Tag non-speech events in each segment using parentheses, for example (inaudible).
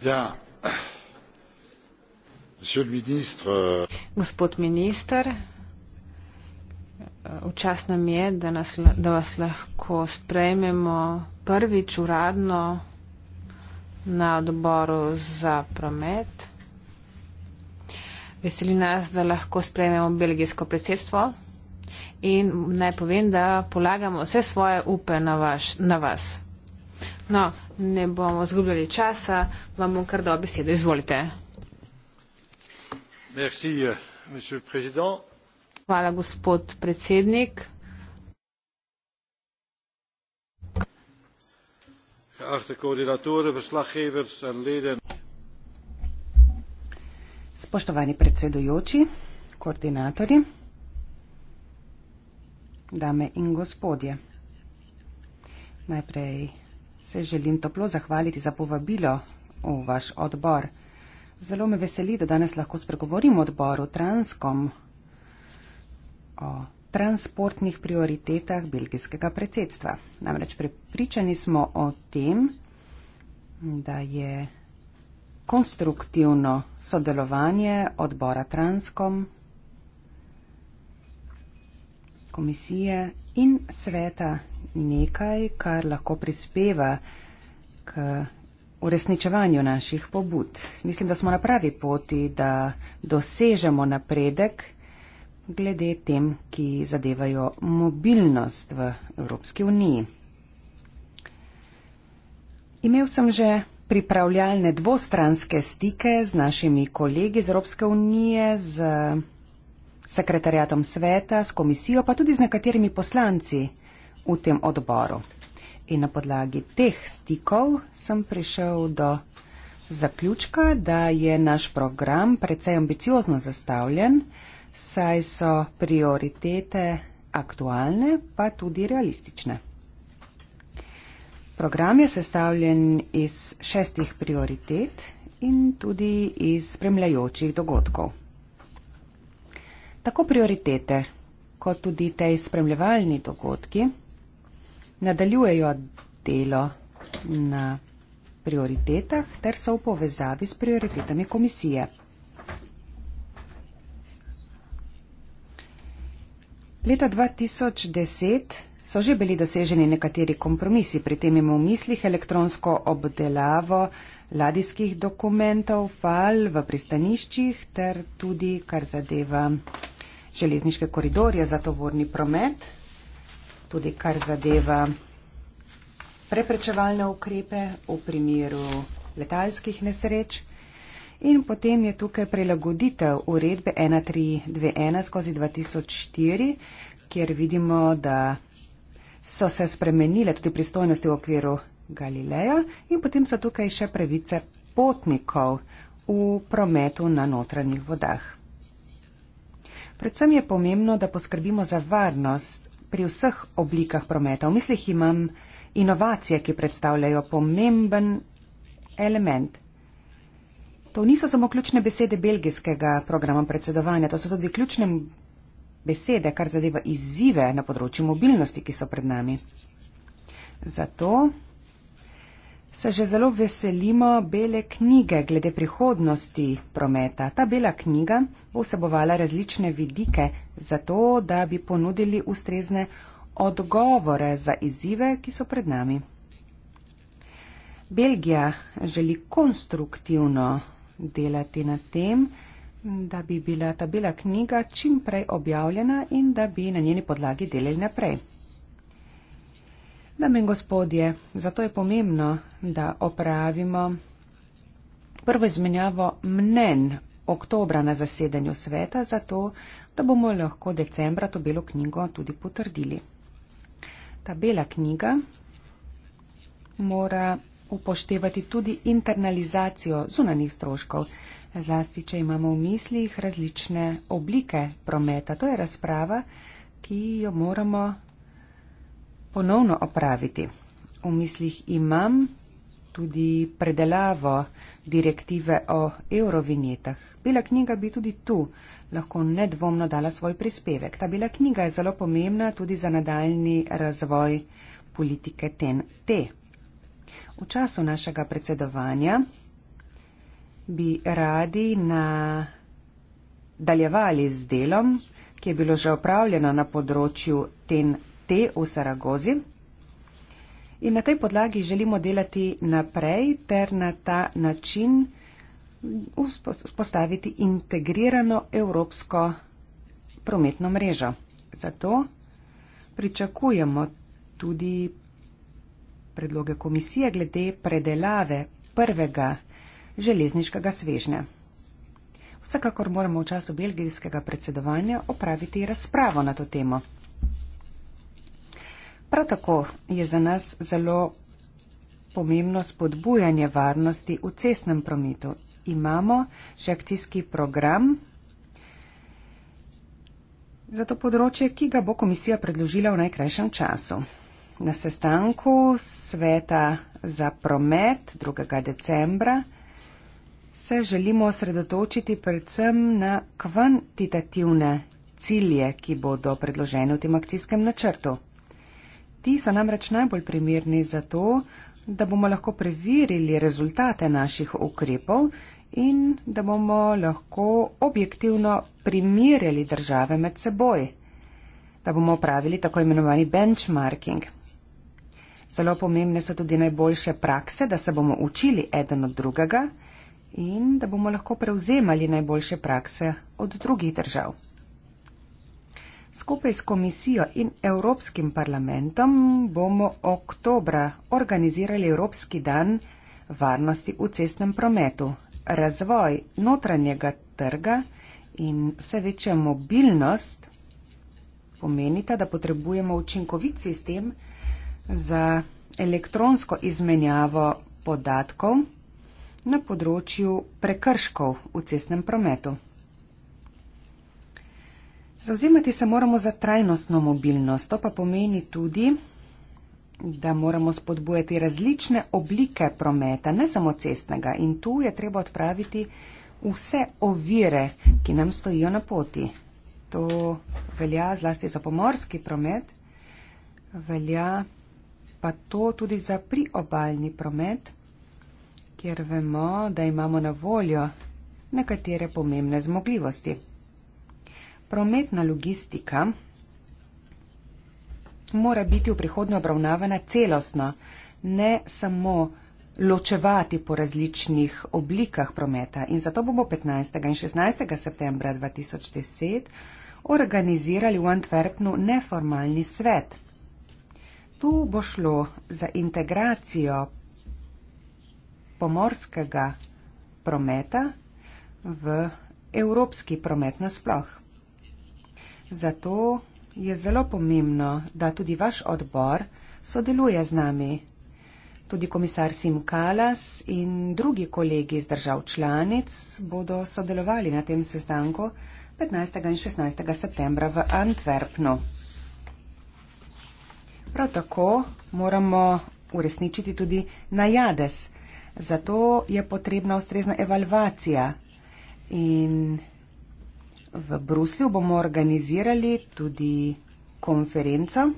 (coughs) Euh, Gospod minister, eh, včas nam je, da, nas, da vas lahko sprejmemo prvič uradno na odboru za promet. Veseli nas, da lahko sprejmemo belgijsko predsedstvo in naj povem, da polagamo vse svoje upe na, vaš, na vas. No, ne bomo zgubljali časa, vam bom kar dobi besedo. Izvolite. Merci, euh, monsieur président. Hvala, gospod predsednik. Geachte koordinatoren, verslaggevers en leden. Spoštovani predsedujoči, koordinatorji, dame in gospodje. Najprej Se želim toplo zahvaliti za povabilo v vaš odbor. Zelo me veseli, da danes lahko spregovorim o odboru Transkom o transportnih prioritetah belgijskega predsedstva. Namreč prepričani smo o tem, da je konstruktivno sodelovanje odbora Transkom, komisije in sveta nekaj, kar lahko prispeva k uresničevanju naših pobud. Mislim, da smo na pravi poti, da dosežemo napredek glede tem, ki zadevajo mobilnost v Evropski uniji. Imel sem že pripravljalne dvostranske stike z našimi kolegi iz Evropske unije, z sekretarjatom sveta, s komisijo, pa tudi z nekaterimi poslanci v tem odboru. In na podlagi teh stikov sem prišel do zaključka, da je naš program precej ambiciozno zastavljen, saj so prioritete aktualne, pa tudi realistične. Program je sestavljen iz šestih prioritet in tudi iz spremljajočih dogodkov. Tako prioritete kot tudi te spremljevalni dogodki nadaljujejo delo na prioritetah ter so v povezavi s prioritetami komisije. Leta 2010 so že bili doseženi nekateri kompromisi, pri tem imamo v mislih elektronsko obdelavo ladijskih dokumentov, fal v pristaniščih ter tudi, kar zadeva železniške koridorje za tovorni promet tudi kar zadeva preprečevalne ukrepe v primeru letalskih nesreč. In potem je tukaj prilagoditev uredbe 1321 skozi 2004, kjer vidimo, da so se spremenile tudi pristojnosti v okviru Galileja in potem so tukaj še pravice potnikov v prometu na notranjih vodah. Predvsem je pomembno, da poskrbimo za varnost pri vseh oblikah prometa. V mislih imam inovacije, ki predstavljajo pomemben element. To niso samo ključne besede belgijskega programa predsedovanja, to so tudi ključne besede, kar zadeva izzive na področju mobilnosti, ki so pred nami. Zato se že zelo veselimo bele knjige glede prihodnosti prometa. Ta bela knjiga bo vsebovala različne vidike za to, da bi ponudili ustrezne odgovore za izzive, ki so pred nami. Belgija želi konstruktivno delati na tem, da bi bila ta bela knjiga čim prej objavljena in da bi na njeni podlagi delali naprej. Dame in gospodje, zato je pomembno, da opravimo prvo izmenjavo mnen oktobra na zasedanju sveta, zato da bomo lahko decembra to belo knjigo tudi potrdili. Ta bela knjiga mora upoštevati tudi internalizacijo zunanih stroškov, zlasti če imamo v mislih različne oblike prometa. To je razprava, ki jo moramo ponovno opraviti. V mislih imam tudi predelavo direktive o eurovinjetah. Bela knjiga bi tudi tu lahko nedvomno dala svoj prispevek. Ta bela knjiga je zelo pomembna tudi za nadaljni razvoj politike TNT. V času našega predsedovanja bi radi nadaljevali z delom, ki je bilo že opravljeno na področju TNT te v Saragozi. In na tej podlagi želimo delati naprej ter na ta način vzpostaviti integrirano evropsko prometno mrežo. Zato pričakujemo tudi predloge komisije glede predelave prvega železniškega svežnja. Vsekakor moramo v času belgijskega predsedovanja opraviti razpravo na to temo. Prav tako je za nas zelo pomembno spodbujanje varnosti v cestnem prometu. Imamo še akcijski program za to področje, ki ga bo komisija predložila v najkrajšem času. Na sestanku sveta za promet 2. decembra se želimo osredotočiti predvsem na kvantitativne cilje, ki bodo predloženi v tem akcijskem načrtu ti so namreč najbolj primerni za to, da bomo lahko preverili rezultate naših ukrepov in da bomo lahko objektivno primerjali države med seboj, da bomo upravili tako imenovani benchmarking. Zelo pomembne so tudi najboljše prakse, da se bomo učili eden od drugega in da bomo lahko prevzemali najboljše prakse od drugih držav. Skupaj s komisijo in Evropskim parlamentom bomo oktobra organizirali Evropski dan varnosti v cestnem prometu. Razvoj notranjega trga in vse večja mobilnost pomenita, da potrebujemo učinkovit sistem za elektronsko izmenjavo podatkov na področju prekrškov v cestnem prometu. Zauzemati se moramo za trajnostno mobilnost. To pa pomeni tudi, da moramo spodbujati različne oblike prometa, ne samo cestnega. In tu je treba odpraviti vse ovire, ki nam stojijo na poti. To velja zlasti za pomorski promet, velja pa to tudi za priobaljni promet, kjer vemo, da imamo na voljo nekatere pomembne zmogljivosti. Prometna logistika mora biti v prihodnje obravnavana celostno, ne samo ločevati po različnih oblikah prometa. In zato bomo 15. in 16. septembra 2010 organizirali v Antwerpnu neformalni svet. Tu bo šlo za integracijo pomorskega prometa v evropski promet nasploh. Zato je zelo pomembno, da tudi vaš odbor sodeluje z nami. Tudi komisar Sim Kalas in drugi kolegi iz držav članic bodo sodelovali na tem sestanku 15. in 16. septembra v Antwerpnu. Prav tako moramo uresničiti tudi najades. Zato je potrebna ustrezna evalvacija in V Bruslju bomo organizirali tudi konferenco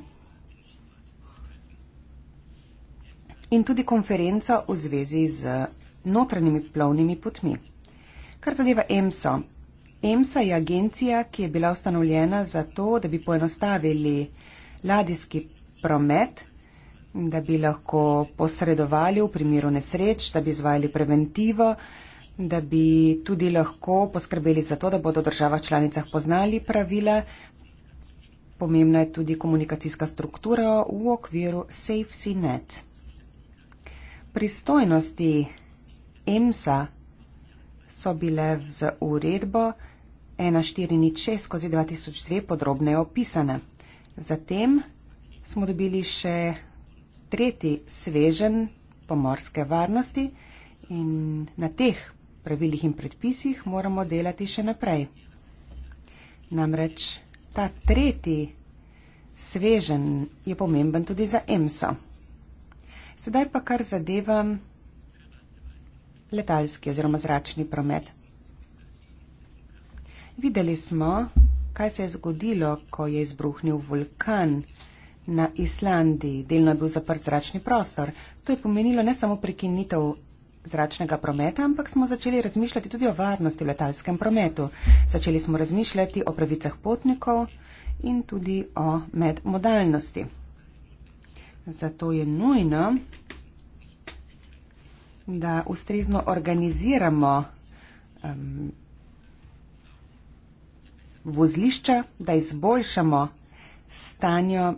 in tudi konferenco v zvezi z notranjimi plovnimi potmi. Kar zadeva EMSO. EMSA je agencija, ki je bila ustanovljena zato, da bi poenostavili ladijski promet, da bi lahko posredovali v primeru nesreč, da bi izvajali preventivo, da bi tudi lahko poskrbeli za to, da bodo država članicah poznali pravila. Pomembna je tudi komunikacijska struktura v okviru SafeCNet. Pristojnosti EMSA so bile z uredbo 1406 skozi 2002 podrobneje opisane. Zatem smo dobili še tretji svežen pomorske varnosti in na teh pravilih in predpisih moramo delati še naprej. Namreč ta tretji svežen je pomemben tudi za EMSO. Sedaj pa kar zadeva letalski oziroma zračni promet. Videli smo, kaj se je zgodilo, ko je izbruhnil vulkan na Islandiji, delno je bil zaprt zračni prostor. To je pomenilo ne samo prekinitev zračnega prometa, ampak smo začeli razmišljati tudi o varnosti v letalskem prometu. Začeli smo razmišljati o pravicah potnikov in tudi o medmodalnosti. Zato je nujno, da ustrezno organiziramo um, vozlišča, da izboljšamo stanje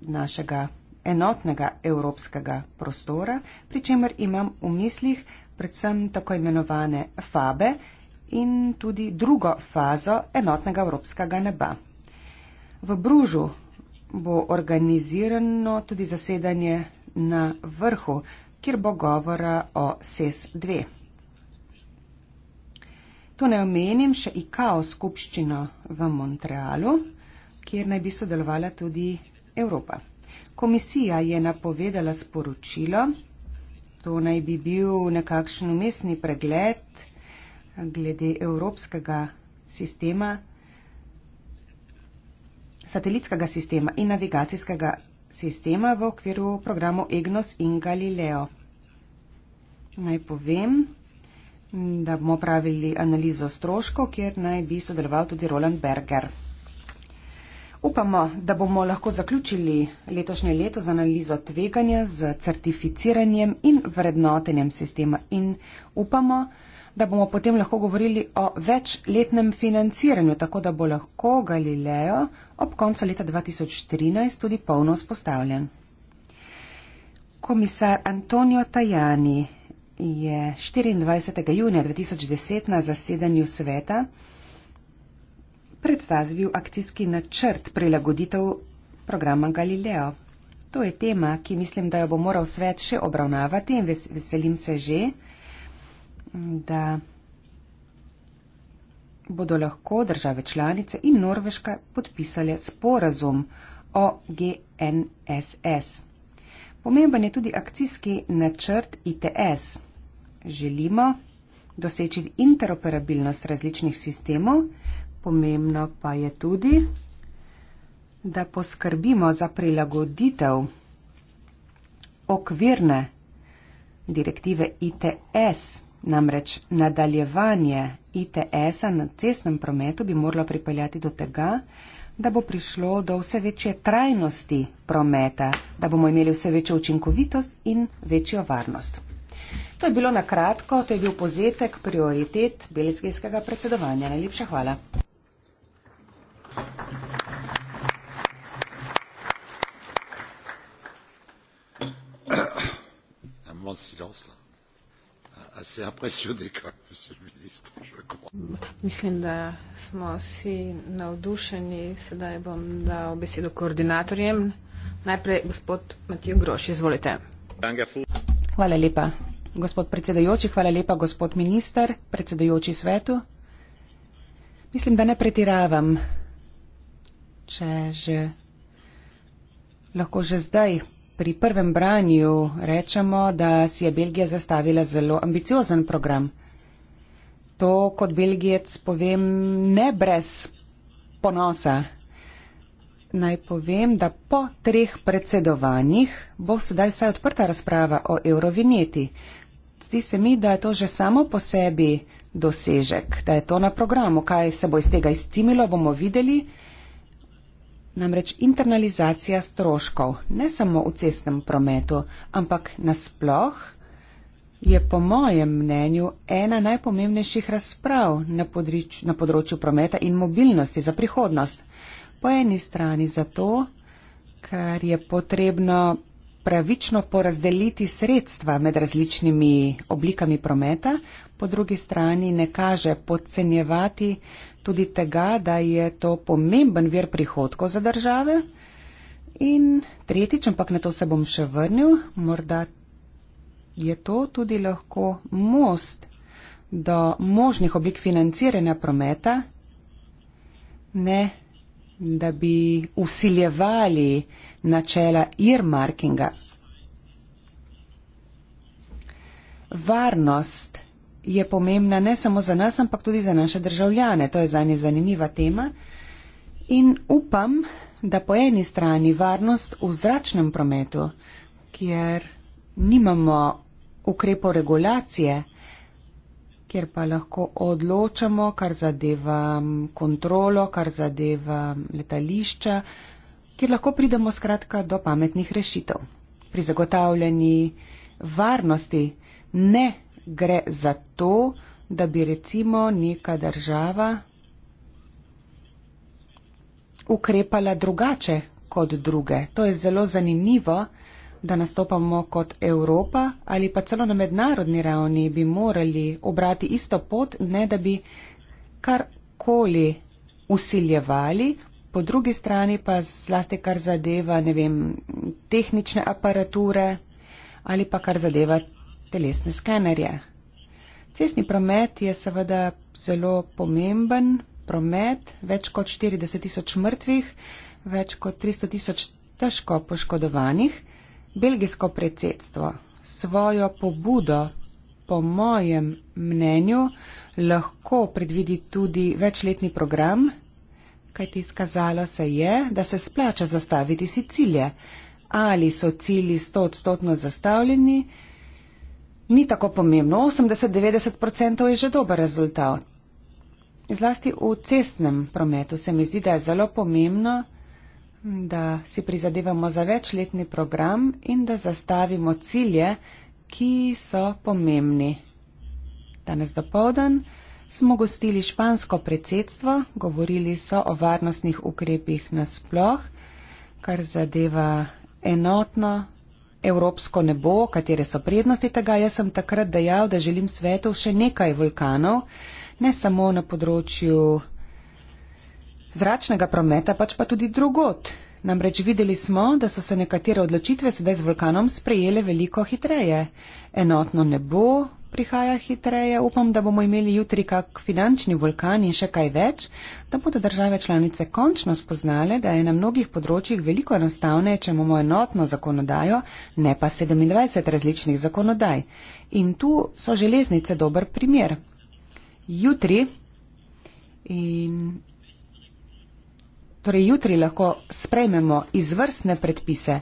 našega enotnega evropskega prostora, pri čemer imam v mislih predvsem tako imenovane fabe in tudi drugo fazo enotnega evropskega neba. V Bružu bo organizirano tudi zasedanje na vrhu, kjer bo govora o SES-2. Tu ne omenim še IKAO skupščino v Montrealu, kjer naj bi sodelovala tudi Evropa. Komisija je napovedala sporočilo, to naj bi bil nekakšen umestni pregled glede evropskega sistema, satelitskega sistema in navigacijskega sistema v okviru programov EGNOS in Galileo. Naj povem, da bomo pravili analizo stroškov, kjer naj bi sodeloval tudi Roland Berger. Upamo, da bomo lahko zaključili letošnje leto z analizo tveganja, z certificiranjem in vrednotenjem sistema in upamo, da bomo potem lahko govorili o večletnem financiranju, tako da bo lahko Galileo ob koncu leta 2013 tudi polno spostavljen. Komisar Antonio Tajani je 24. junija 2010 na zasedanju sveta predstavil akcijski načrt prilagoditev programa Galileo. To je tema, ki mislim, da jo bo moral svet še obravnavati in ves, veselim se že, da bodo lahko države članice in Norveška podpisale sporazum o GNSS. Pomemben je tudi akcijski načrt ITS. Želimo doseči interoperabilnost različnih sistemov, pomembno pa je tudi, da poskrbimo za prilagoditev okvirne direktive ITS, namreč nadaljevanje ITS-a na cestnem prometu bi moralo pripeljati do tega, da bo prišlo do vse večje trajnosti prometa, da bomo imeli vse večjo učinkovitost in večjo varnost. To je bilo na kratko, to je bil pozetek prioritet belgijskega predsedovanja. Najlepša hvala. moment de silence là. Euh, assez impressionné quand même, monsieur le ministre, (laughs) je crois. Mislim, da smo vsi navdušeni. Sedaj bom dal besedo koordinatorjem. Najprej gospod Matijo Groš, izvolite. Hvala lepa, gospod predsedojoči, hvala lepa, gospod minister, predsedojoči svetu. Mislim, da ne pretiravam, če že lahko že zdaj pri prvem branju rečemo, da si je Belgija zastavila zelo ambiciozen program. To kot Belgijec povem ne brez ponosa. Naj povem, da po treh predsedovanjih bo sedaj vsaj odprta razprava o eurovinjeti. Zdi se mi, da je to že samo po sebi dosežek, da je to na programu. Kaj se bo iz tega izcimilo, bomo videli namreč internalizacija stroškov, ne samo v cestnem prometu, ampak nasploh, je po mojem mnenju ena najpomembnejših razprav na, podrič, na področju prometa in mobilnosti za prihodnost. Po eni strani zato, ker je potrebno pravično porazdeliti sredstva med različnimi oblikami prometa, po drugi strani ne kaže podcenjevati tudi tega, da je to pomemben vir prihodkov za države. In tretjič, ampak na to se bom še vrnil, morda je to tudi lahko most do možnih oblik financiranja prometa, ne da bi usiljevali načela earmarkinga. Varnost je pomembna ne samo za nas, ampak tudi za naše državljane. To je za nje zanimiva tema. In upam, da po eni strani varnost v zračnem prometu, kjer nimamo ukrepov regulacije, kjer pa lahko odločamo, kar zadeva kontrolo, kar zadeva letališča, kjer lahko pridemo skratka do pametnih rešitev. Pri zagotavljanju varnosti ne gre za to, da bi recimo neka država ukrepala drugače kot druge. To je zelo zanimivo da nastopamo kot Evropa ali pa celo na mednarodni ravni, bi morali obrati isto pot, ne da bi karkoli usiljevali, po drugi strani pa zlasti kar zadeva, ne vem, tehnične aparature ali pa kar zadeva telesne skenerje. Cestni promet je seveda zelo pomemben promet, več kot 40 tisoč mrtvih, več kot 300 tisoč težko poškodovanih belgijsko predsedstvo svojo pobudo, po mojem mnenju, lahko predvidi tudi večletni program, kajti izkazalo se je, da se splača zastaviti si cilje. Ali so cilji stotstotno zastavljeni, ni tako pomembno. 80-90% je že dober rezultat. Zlasti v cestnem prometu se mi zdi, da je zelo pomembno, da si prizadevamo za večletni program in da zastavimo cilje, ki so pomembni. Danes dopovdan smo gostili špansko predsedstvo, govorili so o varnostnih ukrepih nasploh, kar zadeva enotno evropsko nebo, katere so prednosti tega. Jaz sem takrat dejal, da želim svetu še nekaj vulkanov, ne samo na področju zračnega prometa, pač pa tudi drugot. Namreč videli smo, da so se nekatere odločitve sedaj z vulkanom sprejele veliko hitreje. Enotno nebo prihaja hitreje, upam, da bomo imeli jutri kak finančni vulkan in še kaj več, da bodo države članice končno spoznale, da je na mnogih področjih veliko enostavneje, če imamo enotno zakonodajo, ne pa 27 različnih zakonodaj. In tu so železnice dober primer. Jutri in torej jutri lahko sprejmemo izvrstne predpise,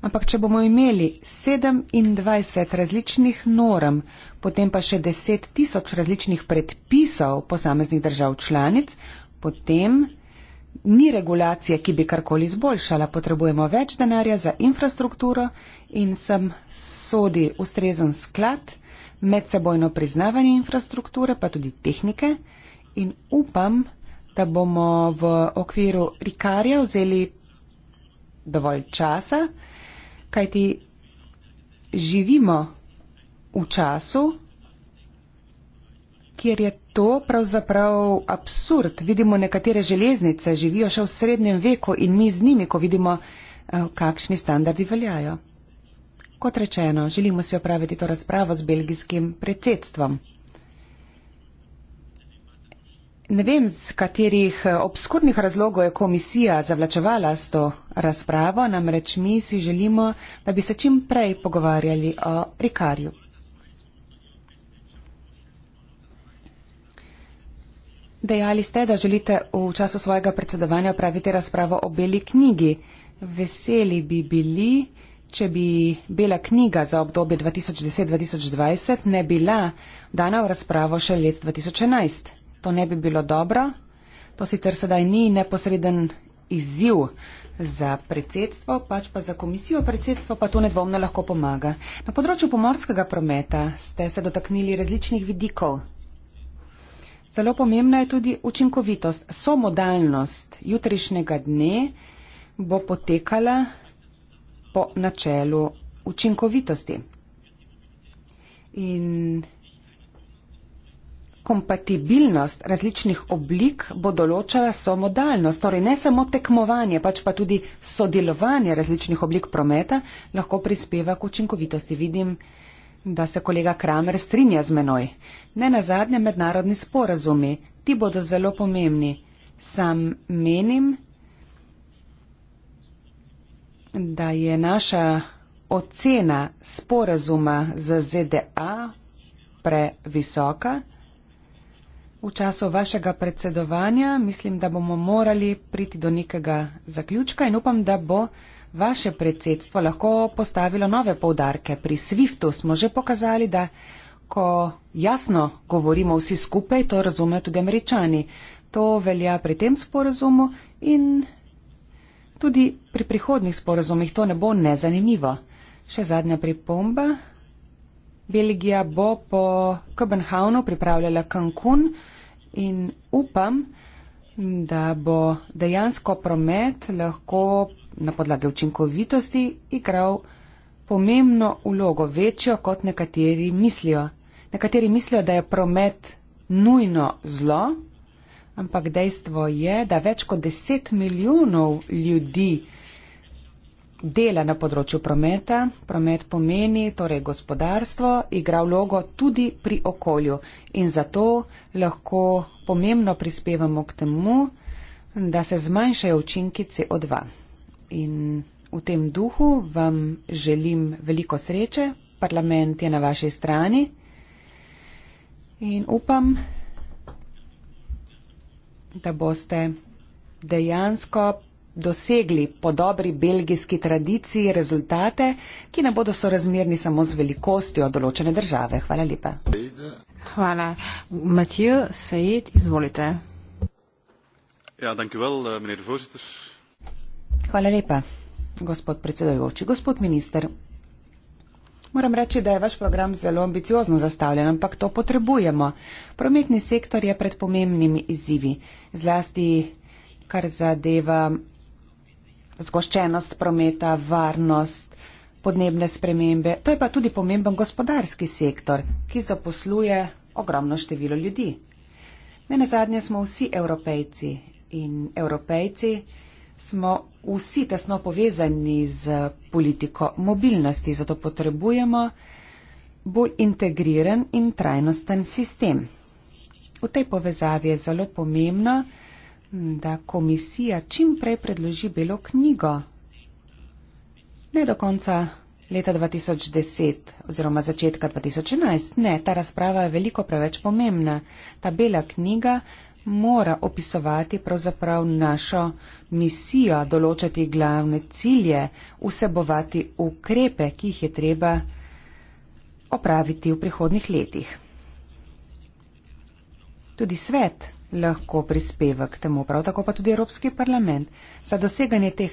ampak če bomo imeli 27 različnih norm, potem pa še 10 tisoč različnih predpisov posameznih držav članic, potem ni regulacije, ki bi karkoli izboljšala. Potrebujemo več denarja za infrastrukturo in sem sodi ustrezen sklad, medsebojno priznavanje infrastrukture, pa tudi tehnike in upam, da bomo v okviru Rikarja vzeli dovolj časa, kajti živimo v času, kjer je to pravzaprav absurd. Vidimo nekatere železnice, živijo še v srednjem veku in mi z njimi, ko vidimo, eh, kakšni standardi veljajo. Kot rečeno, želimo si opraviti to razpravo z belgijskim predsedstvom. Ne vem, z katerih eh, obskurnih razlogov je komisija zavlačevala s to razpravo, namreč mi si želimo, da bi se čim prej pogovarjali o rikarju. Dejali ste, da želite v času svojega predsedovanja praviti razpravo o beli knjigi. Veseli bi bili, če bi bela knjiga za obdobje 2010-2020 ne bila dana v razpravo še let 2011 to ne bi bilo dobro. To sicer sedaj ni neposreden izziv za predsedstvo, pač pa za komisijo predsedstvo, pa to nedvomno lahko pomaga. Na področju pomorskega prometa ste se dotaknili različnih vidikov. Zelo pomembna je tudi učinkovitost. Somodalnost jutrišnjega dne bo potekala po načelu učinkovitosti. In kompatibilnost različnih oblik bo določala somodalnost, torej ne samo tekmovanje, pač pa tudi sodelovanje različnih oblik prometa lahko prispeva k učinkovitosti. Vidim, da se kolega Kramer strinja z menoj. Ne na zadnje mednarodni sporazumi, ti bodo zelo pomembni. Sam menim, da je naša ocena sporazuma z ZDA previsoka. V času vašega predsedovanja mislim, da bomo morali priti do nekega zaključka in upam, da bo vaše predsedstvo lahko postavilo nove povdarke. Pri SWIFT-u smo že pokazali, da ko jasno govorimo vsi skupaj, to razumejo tudi američani. To velja pri tem sporazumu in tudi pri prihodnih sporazumih to ne bo nezanimivo. Še zadnja pripomba. Belgija bo po Kopenhavnu pripravljala Cancun in upam, da bo dejansko promet lahko na podlagi učinkovitosti igral pomembno ulogo, večjo kot nekateri mislijo. Nekateri mislijo, da je promet nujno zlo, ampak dejstvo je, da več kot 10 milijonov ljudi dela na področju prometa. Promet pomeni torej gospodarstvo, igra vlogo tudi pri okolju in zato lahko pomembno prispevamo k temu, da se zmanjšajo učinki CO2. In v tem duhu vam želim veliko sreče, parlament je na vaši strani in upam, da boste dejansko dosegli po dobri belgijski tradiciji rezultate, ki ne bodo sorazmerni samo z velikostjo določene države. Hvala lepa. Hvala. Matijo, Said, izvolite. Ja, dankjewel, eh, meneer de voorzitter. Hvala lepa, gospod predsedojoči. Gospod minister, moram reči, da je vaš program zelo ambiciozno zastavljen, ampak to potrebujemo. Prometni sektor je pred pomembnimi izzivi, zlasti kar zadeva zgoščenost prometa, varnost, podnebne spremembe. To je pa tudi pomemben gospodarski sektor, ki zaposluje ogromno število ljudi. Ne na zadnje smo vsi evropejci in evropejci smo vsi tesno povezani z politiko mobilnosti, zato potrebujemo bolj integriran in trajnosten sistem. V tej povezavi je zelo pomembno, da komisija čim prej predloži belo knjigo. Ne do konca leta 2010 oziroma začetka 2011. Ne, ta razprava je veliko preveč pomembna. Ta bela knjiga mora opisovati pravzaprav našo misijo, določati glavne cilje, vsebovati ukrepe, ki jih je treba opraviti v prihodnih letih. Tudi svet lahko prispeva k temu. Prav tako pa tudi Evropski parlament. Za doseganje teh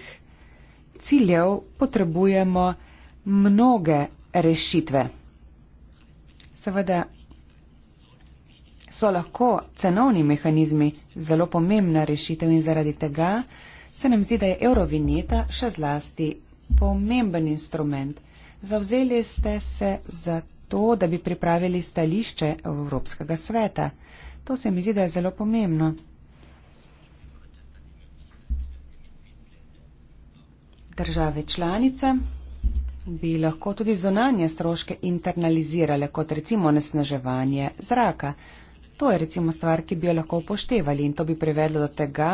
ciljev potrebujemo mnoge rešitve. Seveda so lahko cenovni mehanizmi zelo pomembna rešitev in zaradi tega se nam zdi, da je eurovinjeta še zlasti pomemben instrument. Zavzeli ste se za to, da bi pripravili stališče Evropskega sveta. To se mi zdi, da je zelo pomembno. Države članice bi lahko tudi zunanje stroške internalizirale, kot recimo nesnaževanje zraka. To je recimo stvar, ki bi jo lahko upoštevali in to bi privedlo do tega,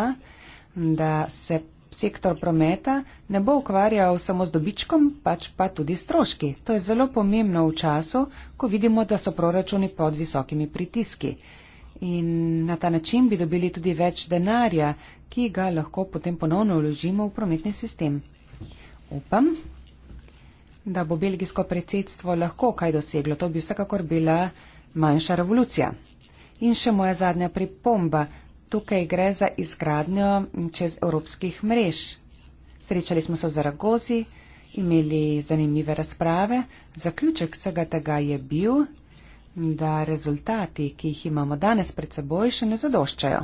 da se sektor prometa ne bo ukvarjal samo z dobičkom, pač pa tudi stroški. To je zelo pomembno v času, ko vidimo, da so proračuni pod visokimi pritiski in na ta način bi dobili tudi več denarja, ki ga lahko potem ponovno vložimo v prometni sistem. Upam, da bo belgijsko predsedstvo lahko kaj doseglo. To bi vsekakor bila manjša revolucija. In še moja zadnja pripomba. Tukaj gre za izgradnjo čez evropskih mrež. Srečali smo se v Zaragozi, imeli zanimive razprave. Zaključek vsega tega je bil, da rezultati, ki jih imamo danes pred seboj, še ne zadoščajo.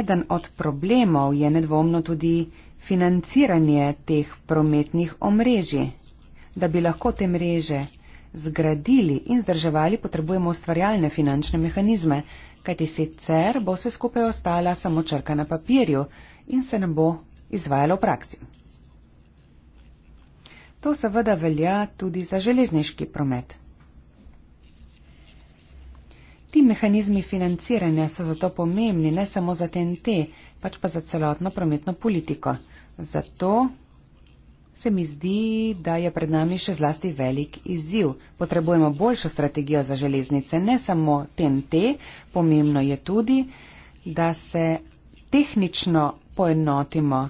Eden od problemov je nedvomno tudi financiranje teh prometnih omrežij. Da bi lahko te mreže zgradili in zdrževali, potrebujemo ustvarjalne finančne mehanizme, kajti sicer bo vse skupaj ostala samo črka na papirju in se ne bo izvajala v praksi. To seveda velja tudi za železniški promet. Ti mehanizmi financiranja so zato pomembni ne samo za TNT, pač pa za celotno prometno politiko. Zato se mi zdi, da je pred nami še zlasti velik izziv. Potrebujemo boljšo strategijo za železnice, ne samo TNT. Pomembno je tudi, da se tehnično poenotimo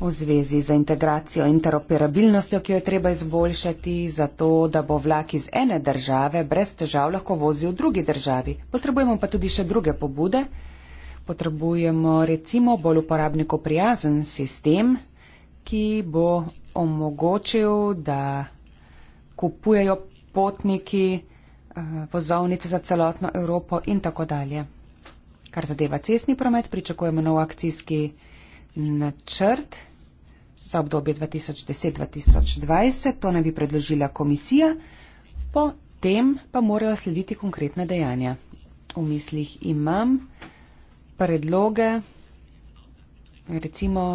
v zvezi z integracijo in interoperabilnostjo, ki jo je treba izboljšati, zato da bo vlak iz ene države brez težav lahko vozil v drugi državi. Potrebujemo pa tudi še druge pobude. Potrebujemo recimo bolj uporabniku prijazen sistem, ki bo omogočil, da kupujejo potniki eh, vozovnice za celotno Evropo in tako dalje. Kar zadeva cestni promet, pričakujemo nov akcijski načrt za obdobje 2010-2020, to naj bi predložila komisija, potem pa morajo slediti konkretna dejanja. V mislih imam predloge, recimo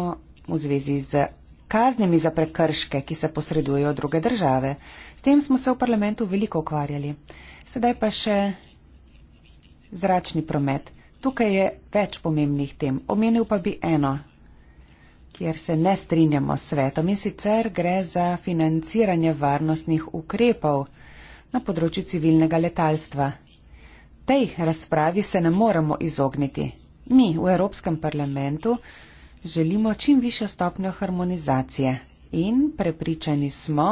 v zvezi z kaznimi za prekrške, ki se posredujejo druge države. S tem smo se v parlamentu veliko ukvarjali. Sedaj pa še zračni promet. Tukaj je več pomembnih tem. Omenil pa bi eno, kjer se ne strinjamo s svetom in sicer gre za financiranje varnostnih ukrepov na področju civilnega letalstva. Tej razpravi se ne moremo izogniti. Mi v Evropskem parlamentu želimo čim višjo stopnjo harmonizacije in prepričani smo,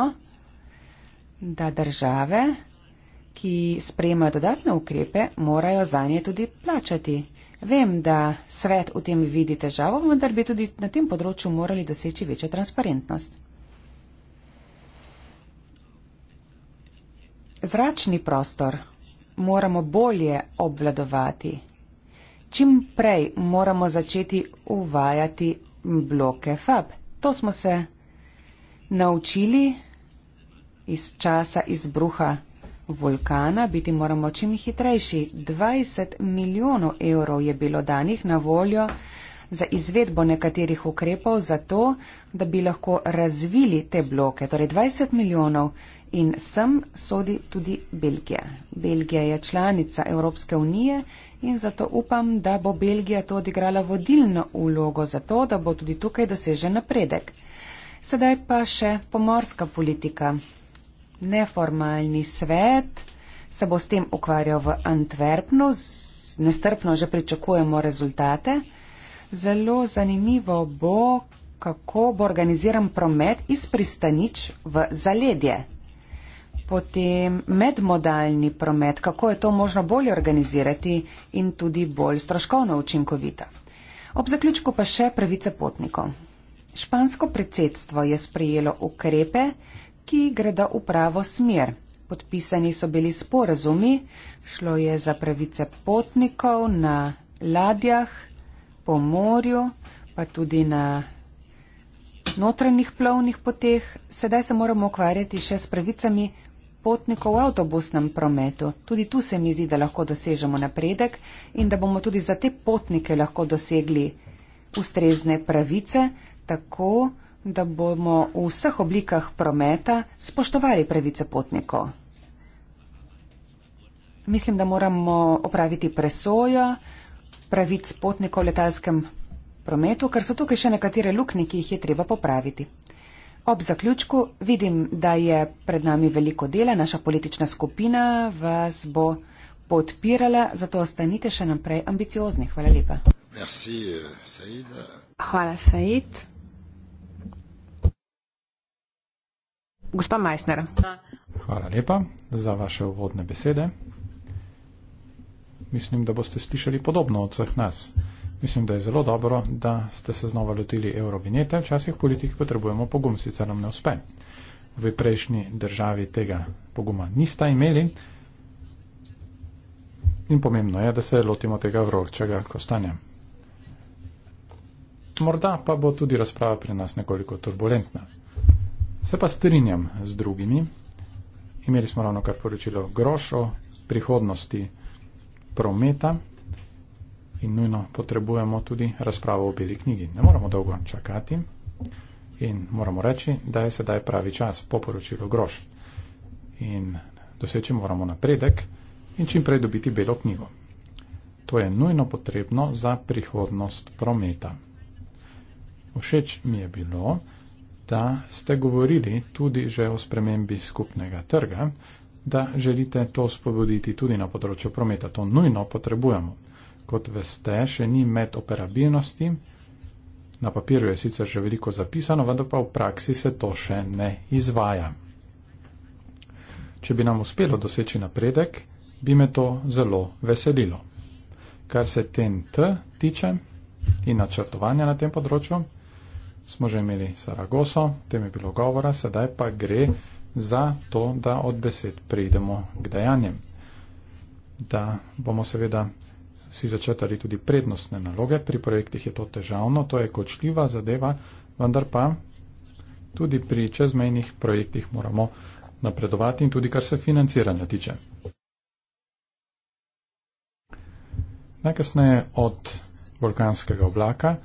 da države, ki sprejemajo dodatne ukrepe, morajo za nje tudi plačati. Vem, da svet v tem vidi težavo, vendar bi tudi na tem področju morali doseči večjo transparentnost. Zračni prostor moramo bolje obvladovati. Čim prej moramo začeti uvajati bloke FAB. To smo se naučili iz časa izbruha vulkana, biti moramo čim hitrejši. 20 milijonov evrov je bilo danih na voljo za izvedbo nekaterih ukrepov, zato da bi lahko razvili te bloke. Torej 20 milijonov in sem sodi tudi Belgija. Belgija je članica Evropske unije in zato upam, da bo Belgija to odigrala vodilno ulogo za to, da bo tudi tukaj dosežen napredek. Sedaj pa še pomorska politika neformalni svet se bo s tem ukvarjal v Antwerpnu, nestrpno že pričakujemo rezultate. Zelo zanimivo bo, kako bo organiziran promet iz pristanič v zaledje. Potem medmodalni promet, kako je to možno bolje organizirati in tudi bolj stroškovno učinkovito. Ob zaključku pa še pravice potnikov. Špansko predsedstvo je sprejelo ukrepe, ki gredo v pravo smer. Podpisani so bili sporazumi, šlo je za pravice potnikov na ladjah, po morju, pa tudi na notranjih plovnih poteh. Sedaj se moramo ukvarjati še s pravicami potnikov v avtobusnem prometu. Tudi tu se mi zdi, da lahko dosežemo napredek in da bomo tudi za te potnike lahko dosegli ustrezne pravice, tako da da bomo v vseh oblikah prometa spoštovali pravice potnikov. Mislim, da moramo opraviti presojo pravic potnikov v letalskem prometu, ker so tukaj še nekatere luknje, ki jih je treba popraviti. Ob zaključku vidim, da je pred nami veliko dela, naša politična skupina vas bo podpirala, zato ostanite še naprej ambiciozni. Hvala lepa. Merci, eh, Hvala, Said. Gospa Majsner. Hvala lepa za vaše uvodne besede. Mislim, da boste slišali podobno od vseh nas. Mislim, da je zelo dobro, da ste se znova lotili eurovinete. Včasih politik potrebujemo pogum, sicer nam ne uspe. V prejšnji državi tega poguma nista imeli. In pomembno je, da se lotimo tega vročega kostanja. Morda pa bo tudi razprava pri nas nekoliko turbulentna. Se pa strinjam z drugimi. Imeli smo ravno kar poročilo grošo prihodnosti prometa in nujno potrebujemo tudi razpravo o beli knjigi. Ne moramo dolgo čakati in moramo reči, da je sedaj pravi čas po poročilu groš. In doseči moramo napredek in čim prej dobiti belo knjigo. To je nujno potrebno za prihodnost prometa. Všeč mi je bilo, da ste govorili tudi že o spremembi skupnega trga, da želite to spodbuditi tudi na področju prometa. To nujno potrebujemo. Kot veste, še ni med operabilnosti. Na papirju je sicer že veliko zapisano, vendar pa v praksi se to še ne izvaja. Če bi nam uspelo doseči napredek, bi me to zelo veselilo. Kar se TNT tiče in načrtovanja na tem področju, smo že imeli Saragoso, tem je bilo govora, sedaj pa gre za to, da od besed prejdemo k dejanjem. Da bomo seveda si začrtali tudi prednostne naloge, pri projektih je to težavno, to je kočljiva zadeva, vendar pa tudi pri čezmejnih projektih moramo napredovati in tudi kar se financiranja tiče. Najkasneje od vulkanskega oblaka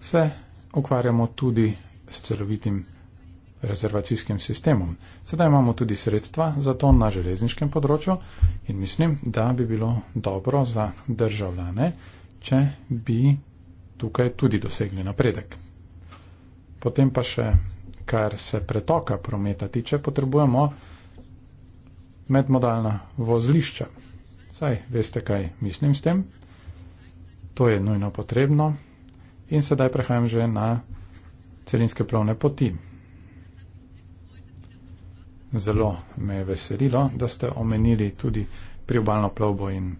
se ukvarjamo tudi s celovitim rezervacijskim sistemom. Sedaj imamo tudi sredstva za to na železniškem področju in mislim, da bi bilo dobro za državljane, če bi tukaj tudi dosegli napredek. Potem pa še, kar se pretoka prometa tiče, potrebujemo medmodalna vozlišča. Saj veste, kaj mislim s tem. To je nujno potrebno in sedaj prehajam že na celinske plovne poti. Zelo me je veselilo, da ste omenili tudi priobalno plovbo in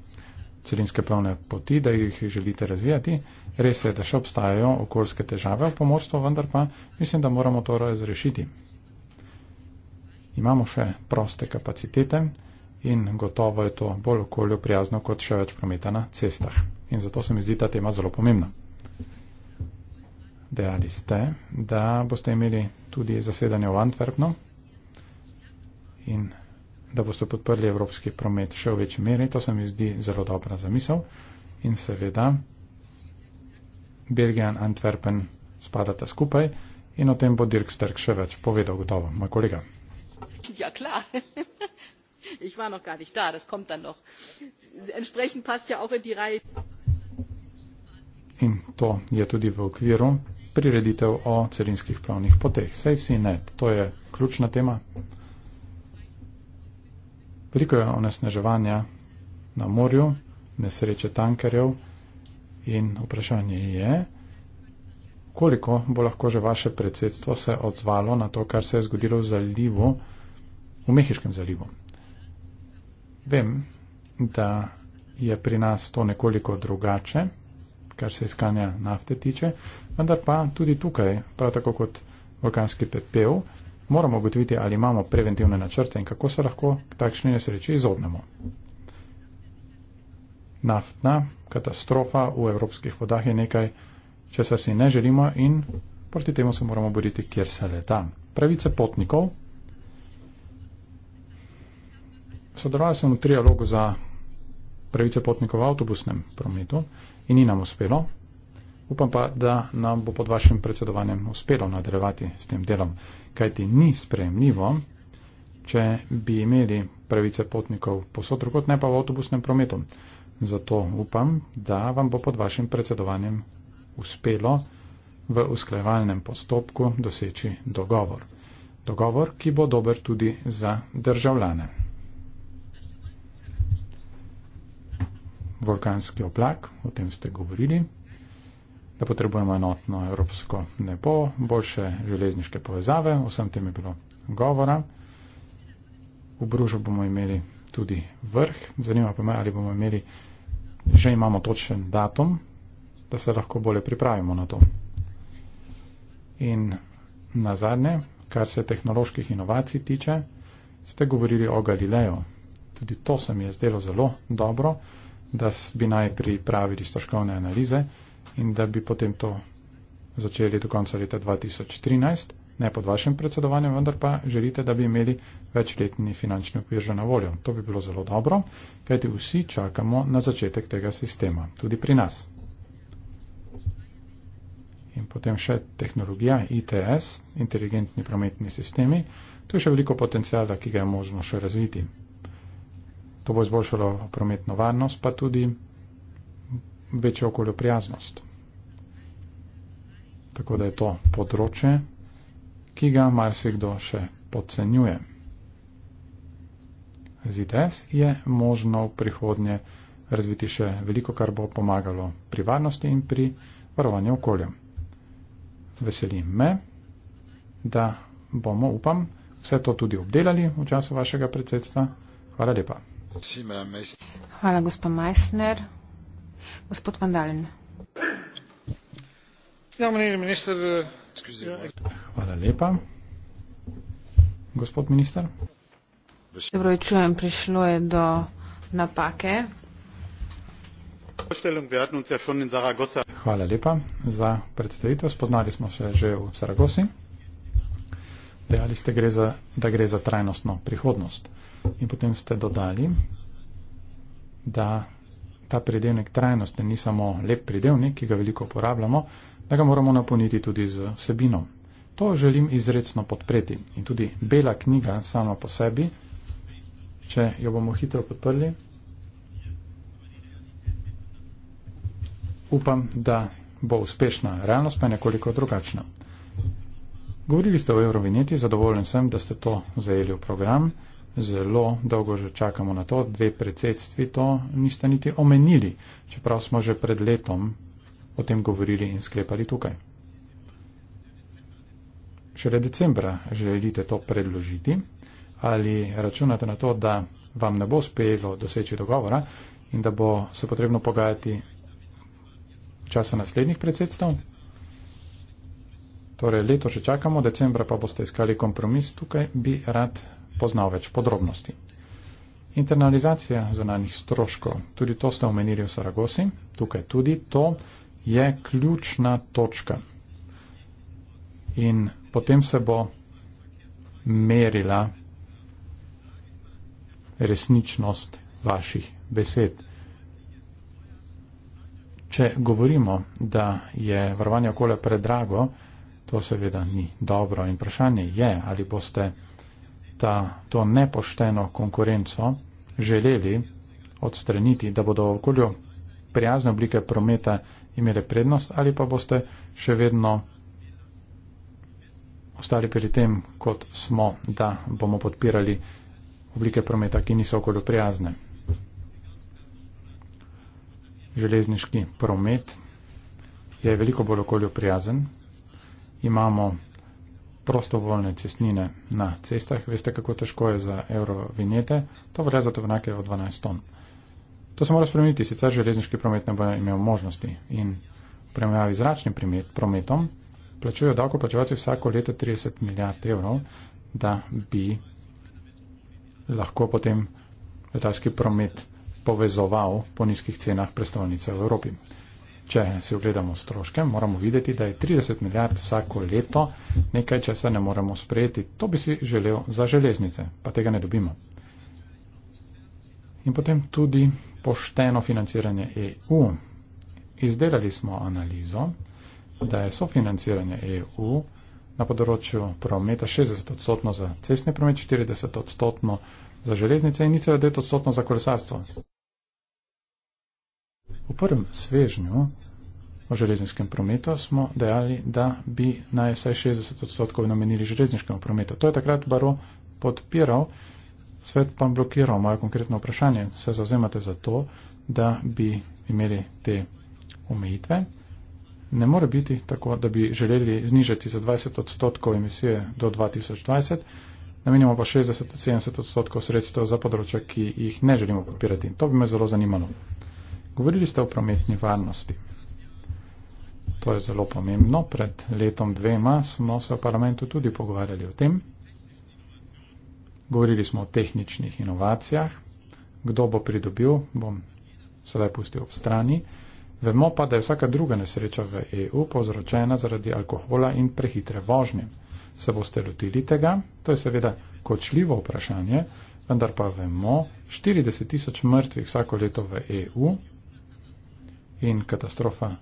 celinske plovne poti, da jih želite razvijati. Res je, da še obstajajo okoljske težave v pomorstvu, vendar pa mislim, da moramo to razrešiti. Imamo še proste kapacitete in gotovo je to bolj okolju prijazno kot še več prometa na cestah. In zato se mi zdi ta tema zelo pomembna dejali ste, da boste imeli tudi zasedanje v Antwerpno in da boste podprli evropski promet še v večji meri. To se mi zdi zelo dobra zamisel. In seveda, Belgija in Antwerpen spadata skupaj in o tem bo Dirk Sterk še več povedal, gotovo, moj kolega. Ja, klar. (laughs) Ich war noch gar nicht da, das kommt dann noch. Entsprechend passt ja auch in die Reihe. In to je tudi v okviru prireditev o carinskih plavnih poteh. Safety net, to je ključna tema. Veliko je onesneževanja na morju, nesreče tankerjev in vprašanje je, koliko bo lahko že vaše predsedstvo se odzvalo na to, kar se je zgodilo v zalivu, v Mehiškem zalivu. Vem, da je pri nas to nekoliko drugače kar se iskanja nafte tiče, vendar pa tudi tukaj, prav tako kot vulkanski pepel, moramo ugotoviti, ali imamo preventivne načrte in kako se lahko takšne nesreče izognemo. Naftna katastrofa v evropskih vodah je nekaj, česar si ne želimo in proti temu se moramo boriti, kjer se le da. Pravice potnikov. Sodeloval sem v trialogu za pravice potnikov v avtobusnem prometu in ni nam uspelo. Upam pa, da nam bo pod vašim predsedovanjem uspelo nadaljevati s tem delom, kajti ni sprejemljivo, če bi imeli pravice potnikov posod drugot, ne pa v avtobusnem prometu. Zato upam, da vam bo pod vašim predsedovanjem uspelo v usklajevalnem postopku doseči dogovor. Dogovor, ki bo dober tudi za državljane. vulkanski oblak, o tem ste govorili, da potrebujemo enotno evropsko nebo, boljše železniške povezave, o vsem tem je bilo govora. V Bružu bomo imeli tudi vrh, zanima pa me, ali bomo imeli, že imamo točen datum, da se lahko bolje pripravimo na to. In na zadnje, kar se tehnoloških inovacij tiče, ste govorili o Galileju. Tudi to se mi je zdelo zelo dobro da bi naj pripravili stroškovne analize in da bi potem to začeli do konca leta 2013, ne pod vašim predsedovanjem, vendar pa želite, da bi imeli večletni finančni okvir že na voljo. To bi bilo zelo dobro, kajti vsi čakamo na začetek tega sistema, tudi pri nas. In potem še tehnologija ITS, inteligentni prometni sistemi. Tu je še veliko potencijala, ki ga je možno še razviti. To bo izboljšalo prometno varnost, pa tudi večjo okoljoprijaznost. Tako da je to področje, ki ga marsikdo še podcenjuje. ZITES je možno v prihodnje razviti še veliko, kar bo pomagalo pri varnosti in pri varovanju okolja. Veseli me, da bomo, upam, vse to tudi obdelali v času vašega predsedstva. Hvala lepa. Hvala, gospa Meissner. Gospod Vandalen. Ja, minister, ja. Hvala lepa. Gospod minister. Dobro, čujem, prišlo je do napake. Ja Hvala lepa za predstavitev. Spoznali smo se že v Saragosi. Dejali ste, gre za, da gre za trajnostno prihodnost. In potem ste dodali, da ta pridevnik trajnosti ni samo lep pridevnik, ki ga veliko uporabljamo, da ga moramo napolniti tudi z vsebino. To želim izredno podpreti. In tudi bela knjiga sama po sebi, če jo bomo hitro podprli, upam, da bo uspešna, realnost pa je nekoliko drugačna. Govorili ste o eurovineti, zadovoljen sem, da ste to zajeli v program zelo dolgo že čakamo na to, dve predsedstvi to niste niti omenili, čeprav smo že pred letom o tem govorili in sklepali tukaj. Šele decembra želite to predložiti ali računate na to, da vam ne bo spelo doseči dogovora in da bo se potrebno pogajati časa naslednjih predsedstv. Torej, leto še čakamo, decembra pa boste iskali kompromis, tukaj bi rad poznal več podrobnosti. Internalizacija zunanjih stroškov, tudi to ste omenili v Saragosi, tukaj tudi to je ključna točka. In potem se bo merila resničnost vaših besed. Če govorimo, da je varovanje okolja predrago, to seveda ni dobro. In vprašanje je, ali boste ta, to nepošteno konkurenco želeli odstraniti, da bodo okolju prijazne oblike prometa imele prednost ali pa boste še vedno ostali pri tem, kot smo, da bomo podpirali oblike prometa, ki niso okolju prijazne. Železniški promet je veliko bolj okolju prijazen. Imamo prostovoljne cestnine na cestah. Veste, kako težko je za evro vinjete, to velja za tovornjake od 12 ton. To se mora spremeniti, sicer železniški promet ne bo imel možnosti in premajavi zračnim prometom plačujejo davko plačevalci vsako leto 30 milijard evrov, da bi lahko potem letalski promet povezoval po nizkih cenah prestolnice v Evropi če si ogledamo stroške, moramo videti, da je 30 milijard vsako leto nekaj, če se ne moremo sprejeti. To bi si želel za železnice, pa tega ne dobimo. In potem tudi pošteno financiranje EU. Izdelali smo analizo, da je sofinanciranje EU na področju prometa 60 odstotno za cestni promet, 40 odstotno za železnice in 9 odstotno za kolesarstvo. V prvem svežnju O železniškem prometu smo dejali, da bi naj vsaj 60 odstotkov namenili železniškemu prometu. To je takrat baro podpiral, svet pa blokiral moje konkretno vprašanje. Se zauzemate za to, da bi imeli te omejitve? Ne more biti tako, da bi želeli znižati za 20 odstotkov emisije do 2020. Namenimo pa 60-70 odstotkov sredstev za področja, ki jih ne želimo podpirati. To bi me zelo zanimalo. Govorili ste o prometni varnosti. To je zelo pomembno. Pred letom dvema smo se v parlamentu tudi pogovarjali o tem. Govorili smo o tehničnih inovacijah. Kdo bo pridobil, bom sedaj pustil ob strani. Vemo pa, da je vsaka druga nesreča v EU povzročena zaradi alkohola in prehitre vožnje. Se boste lotili tega? To je seveda kočljivo vprašanje, vendar pa vemo, 40 tisoč mrtvih vsako leto v EU in katastrofa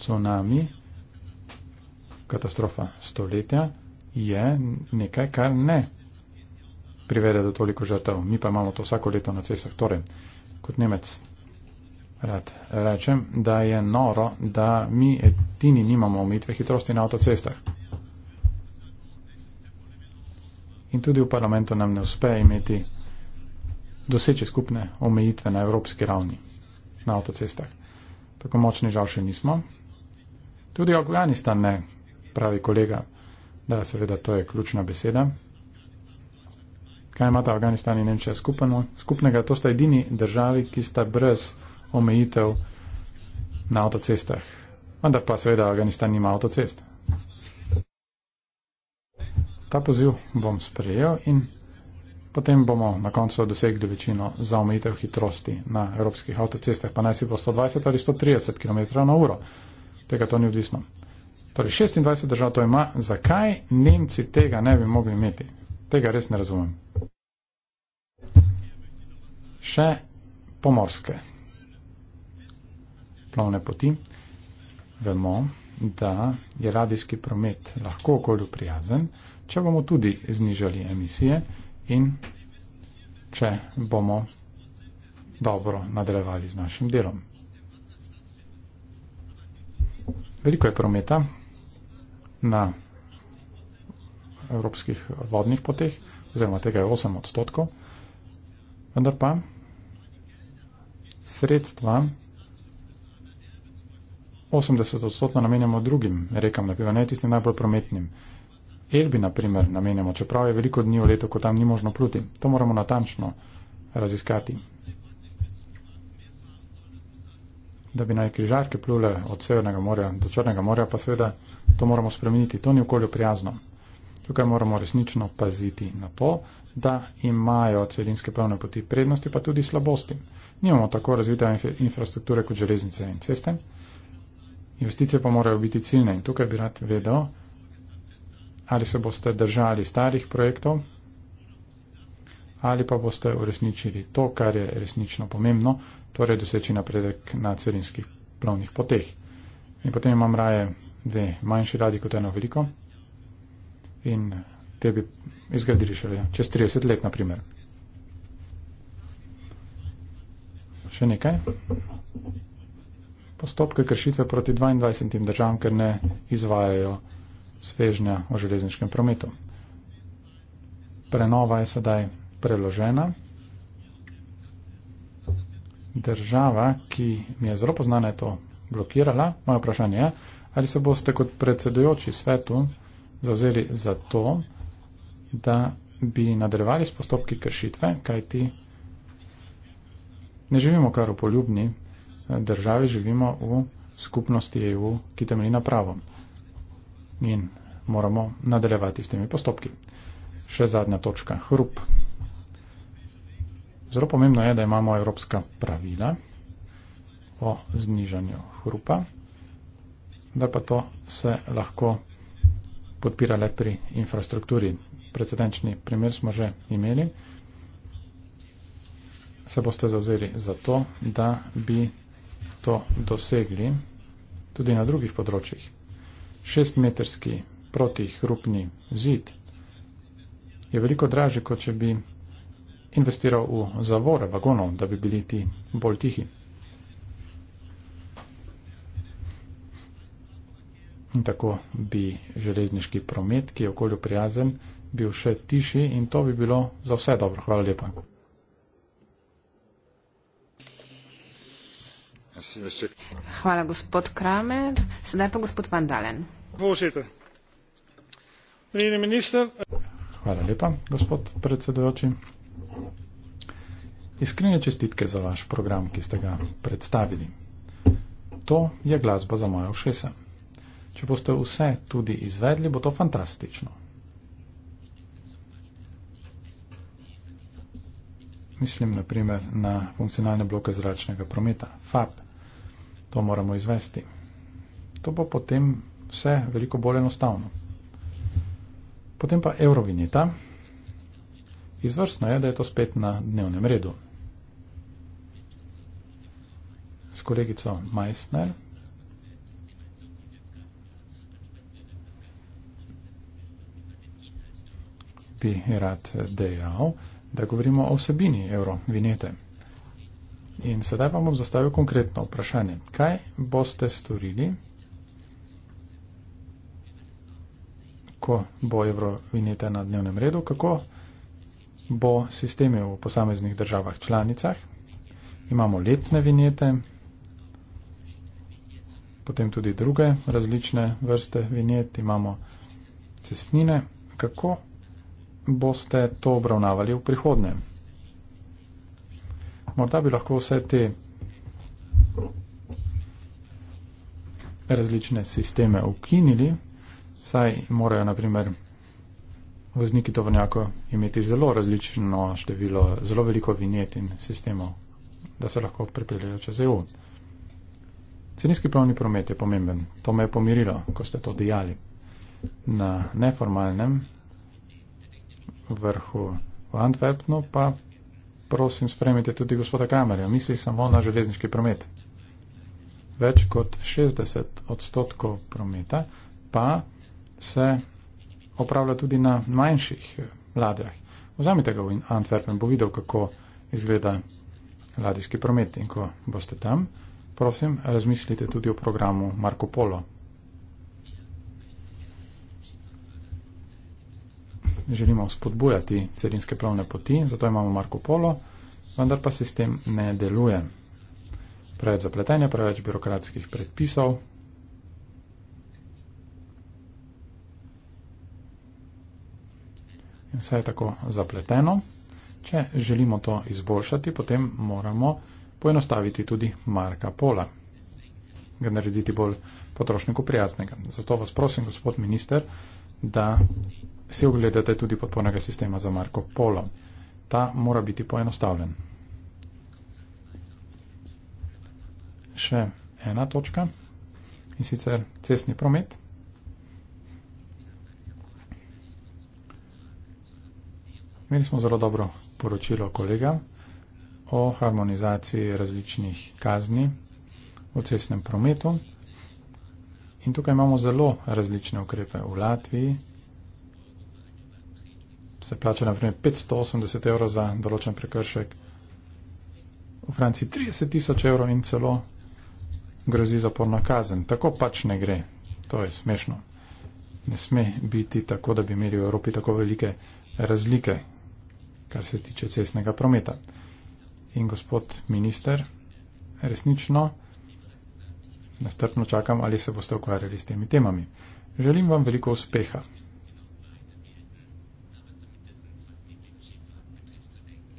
cunami, katastrofa stoletja, je nekaj, kar ne privede do toliko žrtev. Mi pa imamo to vsako leto na cestah. Torej, kot Nemec rad rečem, da je noro, da mi edini nimamo omejitve hitrosti na avtocestah. In tudi v parlamentu nam ne uspe imeti doseči skupne omejitve na evropski ravni na avtocestah. Tako močni žal še nismo. Tudi Afganistan ne, pravi kolega. Da, seveda, to je ključna beseda. Kaj imata Afganistan in Nemčija skupeno? skupnega? To sta edini državi, ki sta brez omejitev na avtocestah. Vendar pa seveda Afganistan nima avtocest. Ta poziv bom sprejel in potem bomo na koncu dosegli večino za omejitev hitrosti na evropskih avtocestah, pa naj si bo 120 ali 130 km na uro tega to ni odvisno. Torej, 26 držav to ima, zakaj Nemci tega ne bi mogli imeti? Tega res ne razumem. Še pomorske plovne poti. Vemo, da je radijski promet lahko okolju prijazen, če bomo tudi znižali emisije in če bomo dobro nadaljevali z našim delom. Veliko je prometa na evropskih vodnih poteh, oziroma tega je 8 odstotkov, vendar pa sredstva 80 odstotno namenjamo drugim rekam, naprimer ne tistim najbolj prometnim. Elbi, naprimer, namenjamo, čeprav je veliko dni v letu, ko tam ni možno pluti. To moramo natančno raziskati da bi naj križarke plule od Severnega morja do Črnega morja, pa seveda to moramo spremeniti. To ni okolju prijazno. Tukaj moramo resnično paziti na to, da imajo celinske plovne poti prednosti, pa tudi slabosti. Nimamo tako razvite infrastrukture kot železnice in ceste. Investicije pa morajo biti ciljne in tukaj bi rad vedel, ali se boste držali starih projektov ali pa boste uresničili to, kar je resnično pomembno, torej doseči napredek na celinskih plovnih poteh. In potem imam raje dve manjši radi kot eno veliko in te bi izgradili šele čez 30 let, na primer. Še nekaj. Postopke kršitve proti 22 državam, ker ne izvajajo svežnja o železniškem prometu. Prenova je sedaj preložena država, ki mi je zelo poznana, je to blokirala. Moje vprašanje je, ali se boste kot predsedujoči svetu zavzeli za to, da bi nadaljevali s postopki kršitve, kajti ne živimo kar v poljubni eh, državi, živimo v skupnosti EU, ki temelji na pravo. In moramo nadaljevati s temi postopki. Še zadnja točka. Hrup. Zelo pomembno je, da imamo evropska pravila o znižanju hrupa, da pa to se lahko podpira le pri infrastrukturi. Precedenčni primer smo že imeli. Se boste zauzeli za to, da bi to dosegli tudi na drugih področjih. Šestmetrski protihrupni zid je veliko dražji, kot če bi investiral v zavore vagonov, da bi bili ti bolj tihi. In tako bi železniški promet, ki je okolju prijazen, bil še tiši in to bi bilo za vse dobro. Hvala lepa. Hvala, gospod Kramer. Sedaj pa gospod Vandalen. Hvala lepa, gospod predsedujoči. Iskrene čestitke za vaš program, ki ste ga predstavili. To je glasba za moje všese. Če boste vse tudi izvedli, bo to fantastično. Mislim naprimer na funkcionalne bloke zračnega prometa, FAP. To moramo izvesti. To bo potem vse veliko bolj enostavno. Potem pa Eurovinita. Izvrstno je, da je to spet na dnevnem redu s kolegico Meissner. bi rad dejal, da govorimo o vsebini eurovinete. In sedaj vam bom zastavil konkretno vprašanje. Kaj boste storili, ko bo eurovinete na dnevnem redu, kako bo sistem v posameznih državah članicah? Imamo letne vinete, potem tudi druge različne vrste vinjet, imamo cestnine. Kako boste to obravnavali v prihodnje? Morda bi lahko vse te različne sisteme ukinili, saj morajo naprimer vozniki tovrnjako imeti zelo različno število, zelo veliko vinjet in sistemov, da se lahko pripeljajo čez EU. Celinski pravni promet je pomemben. To me je pomirilo, ko ste to dejali. Na neformalnem vrhu v Antwerpnu pa prosim spremite tudi gospoda Kramerja. Misli samo na železniški promet. Več kot 60 odstotkov prometa pa se opravlja tudi na manjših ladjah. Vzamite ga v Antwerpen, bo videl, kako izgleda ladijski promet in ko boste tam. Prosim, razmislite tudi o programu Marko Polo. Želimo spodbujati celinske plovne poti, zato imamo Marko Polo, vendar pa sistem ne deluje. Preveč zapletenja, preveč birokratskih predpisov. In vse je tako zapleteno. Če želimo to izboljšati, potem moramo poenostaviti tudi Marka Pola, ga narediti bolj potrošniku prijaznega. Zato vas prosim, gospod minister, da si ogledate tudi podpornega sistema za Marko Polo. Ta mora biti poenostavljen. Še ena točka in sicer cestni promet. Imeli smo zelo dobro poročilo kolega, o harmonizaciji različnih kazni v cestnem prometu. In tukaj imamo zelo različne ukrepe v Latviji. Se plača naprimer 580 evrov za določen prekršek, v Franciji 30 tisoč evrov in celo grozi zaporna kazen. Tako pač ne gre. To je smešno. Ne sme biti tako, da bi imeli v Evropi tako velike razlike, kar se tiče cestnega prometa in gospod minister, resnično nastrpno čakam, ali se boste ukvarjali s temi temami. Želim vam veliko uspeha.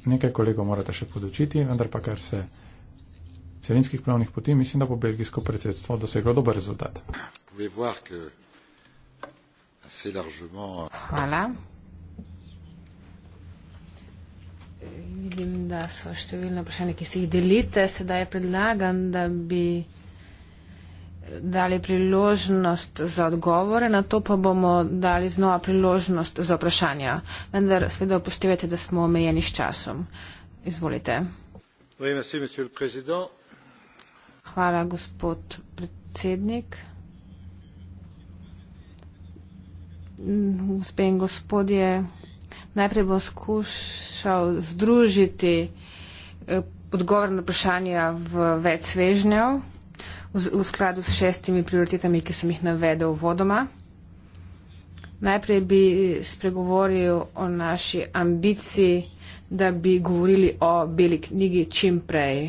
Nekaj kolegov morate še podočiti, vendar pa kar se celinskih plovnih poti, mislim, da bo belgijsko predsedstvo doseglo dober rezultat. Hvala. Vidim, da so številne vprašanja, ki si jih delite. Sedaj je predlagan, da bi dali priložnost za odgovore, na to pa bomo dali znova priložnost za vprašanja. Vendar sveda upoštevajte, da smo omejeni s časom. Izvolite. Hvala, gospod predsednik. Gospe in gospodje, najprej bom skušal združiti eh, odgovor na vprašanja v več svežnjev v skladu s šestimi prioritetami, ki sem jih navedel vodoma. Najprej bi spregovoril o naši ambiciji, da bi govorili o beli knjigi čim prej.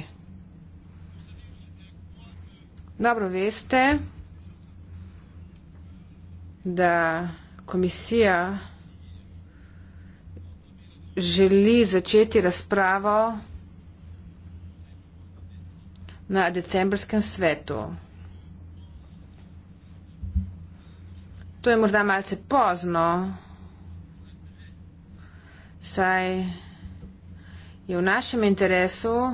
Dobro veste, da komisija želi začeti razpravo na decembrskem svetu. To je morda malce pozno, saj je v našem interesu,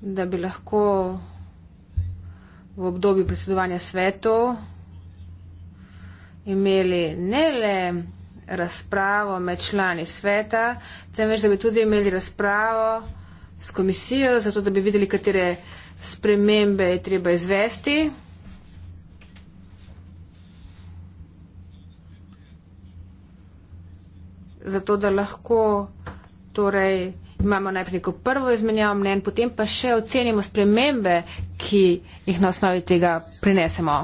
da bi lahko v obdobju predsedovanja svetu imeli ne le razpravo med člani sveta, temveč da bi tudi imeli razpravo s komisijo, zato da bi videli, katere spremembe je treba izvesti. Zato, da lahko torej imamo najprej neko prvo izmenjavo mnen, potem pa še ocenimo spremembe, ki jih na osnovi tega prinesemo.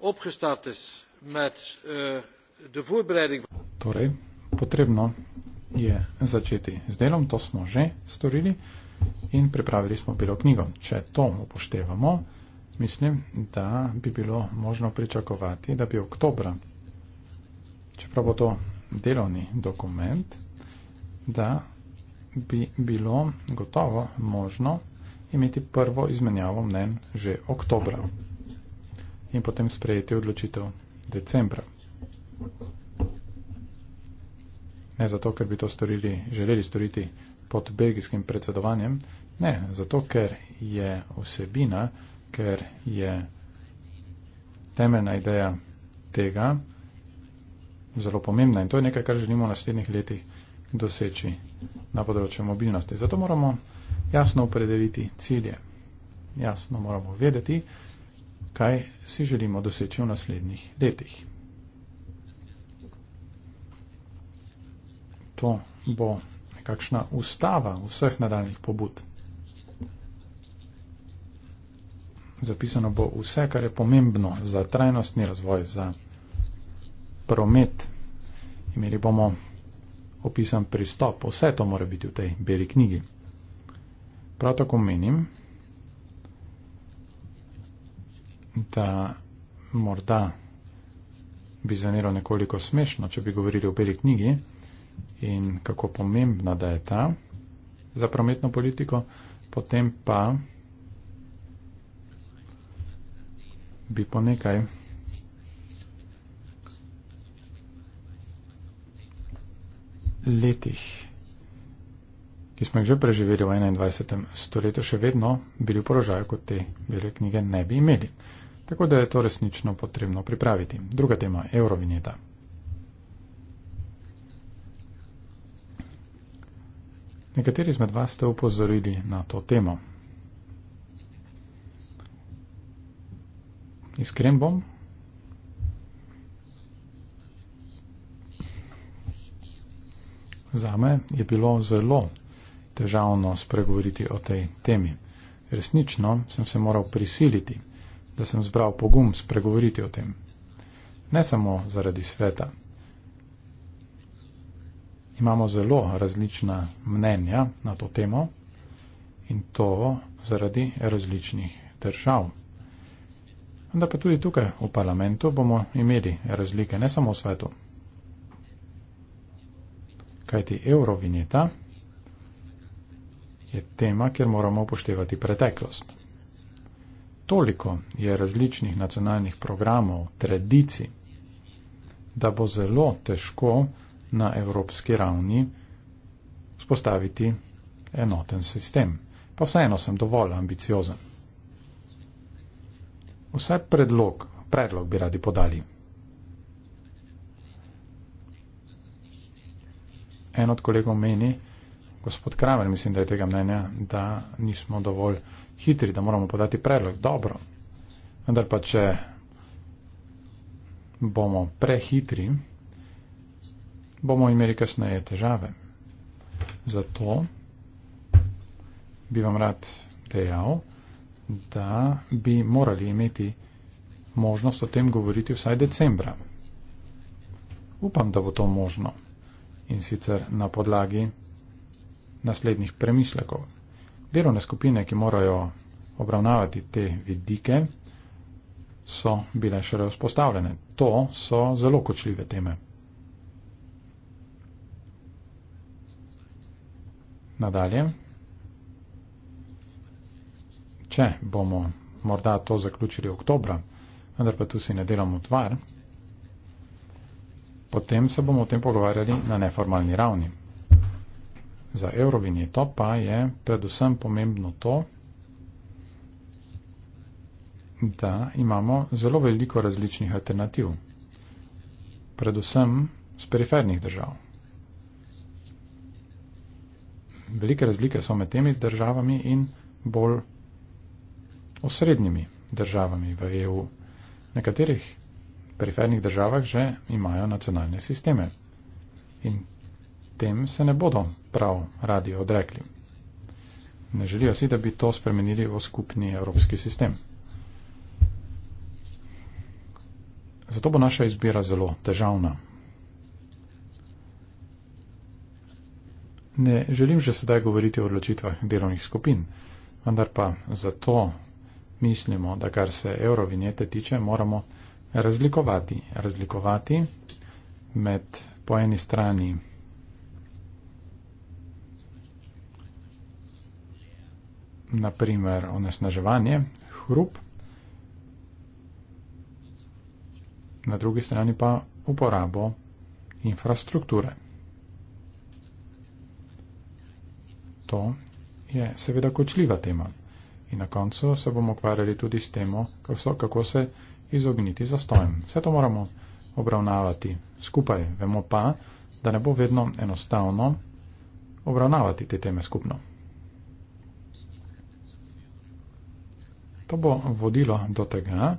Opgestartes med uh, eh, de voorbereiding. Torej, potrebno je začeti z delom, to smo že storili in pripravili smo bilo knjigo. Če to upoštevamo, mislim, da bi bilo možno pričakovati, da bi oktobra, čeprav bo to delovni dokument, da bi bilo gotovo možno imeti prvo izmenjavo mnen že oktobra in potem sprejeti odločitev decembra. ne zato, ker bi to storili, želeli storiti pod belgijskim predsedovanjem, ne zato, ker je vsebina, ker je temeljna ideja tega zelo pomembna in to je nekaj, kar želimo v naslednjih letih doseči na področju mobilnosti. Zato moramo jasno opredeliti cilje, jasno moramo vedeti, kaj si želimo doseči v naslednjih letih. to bo nekakšna ustava vseh nadaljnih pobud. Zapisano bo vse, kar je pomembno za trajnostni razvoj, za promet. Imeli bomo opisan pristop, vse to mora biti v tej beli knjigi. Prav tako menim, da morda bi zveniral nekoliko smešno, če bi govorili o beli knjigi in kako pomembna da je ta za prometno politiko, potem pa bi po nekaj letih, ki smo jih že preživeli v 21. stoletju, še vedno bili v položaju, kot te bele knjige ne bi imeli. Tako da je to resnično potrebno pripraviti. Druga tema, eurovinjeta. Nekateri izmed vas ste upozorili na to temo. Iskren bom. Za me je bilo zelo težavno spregovoriti o tej temi. Resnično sem se moral prisiliti, da sem zbral pogum spregovoriti o tem. Ne samo zaradi sveta, imamo zelo različna mnenja na to temo in to zaradi različnih držav. Vendar pa tudi tukaj v parlamentu bomo imeli razlike, ne samo v svetu. Kajti eurovineta je tema, kjer moramo upoštevati preteklost. Toliko je različnih nacionalnih programov, tradicij, da bo zelo težko na evropski ravni vzpostaviti enoten sistem. Pa vseeno sem dovolj ambiciozen. Vse predlog, predlog bi radi podali. En od kolegov meni, gospod Kramer, mislim, da je tega mnenja, da nismo dovolj hitri, da moramo podati predlog. Dobro. Vendar pa, če bomo prehitri, bomo imeli kasneje težave. Zato bi vam rad dejal, da bi morali imeti možnost o tem govoriti vsaj decembra. Upam, da bo to možno in sicer na podlagi naslednjih premislekov. Delovne skupine, ki morajo obravnavati te vidike, so bile šele vzpostavljene. To so zelo kočljive teme. Nadalje. Če bomo morda to zaključili oktobra, vendar pa tu si ne delamo tvar, potem se bomo o tem pogovarjali na neformalni ravni. Za eurovinjeto pa je predvsem pomembno to, da imamo zelo veliko različnih alternativ, predvsem z perifernih držav velike razlike so med temi državami in bolj osrednjimi državami v EU. V nekaterih perifernih državah že imajo nacionalne sisteme in tem se ne bodo prav radi odrekli. Ne želijo si, da bi to spremenili v skupni evropski sistem. Zato bo naša izbira zelo težavna. Ne želim že sedaj govoriti o odločitvah delovnih skupin, vendar pa zato mislimo, da kar se eurovinjete tiče, moramo razlikovati. Razlikovati med po eni strani naprimer onesnaževanje, hrup, na drugi strani pa uporabo infrastrukture. to je seveda kočljiva tema. In na koncu se bomo ukvarjali tudi s temo, kako, kako se izogniti zastojem. Vse to moramo obravnavati skupaj, vemo pa, da ne bo vedno enostavno obravnavati te teme skupno. To bo vodilo do tega,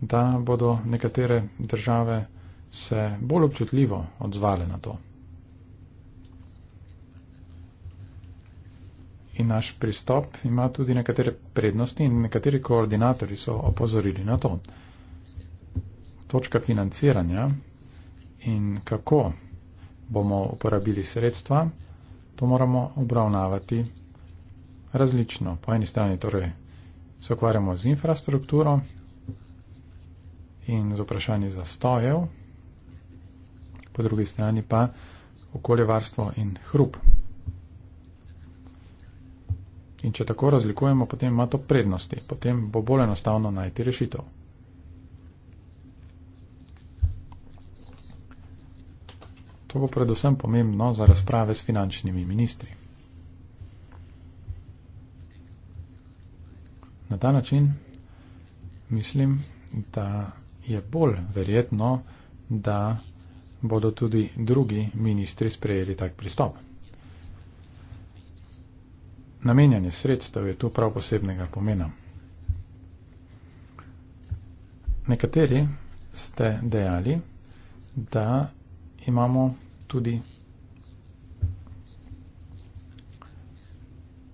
da bodo nekatere države se bolj občutljivo odzvale na to. in naš pristop ima tudi nekatere prednosti in nekateri koordinatori so opozorili na to. Točka financiranja in kako bomo uporabili sredstva, to moramo obravnavati različno. Po eni strani torej se ukvarjamo z infrastrukturo in z vprašanji zastojev, po drugi strani pa okoljevarstvo in hrup. In če tako razlikujemo, potem ima to prednosti, potem bo bolj enostavno najti rešitev. To bo predvsem pomembno za razprave s finančnimi ministri. Na ta način mislim, da je bolj verjetno, da bodo tudi drugi ministri sprejeli tak pristop namenjanje sredstev je tu prav posebnega pomena. Nekateri ste dejali, da imamo tudi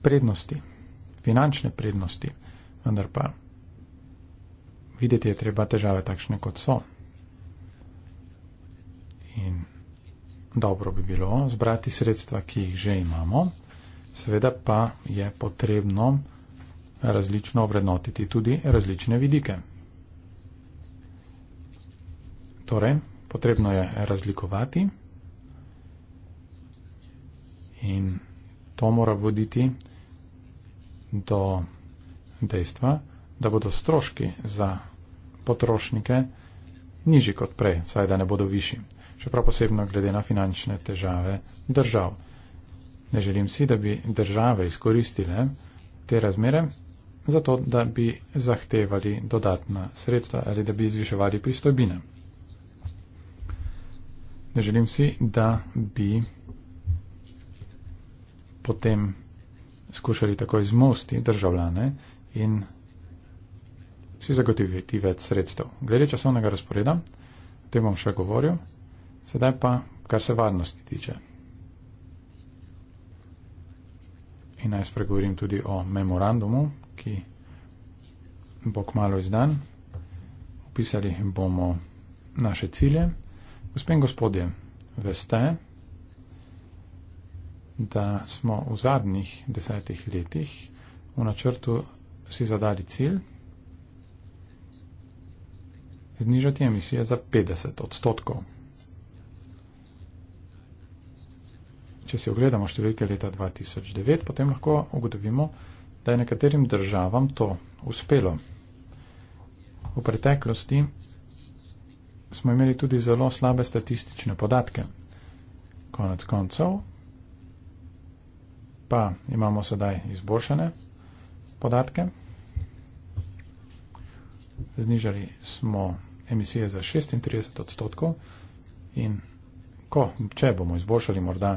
prednosti, finančne prednosti, vendar pa videti je treba težave takšne, kot so. In dobro bi bilo zbrati sredstva, ki jih že imamo, Seveda pa je potrebno različno vrednotiti tudi različne vidike. Torej, potrebno je razlikovati in to mora voditi do dejstva, da bodo stroški za potrošnike nižji kot prej, saj da ne bodo višji. Še prav posebno glede na finančne težave držav. Ne želim si, da bi države izkoristile te razmere, zato da bi zahtevali dodatna sredstva ali da bi izviševali pristojbine. Ne želim si, da bi potem skušali tako izmosti državljane in si zagotoviti več sredstev. Glede časovnega razporeda, o tem bom še govoril, sedaj pa, kar se varnosti tiče. in naj spregovorim tudi o memorandumu, ki bo kmalo izdan. Opisali bomo naše cilje. Gospe in gospodje, veste, da smo v zadnjih desetih letih v načrtu si zadali cilj znižati emisije za 50 odstotkov. Če si ogledamo številke leta 2009, potem lahko ugotovimo, da je nekaterim državam to uspelo. V preteklosti smo imeli tudi zelo slabe statistične podatke. Konec koncev pa imamo sedaj izboljšane podatke. Znižali smo emisije za 36 odstotkov in ko, če bomo izboljšali morda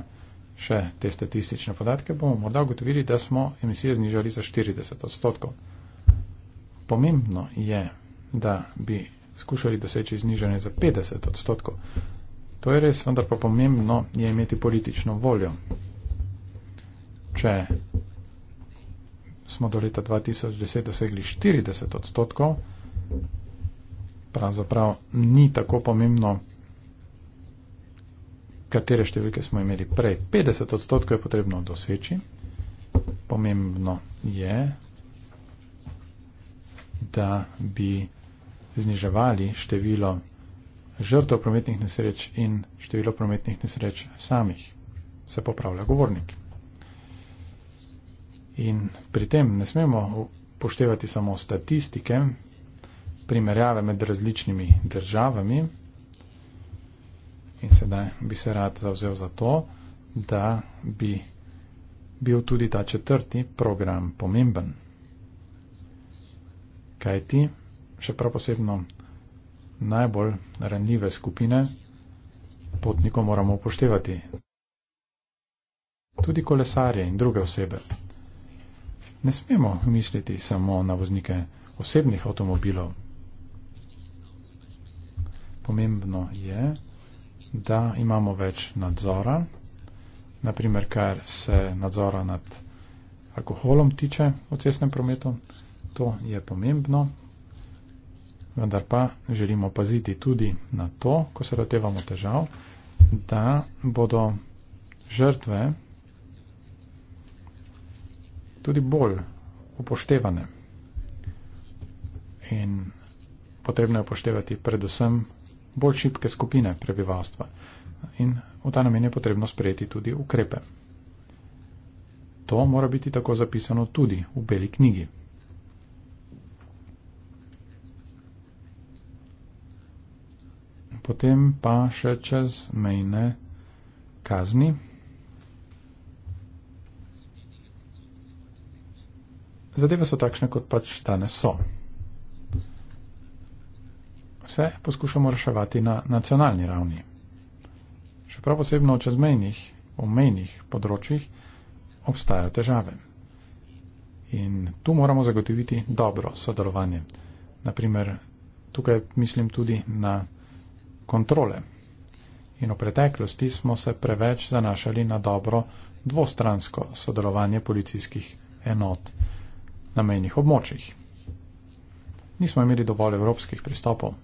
še te statistične podatke, bomo morda ugotovili, da smo emisije znižali za 40 odstotkov. Pomembno je, da bi skušali doseči znižanje za 50 odstotkov. To je res, vendar pa pomembno je imeti politično voljo. Če smo do leta 2010 dosegli 40 odstotkov, pravzaprav ni tako pomembno, katere številke smo imeli prej. 50 odstotkov je potrebno doseči. Pomembno je, da bi zniževali število žrtev prometnih nesreč in število prometnih nesreč samih, se popravlja govornik. In pri tem ne smemo poštevati samo statistike, primerjave med različnimi državami, in sedaj bi se rad zavzel za to, da bi bil tudi ta četrti program pomemben. Kaj ti, še prav posebno najbolj ranljive skupine, potnikov moramo upoštevati. Tudi kolesarje in druge osebe. Ne smemo misliti samo na voznike osebnih avtomobilov. Pomembno je, da imamo več nadzora, naprimer, kar se nadzora nad alkoholom tiče v cestnem prometu, to je pomembno, vendar pa želimo paziti tudi na to, ko se lotevamo težav, da bodo žrtve tudi bolj upoštevane. In potrebno je upoštevati predvsem bolj šibke skupine prebivalstva in v ta namen je potrebno sprejeti tudi ukrepe. To mora biti tako zapisano tudi v beli knjigi. Potem pa še čez mejne kazni. Zadeve so takšne, kot pač danes so vse poskušamo reševati na nacionalni ravni. Še prav posebno v čezmejnih, omejnih področjih obstajajo težave. In tu moramo zagotoviti dobro sodelovanje. Naprimer, tukaj mislim tudi na kontrole. In v preteklosti smo se preveč zanašali na dobro dvostransko sodelovanje policijskih enot na mejnih območjih. Nismo imeli dovolj evropskih pristopov,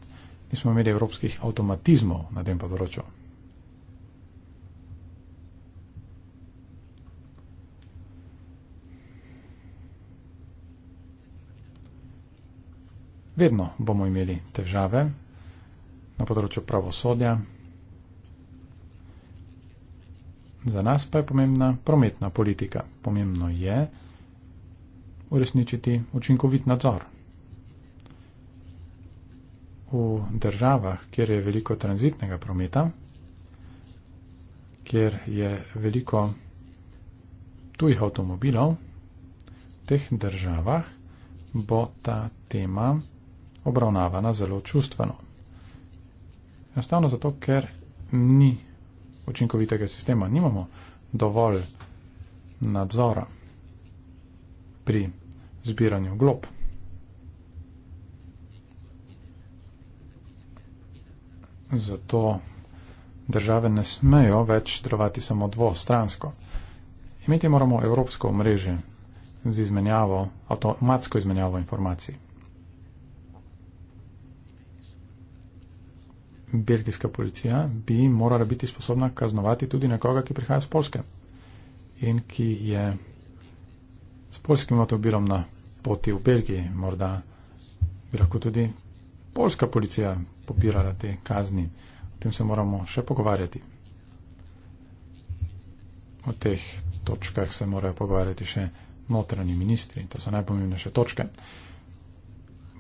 nismo imeli evropskih avtomatizmov na tem področju. Vedno bomo imeli težave na področju pravosodja. Za nas pa je pomembna prometna politika. Pomembno je uresničiti učinkovit nadzor v državah, kjer je veliko tranzitnega prometa, kjer je veliko tujih avtomobilov, v teh državah bo ta tema obravnavana zelo čustveno. Enostavno zato, ker ni učinkovitega sistema, nimamo dovolj nadzora pri zbiranju glob. zato države ne smejo več drovati samo dvostransko. Imeti moramo evropsko omrežje z izmenjavo, avtomatsko izmenjavo informacij. Belgijska policija bi morala biti sposobna kaznovati tudi nekoga, ki prihaja z Polske in ki je s polskim avtomobilom na poti v Belgiji. Morda bi lahko tudi polska policija popirala te kazni. O tem se moramo še pogovarjati. O teh točkah se morajo pogovarjati še notranji ministri. To so najpomembnejše točke.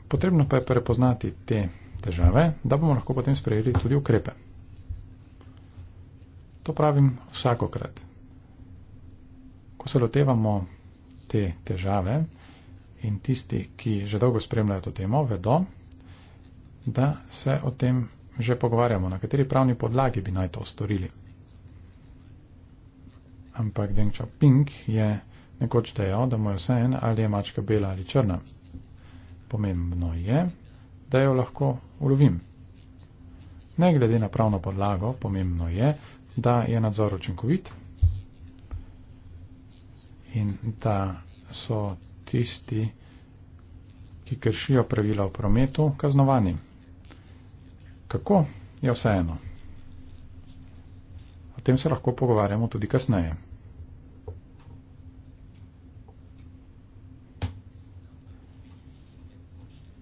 Potrebno pa je prepoznati te težave, da bomo lahko potem sprejeli tudi ukrepe. To pravim vsakokrat. Ko se lotevamo te težave in tisti, ki že dolgo spremljajo to temo, vedo, da se o tem že pogovarjamo, na kateri pravni podlagi bi naj to storili. Ampak Deng Xiaoping je nekoč dejal, da mu je vse en, ali je mačka bela ali črna. Pomembno je, da jo lahko ulovim. Ne glede na pravno podlago, pomembno je, da je nadzor učinkovit in da so tisti, ki kršijo pravila v prometu, kaznovani kako, je ja, vseeno. O tem se lahko pogovarjamo tudi kasneje.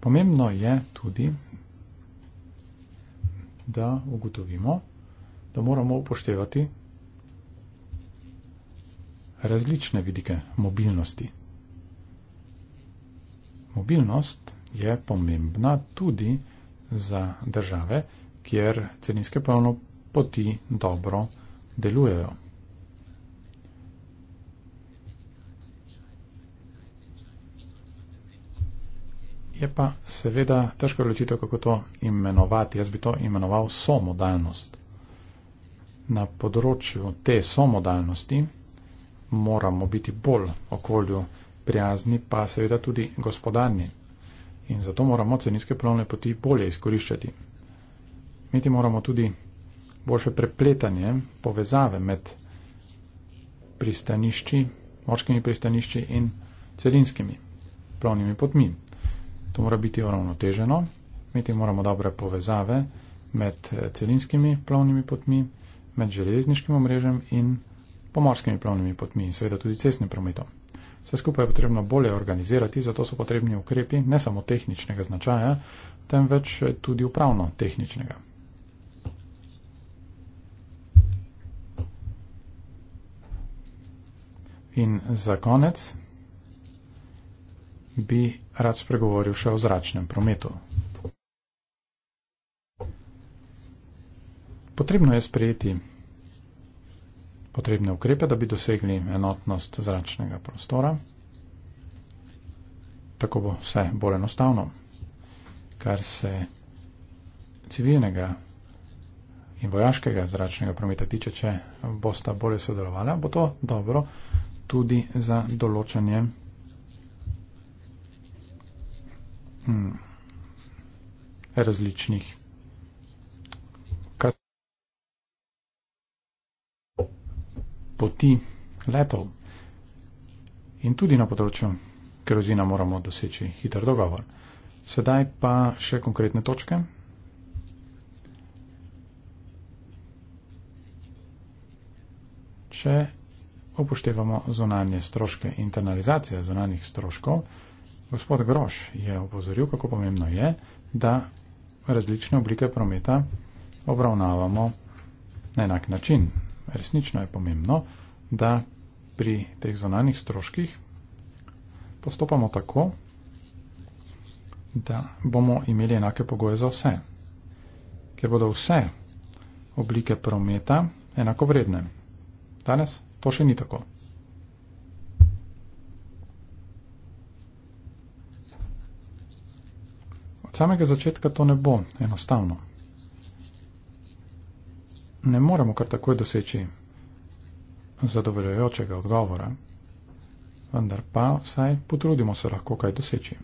Pomembno je tudi, da ugotovimo, da moramo upoštevati različne vidike mobilnosti. Mobilnost je pomembna tudi, za države, kjer celinske plovno poti dobro delujejo. Je pa seveda težko odločitev, kako to imenovati. Jaz bi to imenoval somodalnost. Na področju te somodalnosti moramo biti bolj okolju prijazni, pa seveda tudi gospodarni in zato moramo celinske plovne poti bolje izkoriščati. Imeti moramo tudi boljše prepletanje, povezave med pristanišči, morskimi pristanišči in celinskimi plovnimi potmi. To mora biti uravnoteženo, imeti moramo dobre povezave med eh, celinskimi plovnimi potmi, med železniškim omrežjem in pomorskimi plovnimi potmi in seveda tudi cestnim prometom. Vse skupaj je potrebno bolje organizirati, zato so potrebni ukrepi ne samo tehničnega značaja, temveč tudi upravno tehničnega. In za konec bi rad spregovoril še o zračnem prometu. Potrebno je sprejeti potrebne ukrepe, da bi dosegli enotnost zračnega prostora. Tako bo vse bolj enostavno, kar se civilnega in vojaškega zračnega prometa tiče, če bosta bolje sodelovala, bo to dobro tudi za določanje hmm, različnih poti letov. In tudi na področju kerozina moramo doseči hiter dogovor. Sedaj pa še konkretne točke. Če upoštevamo zunanje stroške internalizacije zunanih stroškov, gospod Groš je opozoril, kako pomembno je, da različne oblike prometa obravnavamo na enak način resnično je pomembno, da pri teh zonanih stroških postopamo tako, da bomo imeli enake pogoje za vse, ker bodo vse oblike prometa enako vredne. Danes to še ni tako. Od samega začetka to ne bo enostavno, ne moremo kar takoj doseči zadovoljujočega odgovora, vendar pa vsaj potrudimo se lahko kaj doseči.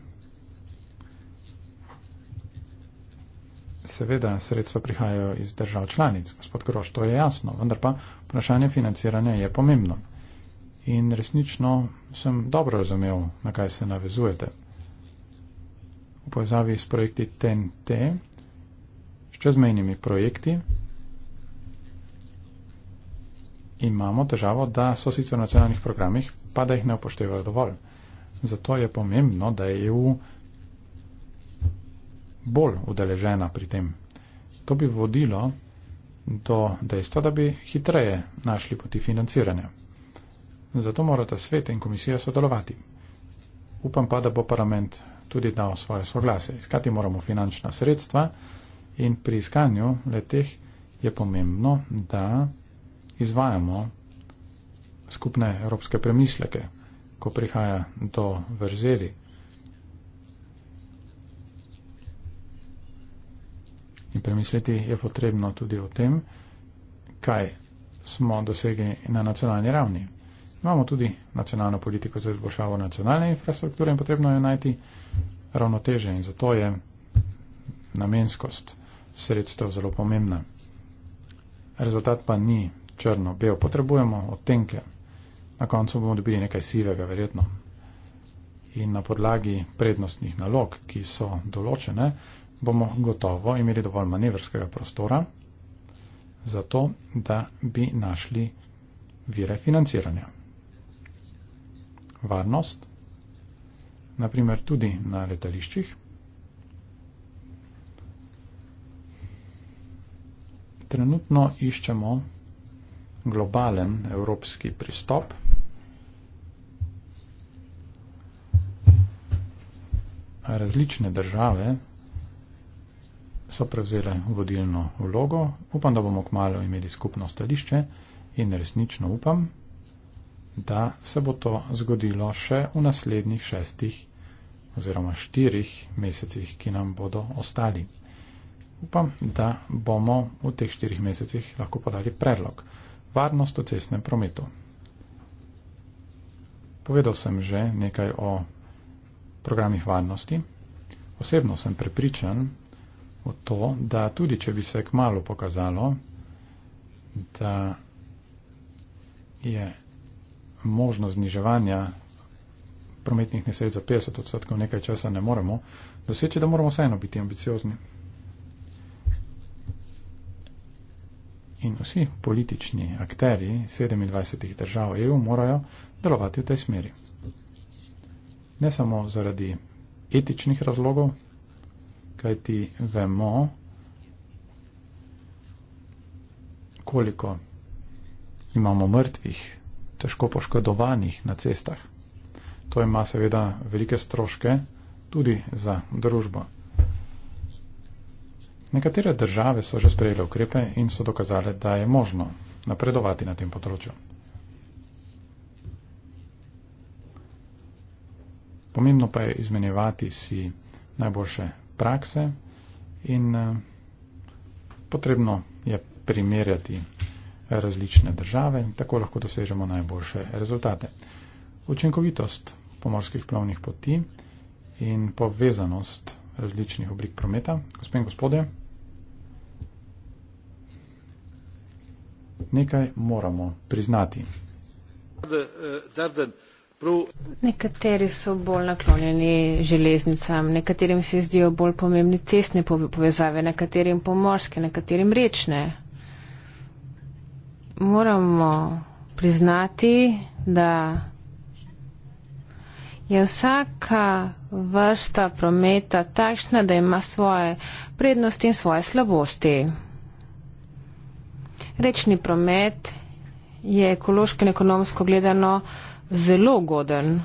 Seveda sredstva prihajajo iz držav članic, gospod Groš, to je jasno, vendar pa vprašanje financiranja je pomembno. In resnično sem dobro razumel, na kaj se navezujete. V povezavi s projekti TNT, s čezmejnimi projekti, imamo državo, da so sicer v nacionalnih programih, pa da jih ne upoštevajo dovolj. Zato je pomembno, da je EU bolj udeležena pri tem. To bi vodilo do dejstva, da bi hitreje našli poti financiranja. Zato morata svet in komisija sodelovati. Upam pa, da bo parlament tudi dal svoje soglase. Iskati moramo finančna sredstva in pri iskanju leteh je pomembno, da izvajamo skupne evropske premisleke, ko prihaja do vrzeli. In premisliti je potrebno tudi o tem, kaj smo dosegli na nacionalni ravni. Imamo tudi nacionalno politiko za izboljšavo nacionalne infrastrukture in potrebno je najti ravnoteže in zato je namenskost sredstev zelo pomembna. Rezultat pa ni črno-bel. Potrebujemo odtenke. Na koncu bomo dobili nekaj sivega, verjetno. In na podlagi prednostnih nalog, ki so določene, bomo gotovo imeli dovolj manevrskega prostora za to, da bi našli vire financiranja. Varnost, naprimer tudi na letališčih. Trenutno iščemo globalen evropski pristop. Različne države so prevzele vodilno vlogo. Upam, da bomo kmalo imeli skupno stališče in resnično upam, da se bo to zgodilo še v naslednjih šestih oziroma štirih mesecih, ki nam bodo ostali. Upam, da bomo v teh štirih mesecih lahko podali predlog varnost v cestnem prometu. Povedal sem že nekaj o programih varnosti. Osebno sem prepričan o to, da tudi če bi se k malu pokazalo, da je možno zniževanja prometnih nesreč za 50 odstotkov nekaj časa ne moremo, doseči, da moramo vseeno biti ambiciozni. in vsi politični akteri 27 držav EU morajo delovati v tej smeri. Ne samo zaradi etičnih razlogov, kajti vemo, koliko imamo mrtvih, težko poškodovanih na cestah. To ima seveda velike stroške tudi za družbo. Nekatere države so že sprejeli ukrepe in so dokazale, da je možno napredovati na tem področju. Pomembno pa je izmenjevati si najboljše prakse in eh, potrebno je primerjati različne države in tako lahko dosežemo najboljše rezultate. Učinkovitost pomorskih plovnih poti in povezanost različnih oblik prometa. Gospe in gospode, nekaj moramo priznati. Nekateri so bolj naklonjeni železnicam, nekaterim se zdijo bolj pomembni cestne povezave, nekaterim pomorske, nekaterim rečne. Moramo priznati, da je vsaka vrsta prometa takšna, da ima svoje prednosti in svoje slabosti. Rečni promet je ekološko in ekonomsko gledano zelo ugoden.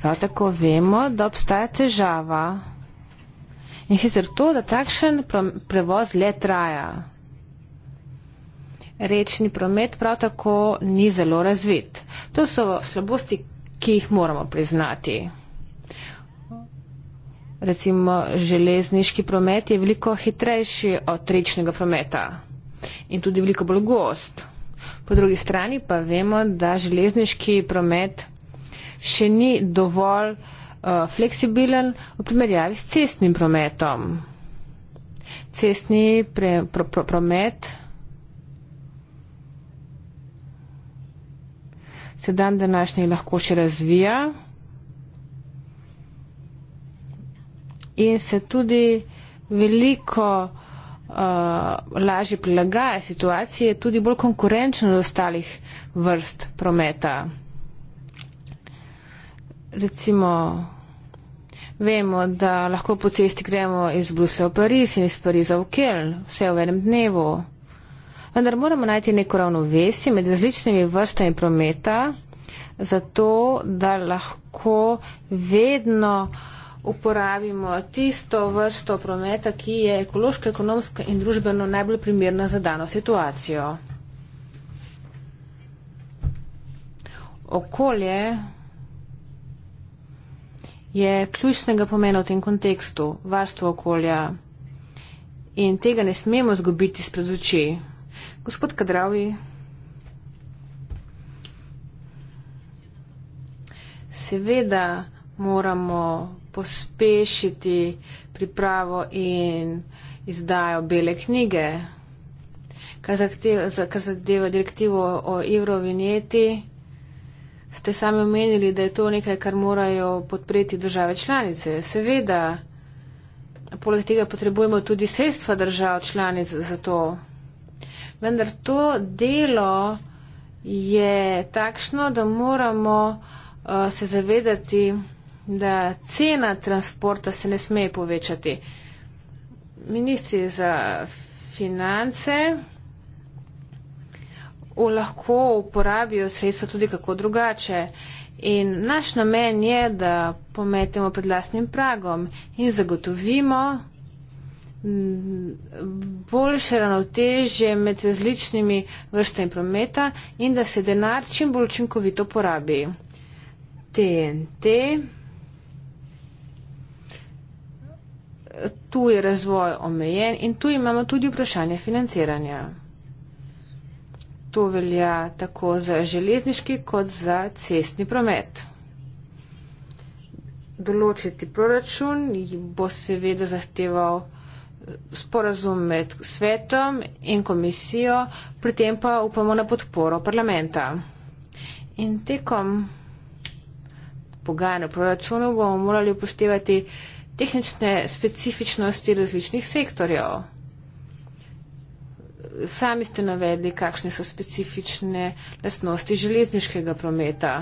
Prav tako vemo, da obstaja težava in sicer to, da takšen prevoz le traja. Rečni promet prav tako ni zelo razvit. To so slabosti, ki jih moramo priznati. Recimo železniški promet je veliko hitrejši od tričnega prometa in tudi veliko bolj gost. Po drugi strani pa vemo, da železniški promet še ni dovolj uh, fleksibilen v primerjavi s cestnim prometom. Cestni pre, pro, pro, promet se dan današnji lahko še razvija in se tudi veliko uh, lažje prilagaja situacije, tudi bolj konkurenčno od ostalih vrst prometa. Recimo, vemo, da lahko po cesti gremo iz Bruslja v Pariz in iz Pariza v Kel, vse v enem dnevu vendar moramo najti neko ravnovesje med različnimi vrstami prometa, zato da lahko vedno uporabimo tisto vrsto prometa, ki je ekološko, ekonomsko in družbeno najbolj primerna za dano situacijo. Okolje je ključnega pomena v tem kontekstu, varstvo okolja in tega ne smemo zgubiti spred oči. Gospod Kadravi, seveda moramo pospešiti pripravo in izdajo bele knjige, kar zadeva direktivo o eurovinjeti. Ste sami omenili, da je to nekaj, kar morajo podpreti države članice. Seveda, poleg tega potrebujemo tudi sredstva držav članic za to vendar to delo je takšno, da moramo uh, se zavedati, da cena transporta se ne sme povečati. Ministri za finance lahko uporabijo sredstva tudi kako drugače. In naš namen je, da pometemo pred lastnim pragom in zagotovimo boljše ravnotežje med različnimi vrstami prometa in da se denar čim bolj učinkovito porabi. TNT. Tu je razvoj omejen in tu imamo tudi vprašanje financiranja. To velja tako za železniški kot za cestni promet. Določiti proračun bo seveda zahteval sporazum med svetom in komisijo, pri tem pa upamo na podporo parlamenta. In tekom pogajanja v proračunu bomo morali upoštevati tehnične specifičnosti različnih sektorjev. Sami ste navedli, kakšne so specifične lastnosti železniškega prometa.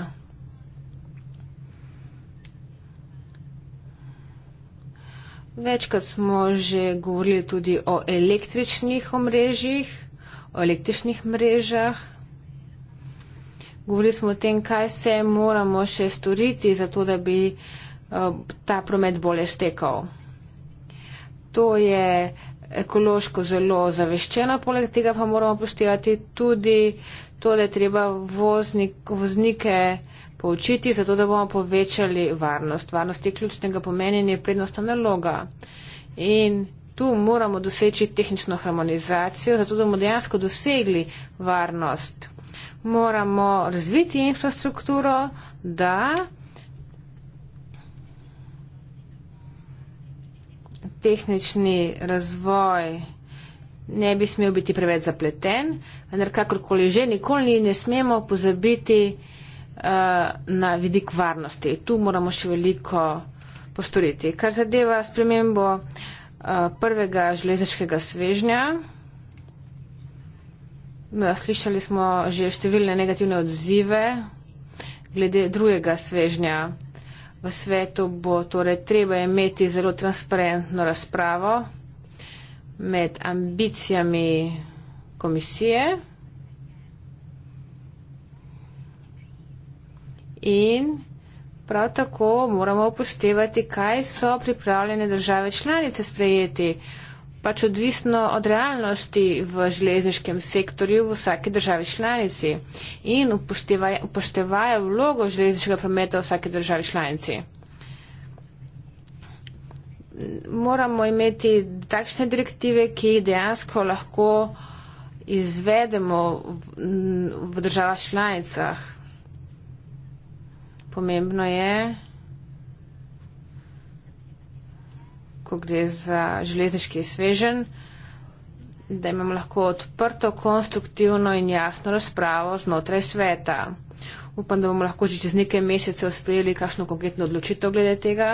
Večkrat smo že govorili tudi o električnih omrežjih, o električnih mrežah. Govorili smo o tem, kaj se moramo še storiti, zato da bi eh, ta promet bolje stekal. To je ekološko zelo zaveščeno, poleg tega pa moramo poštevati tudi to, da je treba voznik, voznike poučiti, zato da bomo povečali varnost. Varnost je ključnega pomenja in je prednostna naloga. In tu moramo doseči tehnično harmonizacijo, zato da bomo dejansko dosegli varnost. Moramo razviti infrastrukturo, da tehnični razvoj ne bi smel biti preveč zapleten, vendar kakorkoli že, nikoli ne smemo pozabiti, Eh, na vidik varnosti. Tu moramo še veliko postoriti. Kar zadeva spremembo eh, prvega železniškega svežnja, no, slišali smo že številne negativne odzive glede drugega svežnja. V svetu bo torej treba imeti zelo transparentno razpravo med ambicijami komisije, in prav tako moramo upoštevati, kaj so pripravljene države članice sprejeti, pač odvisno od realnosti v železniškem sektorju v vsaki državi članici in upoštevajo, upoštevajo vlogo železniškega prometa v vsaki državi članici. Moramo imeti takšne direktive, ki dejansko lahko izvedemo v, v državah članicah pomembno je, ko gre za železniški svežen, da imamo lahko odprto, konstruktivno in jasno razpravo znotraj sveta. Upam, da bomo lahko že čez nekaj mesecev sprejeli kakšno konkretno odločitev glede tega.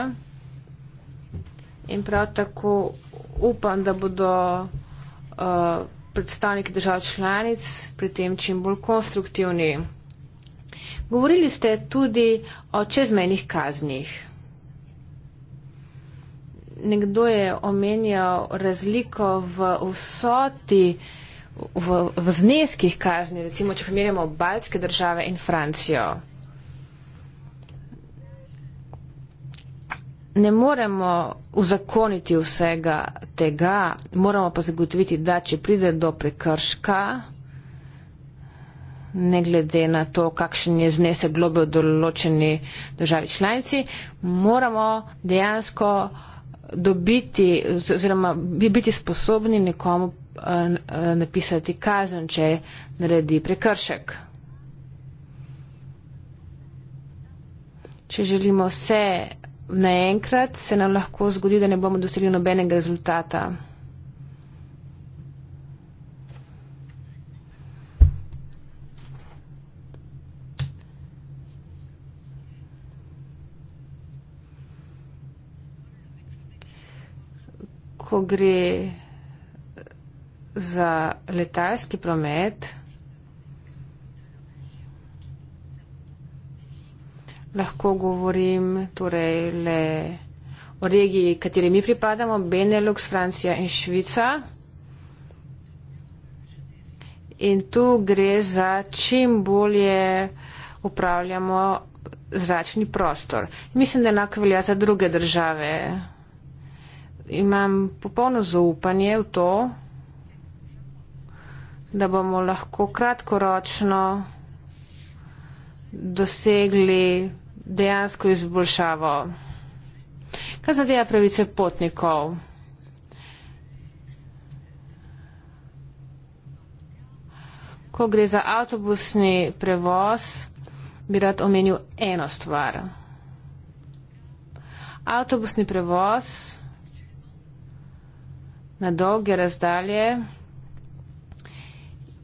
In prav tako upam, da bodo uh, predstavniki držav članic pri tem čim bolj konstruktivni. Govorili ste tudi o čezmejnih kaznih. Nekdo je omenjal razliko v vsoti, v, v zneskih kazni, recimo, če primerjamo baljske države in Francijo. Ne moremo uzakoniti vsega tega, moramo pa zagotoviti, da če pride do prekrška, ne glede na to, kakšen je znesek globe v določeni državi članici, moramo dejansko dobiti oziroma biti sposobni nekomu eh, napisati kazen, če naredi prekršek. Če želimo vse naenkrat, se nam lahko zgodi, da ne bomo dosegli nobenega rezultata. ko gre za letalski promet, lahko govorim torej le o regiji, kateri mi pripadamo, Benelux, Francija in Švica. In tu gre za čim bolje upravljamo zračni prostor. Mislim, da enako velja za druge države imam popolno zaupanje v to, da bomo lahko kratkoročno dosegli dejansko izboljšavo. Kaj zadeva pravice potnikov? Ko gre za avtobusni prevoz, bi rad omenil eno stvar. Avtobusni prevoz na dolge razdalje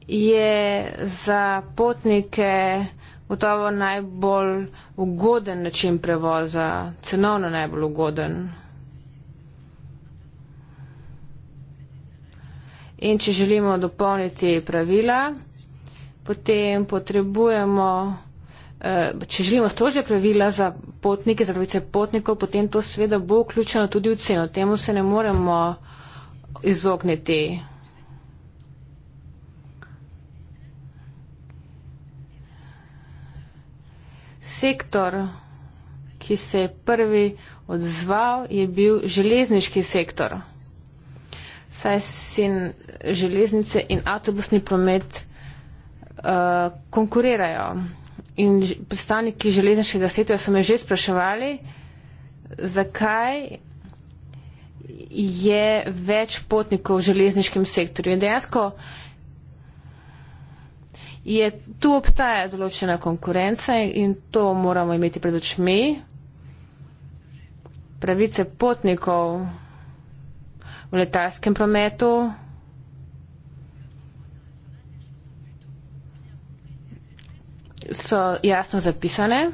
je za potnike gotovo najbolj ugoden način prevoza, cenovno najbolj ugoden. In če želimo dopolniti pravila, potem potrebujemo, eh, če želimo strožje pravila za potnike, za pravice potnikov, potem to seveda bo vključeno tudi v ceno. Temu se ne moremo izogniti. Sektor, ki se je prvi odzval, je bil železniški sektor. Saj sin železnice in avtobusni promet uh, konkurirajo. In predstavniki železniškega sektorja so me že spraševali, zakaj je več potnikov v železniškem sektorju. In dejansko je tu obstaja določena konkurenca in to moramo imeti pred očmi. Pravice potnikov v letalskem prometu. so jasno zapisane,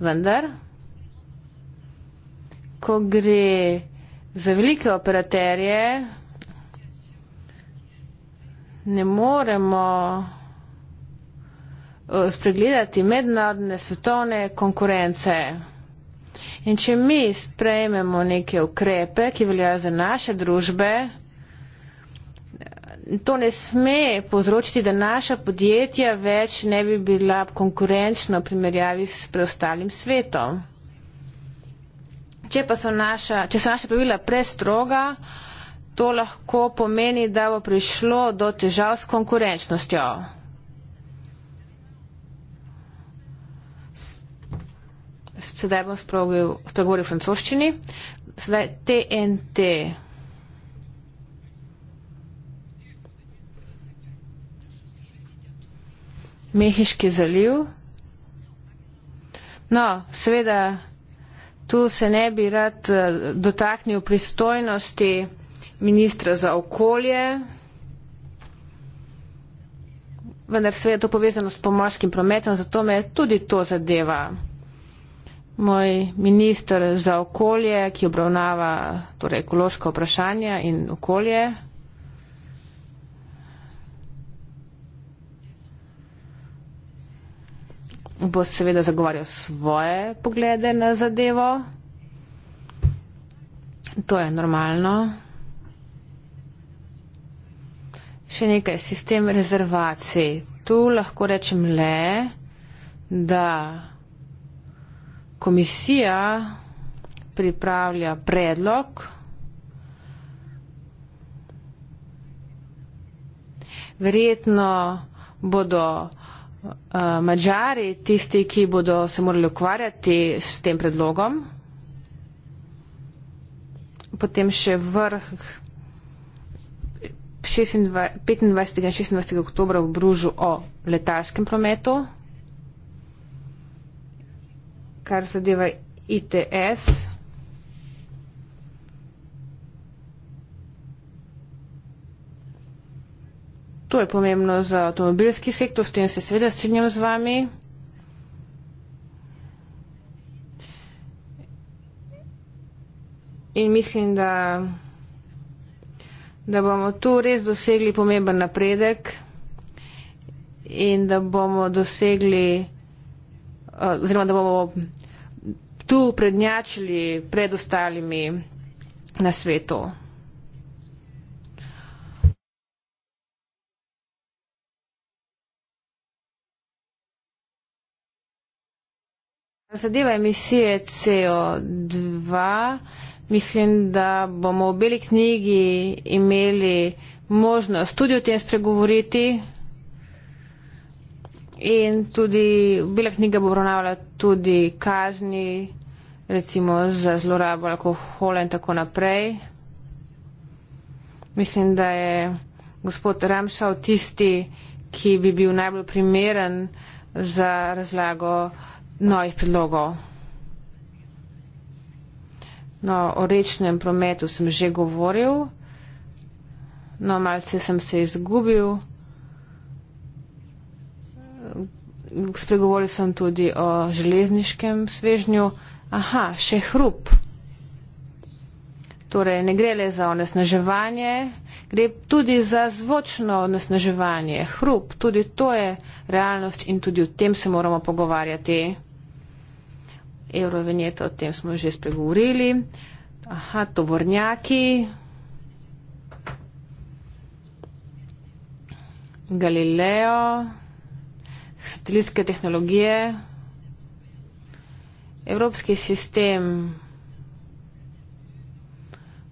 vendar, ko gre Za velike operaterje ne moremo eh, spregledati mednarodne svetovne konkurence. In če mi sprejmemo neke ukrepe, ki veljajo za naše družbe, to ne sme povzročiti, da naša podjetja več ne bi bila konkurenčna v primerjavi s preostalim svetom. Če pa so naša, če so naša pravila prestroga, to lahko pomeni, da bo prišlo do težav s konkurenčnostjo. Sedaj bom spregovoril v francoščini. Sedaj TNT. Mehiški zaliv. No, seveda Tu se ne bi rad eh, dotaknil pristojnosti ministra za okolje, vendar sve je to povezano s pomorskim prometom, zato me tudi to zadeva. Moj minister za okolje, ki obravnava torej, ekološko vprašanje in okolje, bo seveda zagovarjal svoje poglede na zadevo. To je normalno. Še nekaj, sistem rezervacij. Tu lahko rečem le, da komisija pripravlja predlog, verjetno bodo uh, eh, Mačari tisti, ki bodo se morali ukvarjati s tem predlogom. Potem še vrh 25. in 26. oktober v Bružu o letalskem prometu. Kar zadeva ITS, To je pomembno za avtomobilski sektor, s tem se seveda strinjam z vami. In mislim, da, da bomo tu res dosegli pomemben napredek in da bomo dosegli, eh, oziroma da bomo tu prednjačili pred ostalimi na svetu. Zadeva emisije CO2, mislim, da bomo v beli knjigi imeli možnost tudi o tem spregovoriti in tudi bela knjiga bo obravnavala tudi kazni, recimo za zlorabo alkohola in tako naprej. Mislim, da je gospod Ramšav tisti, ki bi bil najbolj primeren za razlago novih predlogov. No, o rečnem prometu sem že govoril, no, malce sem se izgubil. Spregovoril sem tudi o železniškem svežnju. Aha, še hrup. Torej, ne gre le za onesnaževanje, gre tudi za zvočno onesnaževanje. Hrup, tudi to je realnost in tudi o tem se moramo pogovarjati. Eurovinjeta, o tem smo že spregovorili. Aha, tovornjaki. Galileo, satelitske tehnologije, evropski sistem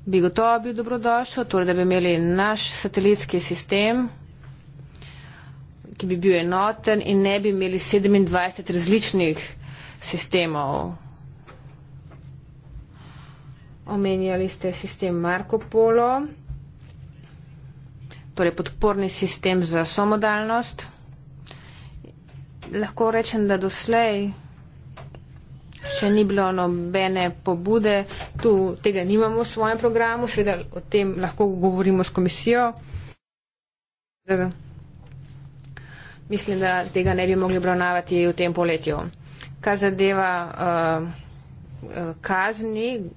bi gotovo bil dobrodošel, torej da bi imeli naš satelitski sistem, ki bi bil enoten in ne bi imeli 27 različnih sistemov. Omenjali ste sistem Marko Polo, torej podporni sistem za somodalnost. Lahko rečem, da doslej še ni bilo nobene pobude, tu tega nimamo v svojem programu, seveda o tem lahko govorimo s komisijo. Mislim, da tega ne bi mogli obravnavati v tem poletju kar zadeva uh, kazni,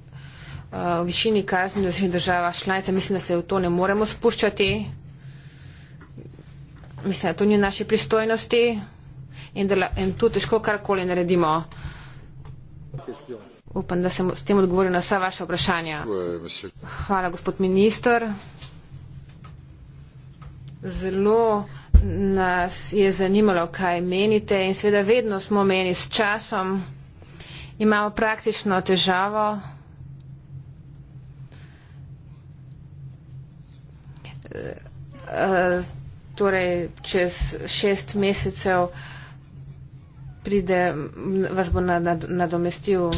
uh, višini kazni v različnih državah članica, mislim, da se v to ne moremo spuščati. Mislim, da to ni v naši pristojnosti in, da, in tu težko karkoli naredimo. Upam, da sem s tem odgovoril na vsa vaša vprašanja. Hvala, gospod minister. Zelo nas je zanimalo, kaj menite in seveda vedno smo meni s časom. Imamo praktično težavo. Eh, eh, torej, čez šest mesecev pride, vas bo nadomestil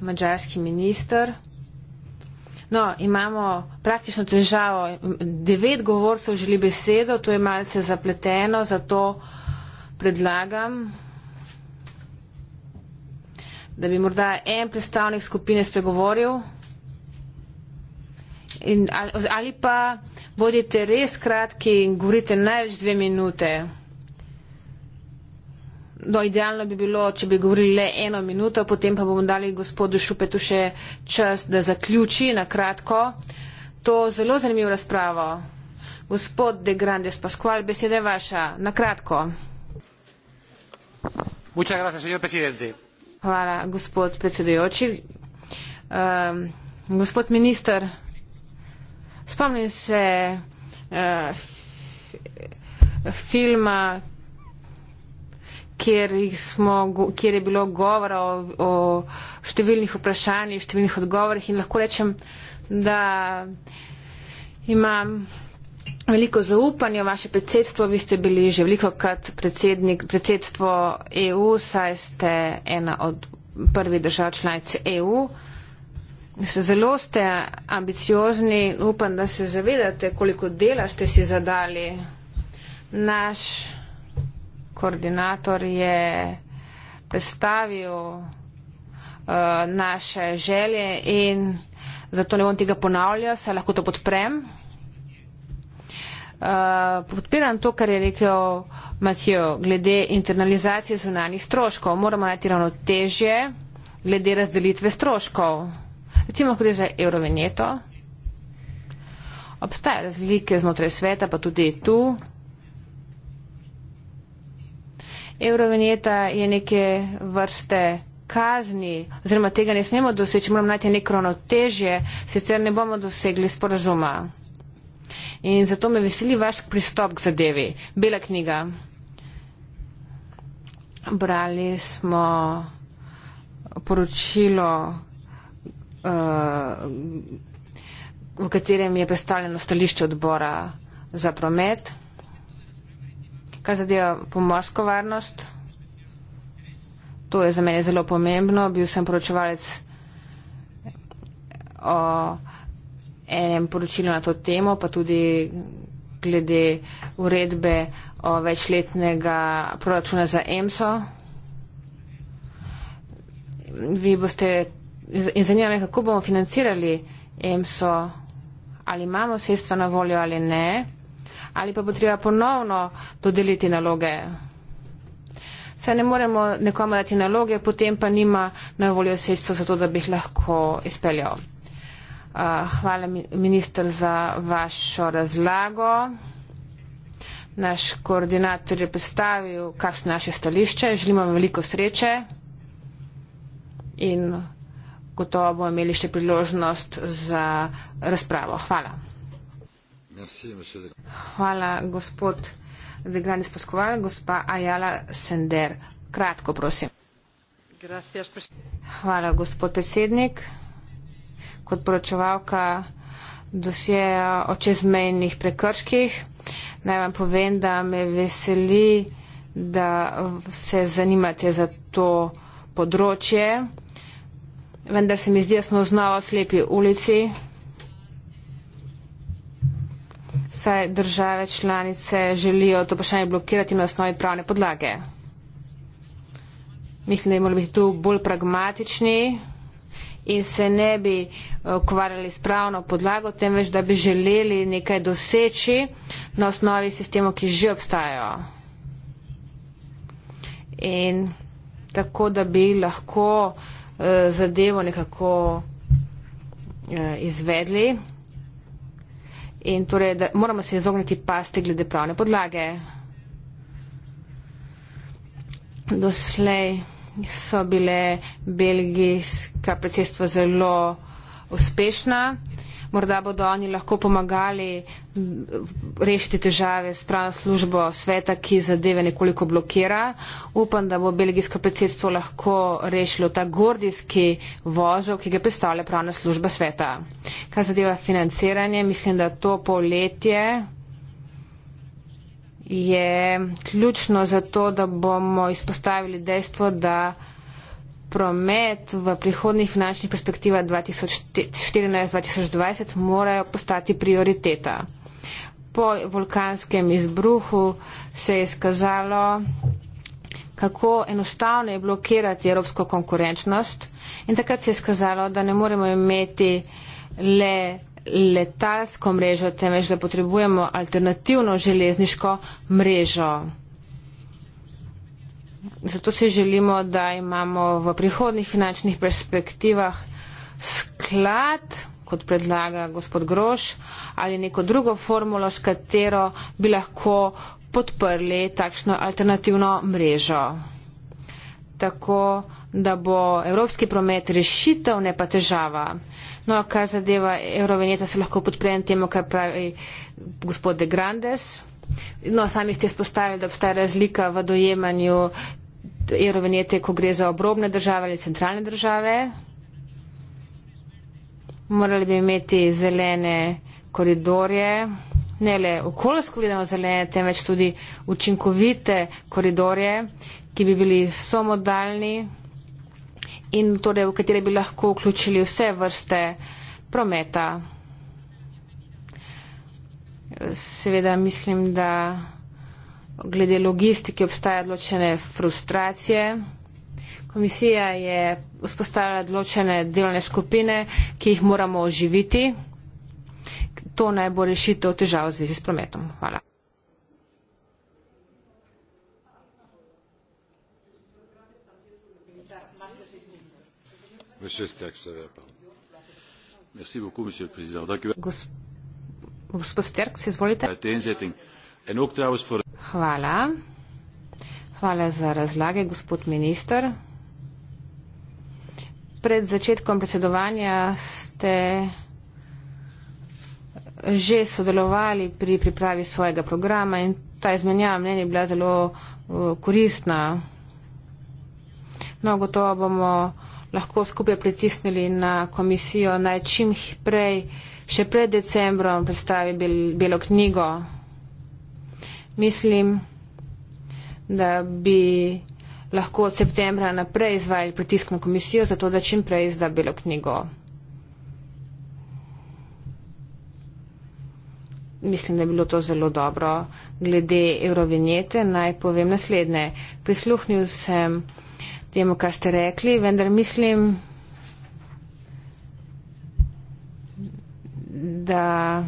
mađarski minister. No, imamo praktično težavo. Devet govorcev želi besedo, to je malce zapleteno, zato predlagam, da bi morda en predstavnik skupine spregovoril. In ali, ali pa bodite res kratki in govorite največ dve minute. No, idealno bi bilo, če bi govorili le eno minuto, potem pa bomo dali gospodu Šupetu še čas, da zaključi na kratko to zelo zanimivo razpravo. Gospod De Grandes Pascual, beseda je vaša. Na kratko. Hvala, gospod predsedujoči. Um, gospod minister, spomnim se uh, filma, kjer, smo, kjer je bilo govora o, o številnih vprašanjih, številnih odgovorih in lahko rečem, da imam veliko zaupanja v vaše predsedstvo. Vi ste bili že veliko krat predsednik predsedstvo EU, saj ste ena od prvih držav članice EU. Zelo ste ambiciozni, upam, da se zavedate, koliko dela ste si zadali. Naš koordinator je predstavil uh, naše želje in zato ne bom tega ponavljal, saj lahko to podprem. Uh, podpiram to, kar je rekel Matijo, glede internalizacije zunanih stroškov. Moramo najti ravno težje glede razdelitve stroškov. Recimo, ko gre za eurovinjeto, obstajajo razlike znotraj sveta, pa tudi tu. Eurovinjeta je neke vrste kazni, oziroma tega ne smemo doseči, moramo najti neko ravnotežje, sicer ne bomo dosegli sporazuma. In zato me veseli vaš pristop k zadevi. Bela knjiga. Brali smo poročilo, uh, v katerem je predstavljeno stališče odbora za promet. Kar zadeva pomorsko varnost, to je za mene zelo pomembno. Bil sem poročevalec o enem poročilu na to temo, pa tudi glede uredbe o večletnega proračuna za EMSO. Vi boste in zanima me, kako bomo financirali EMSO, ali imamo sredstva na voljo ali ne ali pa bo treba ponovno dodeliti naloge. Saj ne moremo nekomu dati naloge, potem pa nima na voljo sredstvo za to, da bi jih lahko izpeljal. Hvala, minister, za vašo razlago. Naš koordinator je predstavil, kakšno naše stališče. Želimo vam veliko sreče in gotovo bomo imeli še priložnost za razpravo. Hvala. Hvala, gospod Degrani Spaskoval. Gospa Ajala Sender, kratko, prosim. Hvala, gospod predsednik. Kot poročevalka dosjeja o čezmejnih prekrških, naj vam povem, da me veseli, da se zanimate za to področje. Vendar se mi zdi, da smo znova slepi ulici saj države članice želijo to vprašanje blokirati na osnovi pravne podlage. Mislim, da moramo biti tu bolj pragmatični in se ne bi eh, ukvarjali s pravno podlago, temveč da bi želeli nekaj doseči na osnovi sistemov, ki že obstajajo. In tako, da bi lahko eh, zadevo nekako eh, izvedli in torej da, moramo se izogniti pasti glede pravne podlage. Doslej so bile belgijska predsedstva zelo uspešna morda bodo oni lahko pomagali rešiti težave s pravno službo sveta, ki zadeve nekoliko blokira. Upam, da bo belgijsko predsedstvo lahko rešilo ta gordijski vozov, ki ga predstavlja pravna služba sveta. Kar zadeva financiranje, mislim, da to poletje je ključno za to, da bomo izpostavili dejstvo, da promet v prihodnih finančnih perspektivah 2014-2020 morajo postati prioriteta. Po vulkanskem izbruhu se je skazalo, kako enostavno je blokirati evropsko konkurenčnost in takrat se je skazalo, da ne moremo imeti le letalsko mrežo, temveč da potrebujemo alternativno železniško mrežo. Zato si želimo, da imamo v prihodnih finančnih perspektivah sklad, kot predlaga gospod Groš, ali neko drugo formulo, s katero bi lahko podprli takšno alternativno mrežo. Tako, da bo evropski promet rešitev, ne pa težava. No, kar zadeva eurovinjeta, se lahko podprem temu, kar pravi gospod De Grandes. No, sami ste izpostavili, da obstaja razlika v dojemanju eurovinjete, ko gre za obrobne države ali centralne države. Morali bi imeti zelene koridorje, ne le okoljsko gledano zelene, temveč tudi učinkovite koridorje, ki bi bili somodalni in torej v katere bi lahko vključili vse vrste prometa. Seveda mislim, da glede logistike obstajajo določene frustracije. Komisija je vzpostavila določene delovne skupine, ki jih moramo oživiti. To naj bo rešitev težav v zvezi s prometom. Hvala. Gospod Sterk, se izvolite. Uh, En ook trouwens voor. Hvala. Hvala za razlage, gospod minister. Pred začetkom predsedovanja ste že sodelovali pri pripravi svojega programa in ta izmenjava mnenja je bila zelo uh, koristna. No, gotovo bomo lahko skupaj pritisnili na komisijo, naj čim prej, še pred decembrom, predstavi bel, belo knjigo Mislim, da bi lahko od septembra naprej izvajali pritisk na komisijo, zato da čim prej izda belo knjigo. Mislim, da je bilo to zelo dobro. Glede eurovinjete naj povem naslednje. Prisluhnil sem temu, kar ste rekli, vendar mislim, da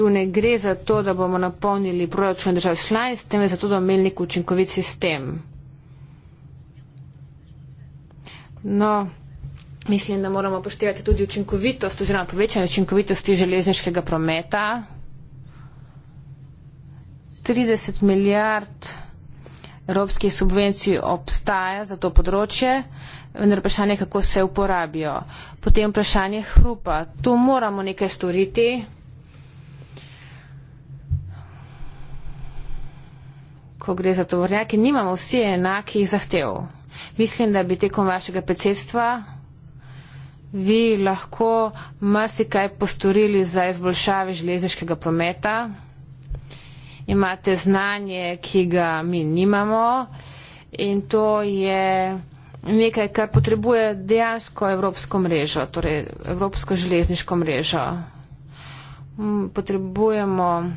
Tu ne gre za to, da bomo napolnili proračun držav članic, temveč za to, da bomo imeli nek učinkovit sistem. No, mislim, da moramo poštevati tudi učinkovitost oziroma povečanje učinkovitosti železniškega prometa. 30 milijard evropskih subvencij obstaja za to področje, vendar vprašanje, kako se uporabijo. Potem vprašanje hrupa. Tu moramo nekaj storiti. ko gre za tovornjake, nimamo vsi enakih zahtev. Mislim, da bi tekom vašega predsedstva vi lahko marsikaj postorili za izboljšave železniškega prometa. Imate znanje, ki ga mi nimamo in to je nekaj, kar potrebuje dejansko evropsko mrežo, torej evropsko železniško mrežo. Mm, potrebujemo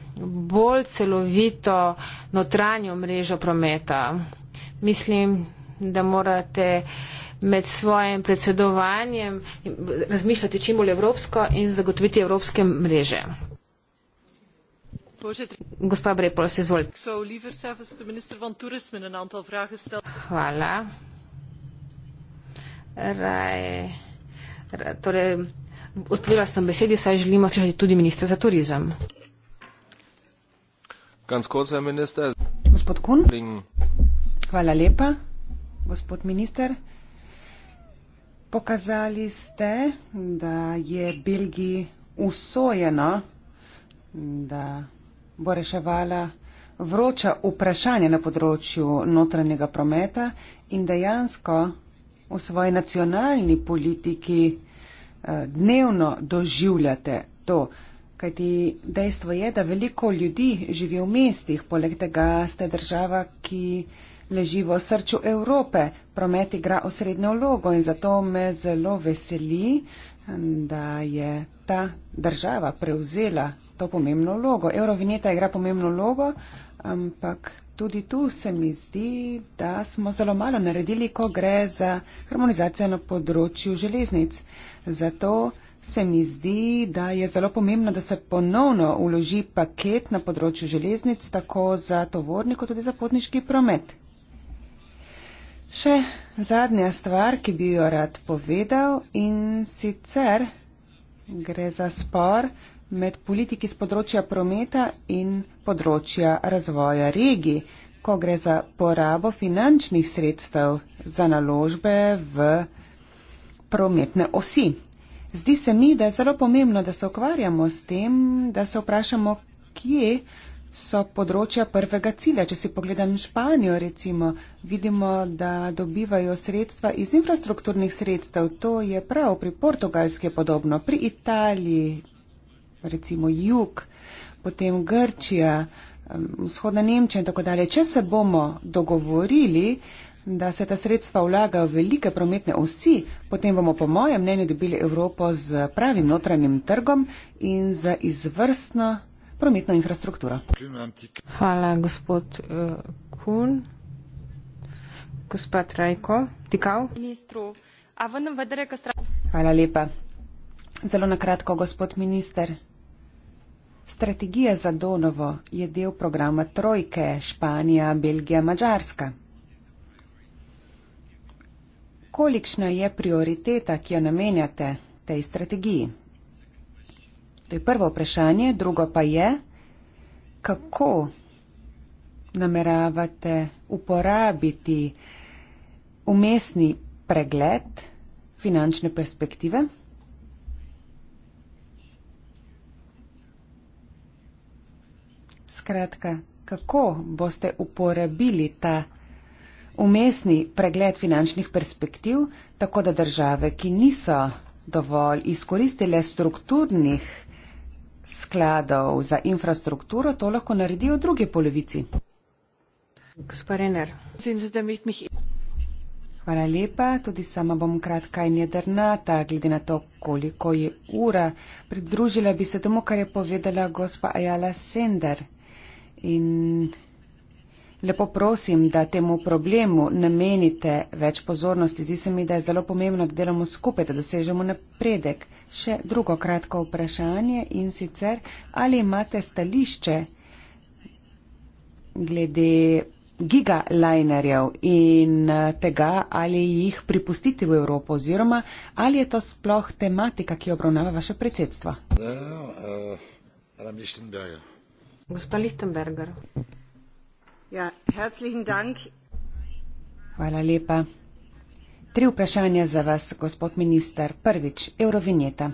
bolj celovito notranjo mrežo prometa. Mislim, da morate med svojim predsedovanjem razmišljati čim bolj evropsko in zagotoviti evropske mreže. Gospa Brepol, se izvolite. Hvala. Raj, raj, torej, Odpovedala sem besedi, saj želimo slišati tudi ministra za turizem. Gospod Kun, hvala lepa, gospod minister. Pokazali ste, da je Belgiji usvojeno, da bo reševala vroča vprašanja na področju notranjega prometa in dejansko v svoji nacionalni politiki Eh, dnevno doživljate to. Kajti dejstvo je, da veliko ljudi živi v mestih, poleg tega ste država, ki leži v srcu Evrope. Promet igra osrednjo vlogo in zato me zelo veseli, da je ta država prevzela to pomembno vlogo. Eurovineta igra pomembno vlogo, ampak Tudi tu se mi zdi, da smo zelo malo naredili, ko gre za harmonizacijo na področju železnic. Zato se mi zdi, da je zelo pomembno, da se ponovno uloži paket na področju železnic, tako za tovorni, kot tudi za potniški promet. Še zadnja stvar, ki bi jo rad povedal in sicer gre za spor med politiki z področja prometa in področja razvoja regij, ko gre za porabo finančnih sredstev za naložbe v prometne osi. Zdi se mi, da je zelo pomembno, da se ukvarjamo s tem, da se vprašamo, kje so področja prvega cilja. Če si pogledam Španijo, recimo, vidimo, da dobivajo sredstva iz infrastrukturnih sredstev. To je prav, pri Portugalski je podobno, pri Italiji recimo jug, potem Grčija, vzhodna Nemčija in tako dalje. Če se bomo dogovorili, da se ta sredstva vlaga v velike prometne osi, potem bomo po mojem mnenju dobili Evropo z pravim notranjim trgom in z izvrstno prometno infrastrukturo. Hvala, gospod uh, eh, Kun. Gospod Rajko, tikal? Hvala lepa. Zelo nakratko, gospod minister. Strategija za Donovo je del programa Trojke Španija, Belgija, Mačarska. Kolikšna je prioriteta, ki jo namenjate tej strategiji? To je prvo vprašanje. Drugo pa je, kako nameravate uporabiti umestni pregled finančne perspektive? skratka, kako boste uporabili ta umestni pregled finančnih perspektiv, tako da države, ki niso dovolj izkoristile strukturnih skladov za infrastrukturo, to lahko naredijo v drugi polovici. Gospa Renner, zim za dem, vidim jih. Hvala lepa, tudi sama bom kratka in jedrnata, glede na to, koliko je ura. Pridružila bi se tomu, kar je povedala gospa Ajala Sender. In lepo prosim, da temu problemu namenite več pozornosti. Zdi se mi, da je zelo pomembno, da delamo skupaj, da dosežemo napredek. Še drugo kratko vprašanje in sicer, ali imate stališče glede gigalinerjev in eh, tega, ali jih pripustiti v Evropo oziroma ali je to sploh tematika, ki obravnava vaše predsedstvo? No, no, uh, gospa Lichtenberger. Ja, herzlichen Dank. Hvala lepa. Tri vprašanja za vas, gospod minister. Prvič, Eurovinjeta.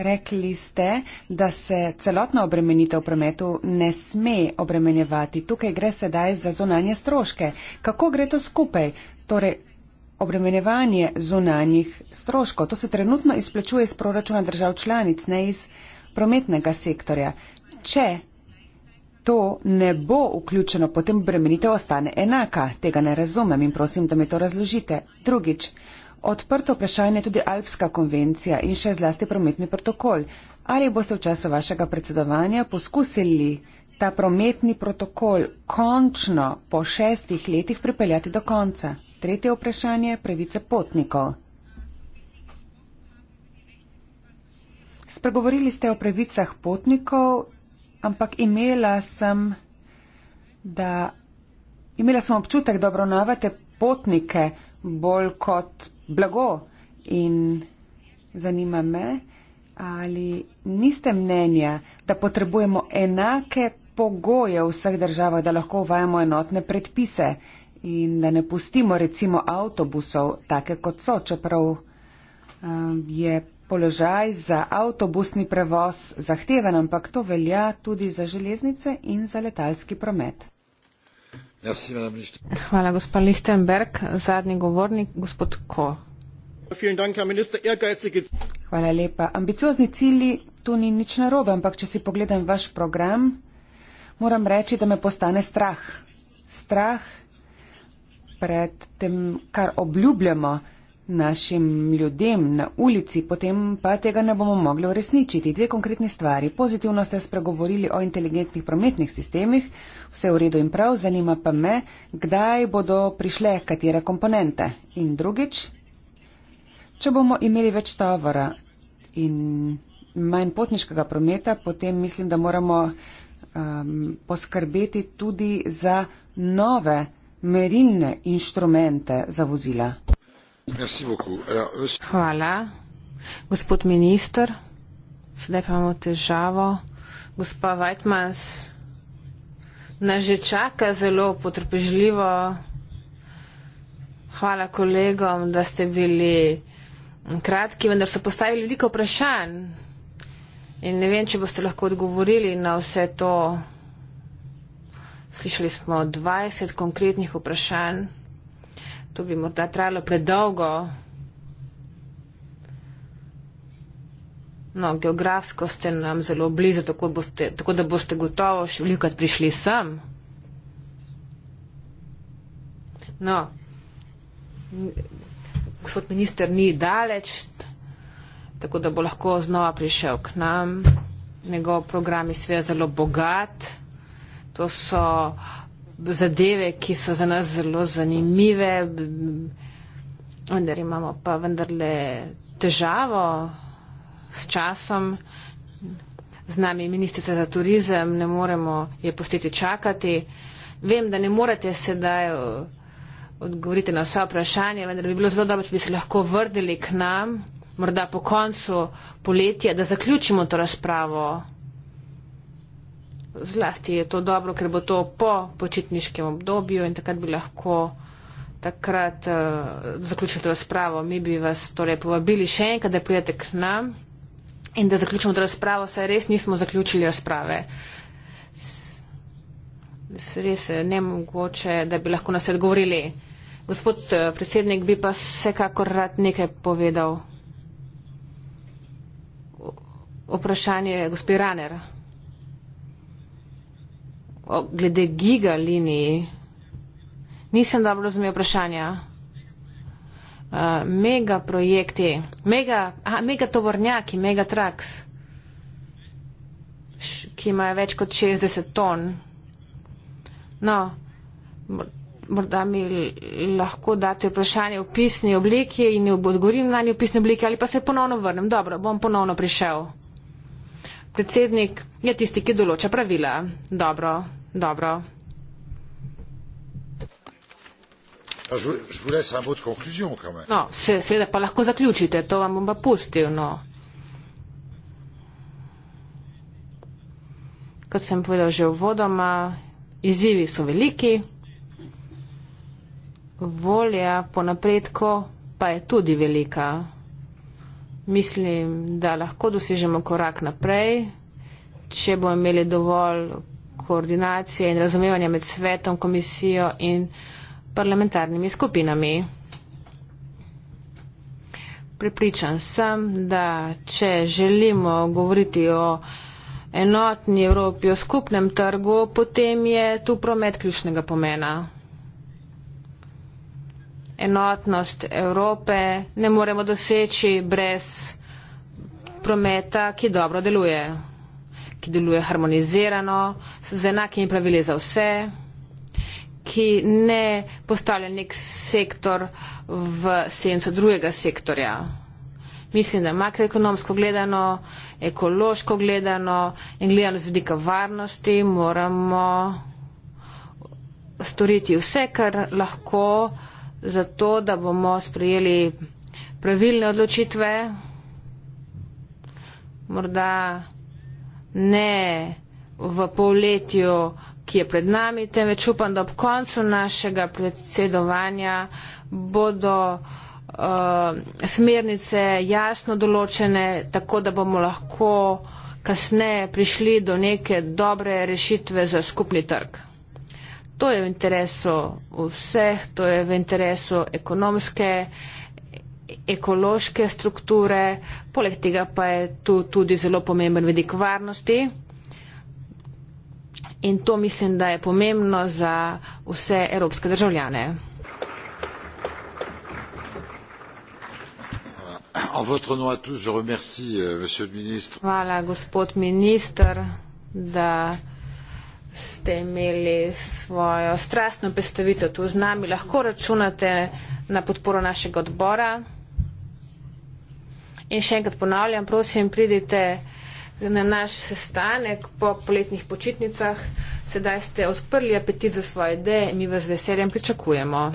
Rekli ste, da se celotna obremenitev prometu ne sme obremenjevati. Tukaj gre sedaj za zonanje stroške. Kako gre to skupaj? Torej, obremenjevanje zunanjih stroškov. To se trenutno izplačuje iz proračuna držav članic, ne iz prometnega sektorja. Če to ne bo vključeno, potem bremenitev ostane enaka. Tega ne razumem in prosim, da mi to razložite. Drugič, odprto vprašanje je tudi Alpska konvencija in še zlasti prometni protokol. Ali boste v času vašega predsedovanja poskusili ta prometni protokol končno po šestih letih pripeljati do konca? Tretje vprašanje, pravice potnikov. Spregovorili ste o pravicah potnikov, ampak imela sem, da, imela sem občutek, da obravnavate potnike bolj kot blago in zanima me, ali niste mnenja, da potrebujemo enake pogoje v vseh državah, da lahko uvajamo enotne predpise in da ne pustimo recimo avtobusov take, kot so, čeprav eh, je položaj za avtobusni prevoz zahteven, ampak to velja tudi za železnice in za letalski promet. Hvala, gospa Lichtenberg. Zadnji govornik, gospod Ko. Hvala lepa. Ambiciozni cilji, tu ni nič narobe, ampak če si pogledam vaš program, moram reči, da me postane strah. Strah pred tem, kar obljubljamo našim ljudem na ulici, potem pa tega ne bomo mogli uresničiti. Dve konkretni stvari. Pozitivno ste spregovorili o inteligentnih prometnih sistemih, vse v redu in prav, zanima pa me, kdaj bodo prišle katere komponente. In drugič, če bomo imeli več tovora in manj potniškega prometa, potem mislim, da moramo um, poskrbeti tudi za nove merilne inštrumente za vozila. Euh, Hvala. Gospod minister, sedaj pa imamo težavo. Gospa Vajtmans nas že čaka zelo potrpežljivo. Hvala kolegom, da ste bili kratki, vendar so postavili veliko vprašanj. In ne vem, če boste lahko odgovorili na vse to. Slišali smo 20 konkretnih vprašanj. To bi morda trajalo predolgo. No, geografsko ste nam zelo blizu, tako, boste, tako da boste gotovo še veliko prišli sem. No, gospod minister, ni daleč tako da bo lahko znova prišel k nam. Njegov program je sveda zelo bogat. To so zadeve, ki so za nas zelo zanimive, vendar imamo pa vendarle težavo s časom. Z nami je ministrica za turizem, ne moremo je pustiti čakati. Vem, da ne morete sedaj eh, odgovoriti na vsa vprašanja, vendar bi bilo zelo dobro, če bi se lahko vrnili k nam morda po koncu poletja, da zaključimo to razpravo. Zlasti je to dobro, ker bo to po počitniškem obdobju in takrat bi lahko takrat uh, zaključili to razpravo. Mi bi vas torej povabili še enkrat, da pridete k nam in da zaključimo to razpravo, saj res nismo zaključili razprave. S, res je nemogoče, da bi lahko nas odgovorili. Gospod eh, predsednik bi pa vsekakor rad nekaj povedal vprašanje gospe Raner. O, glede giga linij, nisem dobro razumel vprašanja. Uh, mega projekti, mega, aha, mega tovornjaki, mega traks, ki imajo več kot 60 ton. No, morda mi lahko date vprašanje v pisni obliki in odgovorim na njo v pisni obliki ali pa se ponovno vrnem. Dobro, bom ponovno prišel predsednik je tisti, ki določa pravila. Dobro, dobro. Ah, no, se, seveda pa lahko zaključite, to vam bom pa pustil. No. Kot sem povedal že v vodoma, izzivi so veliki, volja po napredku pa je tudi velika. Mislim, da lahko dosežemo korak naprej, če bomo imeli dovolj koordinacije in razumevanja med svetom, komisijo in parlamentarnimi skupinami. Pripričan sem, da če želimo govoriti o enotni Evropi, o skupnem trgu, potem je tu promet ključnega pomena enotnost Evrope ne moremo doseči brez prometa, ki dobro deluje, ki deluje harmonizirano, z enakimi pravili za vse, ki ne postavlja nek sektor v senco drugega sektorja. Mislim, da makroekonomsko gledano, ekološko gledano in gledano z vidika varnosti moramo storiti vse, kar lahko, zato, da bomo sprejeli pravilne odločitve, morda ne v polletju, ki je pred nami, temveč upam, da ob koncu našega predsedovanja bodo uh, smernice jasno določene, tako da bomo lahko kasneje prišli do neke dobre rešitve za skupni trg. To je v interesu vseh, to je v interesu ekonomske, ekološke strukture, poleg tega pa je tu tudi zelo pomemben vedik varnosti. In to mislim, da je pomembno za vse evropske državljane. En votre nom à tous, je remercie, euh, monsieur le ministre. Voilà, gospod minister, da ste imeli svojo strastno predstavitev tu z nami, lahko računate na podporo našega odbora. In še enkrat ponavljam, prosim, pridite na naš sestanek po poletnih počitnicah. Sedaj ste odprli apetit za svoje ideje in mi vas veseljem pričakujemo.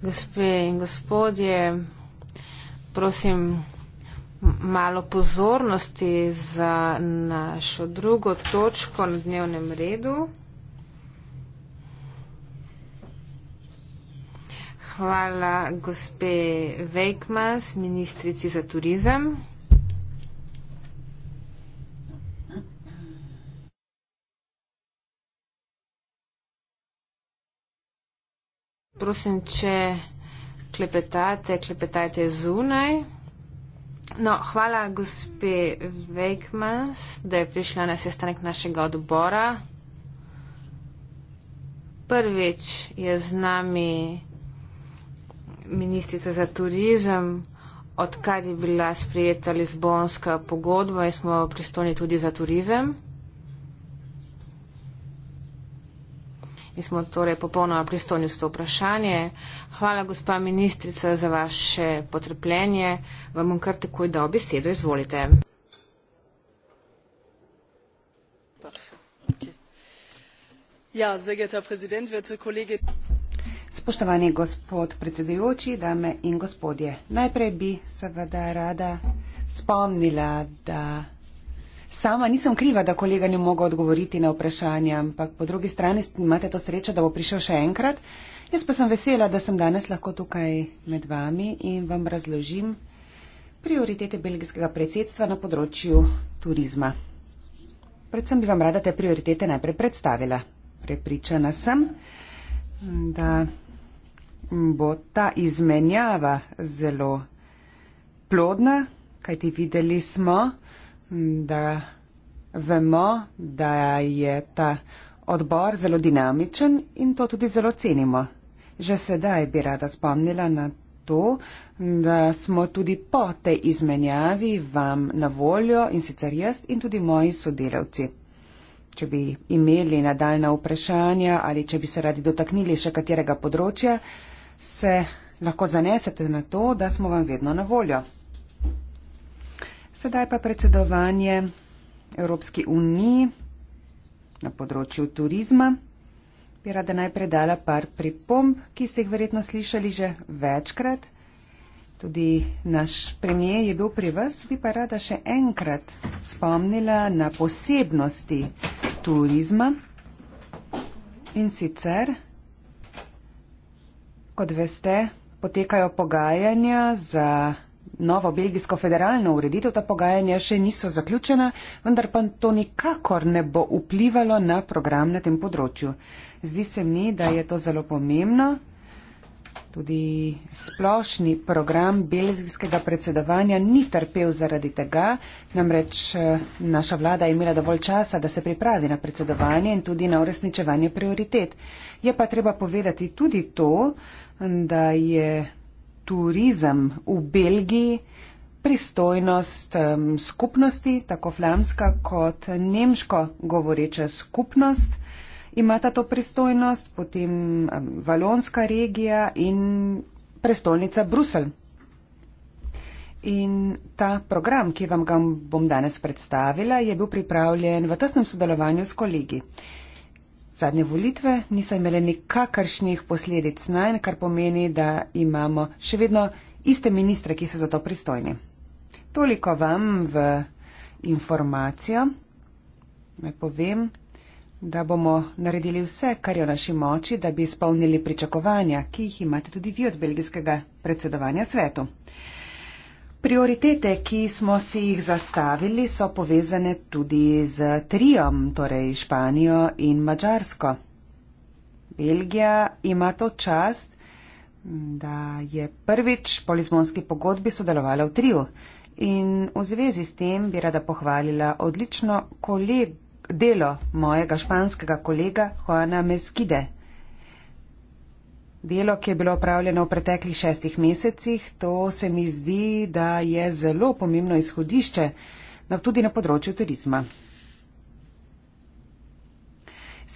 Gospe in gospodje, prosim malo pozornosti za našo drugo točko na dnevnem redu. Hvala gospe Vejkmans, ministrici za turizem. prosim, če klepetate, klepetajte zunaj. No, hvala gospe Wegmans, da je prišla na sestanek našega odbora. Prvič je z nami ministrica za turizem, odkar je bila sprijeta Lizbonska pogodba in smo pristojni tudi za turizem. in smo torej popolnoma pristojni za to vprašanje. Hvala, gospa ministrica, za vaše potrpljenje. Vam bom kar takoj dal besedo. Izvolite. Ja, Spoštovani gospod predsedujoči, dame in gospodje. Najprej bi seveda rada spomnila, da Sama nisem kriva, da kolega ne mogo odgovoriti na vprašanje, ampak po drugi strani imate to srečo, da bo prišel še enkrat. Jaz pa sem vesela, da sem danes lahko tukaj med vami in vam razložim prioritete belgijskega predsedstva na področju turizma. Predvsem bi vam rada te prioritete najprej predstavila. Prepričana sem, da bo ta izmenjava zelo plodna, kajti videli smo, da vemo, da je ta odbor zelo dinamičen in to tudi zelo cenimo. Že sedaj bi rada spomnila na to, da smo tudi po tej izmenjavi vam na voljo in sicer jaz in tudi moji sodelavci. Če bi imeli nadaljna vprašanja ali če bi se radi dotaknili še katerega področja, se lahko zanesete na to, da smo vam vedno na voljo. Sedaj pa predsedovanje Evropski uniji na področju turizma. Bi rada najprej dala par pripomb, ki ste jih verjetno slišali že večkrat. Tudi naš premijer je bil pri vas, bi pa rada še enkrat spomnila na posebnosti turizma. In sicer, kot veste, potekajo pogajanja za novo belgijsko federalno ureditev, ta pogajanja še niso zaključena, vendar pa to nikakor ne bo vplivalo na program na tem področju. Zdi se mi, da je to zelo pomembno. Tudi splošni program belgijskega predsedovanja ni trpel zaradi tega, namreč eh, naša vlada je imela dovolj časa, da se pripravi na predsedovanje in tudi na uresničevanje prioritet. Je pa treba povedati tudi to, da je turizem v Belgiji pristojnost um, skupnosti, tako flamska kot nemško govoreča skupnost, imata to pristojnost, potem um, valonska regija in prestolnica Bruselj. In ta program, ki vam ga bom danes predstavila, je bil pripravljen v tesnem sodelovanju s kolegi. Uh, Zadnje volitve niso imele nikakršnih posledic najn, kar pomeni, da imamo še vedno iste ministre, ki so za to pristojni. Toliko vam v informacijo. Naj povem, da bomo naredili vse, kar je v naši moči, da bi izpolnili pričakovanja, ki jih imate tudi vi od belgijskega predsedovanja svetu. Prioritete, ki smo si jih zastavili, so povezane tudi z triom, torej Španijo in Mačarsko. Belgija ima to čast, da je prvič po Lizbonski pogodbi sodelovala v triju in v zvezi s tem bi rada pohvalila odlično koleg, delo mojega španskega kolega Juana Meskide delo, ki je bilo opravljeno v preteklih šestih mesecih, to se mi zdi, da je zelo pomembno izhodišče na, tudi na področju turizma.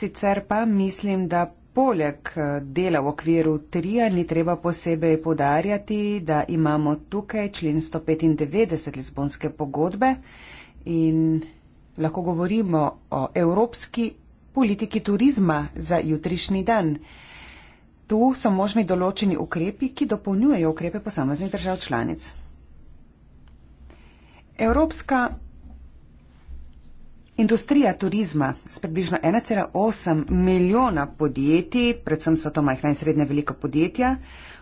Sicer pa mislim, da poleg dela v okviru trija ni treba posebej podarjati, da imamo tukaj člen 195 Lizbonske pogodbe in lahko govorimo o evropski politiki turizma za jutrišnji dan tu so možni določeni ukrepi, ki dopolnjujejo ukrepe posameznih držav članic. Evropska industrija turizma s približno 1,8 milijona podjetij, predvsem so to majhna in srednja velika podjetja,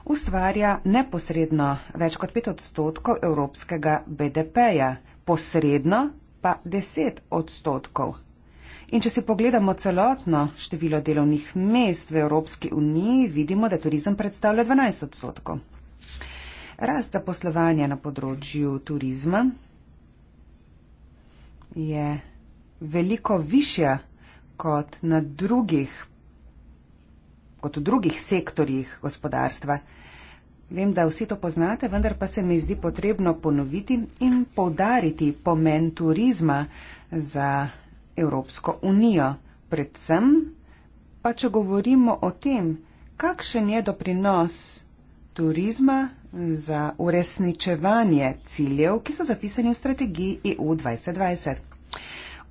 ustvarja neposredno več kot 5 odstotkov evropskega BDP-ja, posredno pa 10 odstotkov In če si pogledamo celotno število delovnih mest v Evropski uniji, vidimo, da turizem predstavlja 12 odstotkov. Rast zaposlovanja na področju turizma je veliko višja kot, drugih, kot v drugih sektorjih gospodarstva. Vem, da vsi to poznate, vendar pa se mi zdi potrebno ponoviti in povdariti pomen turizma za. Evropsko unijo. Predvsem pa, če govorimo o tem, kakšen je doprinos turizma za uresničevanje ciljev, ki so zapisani v strategiji EU 2020.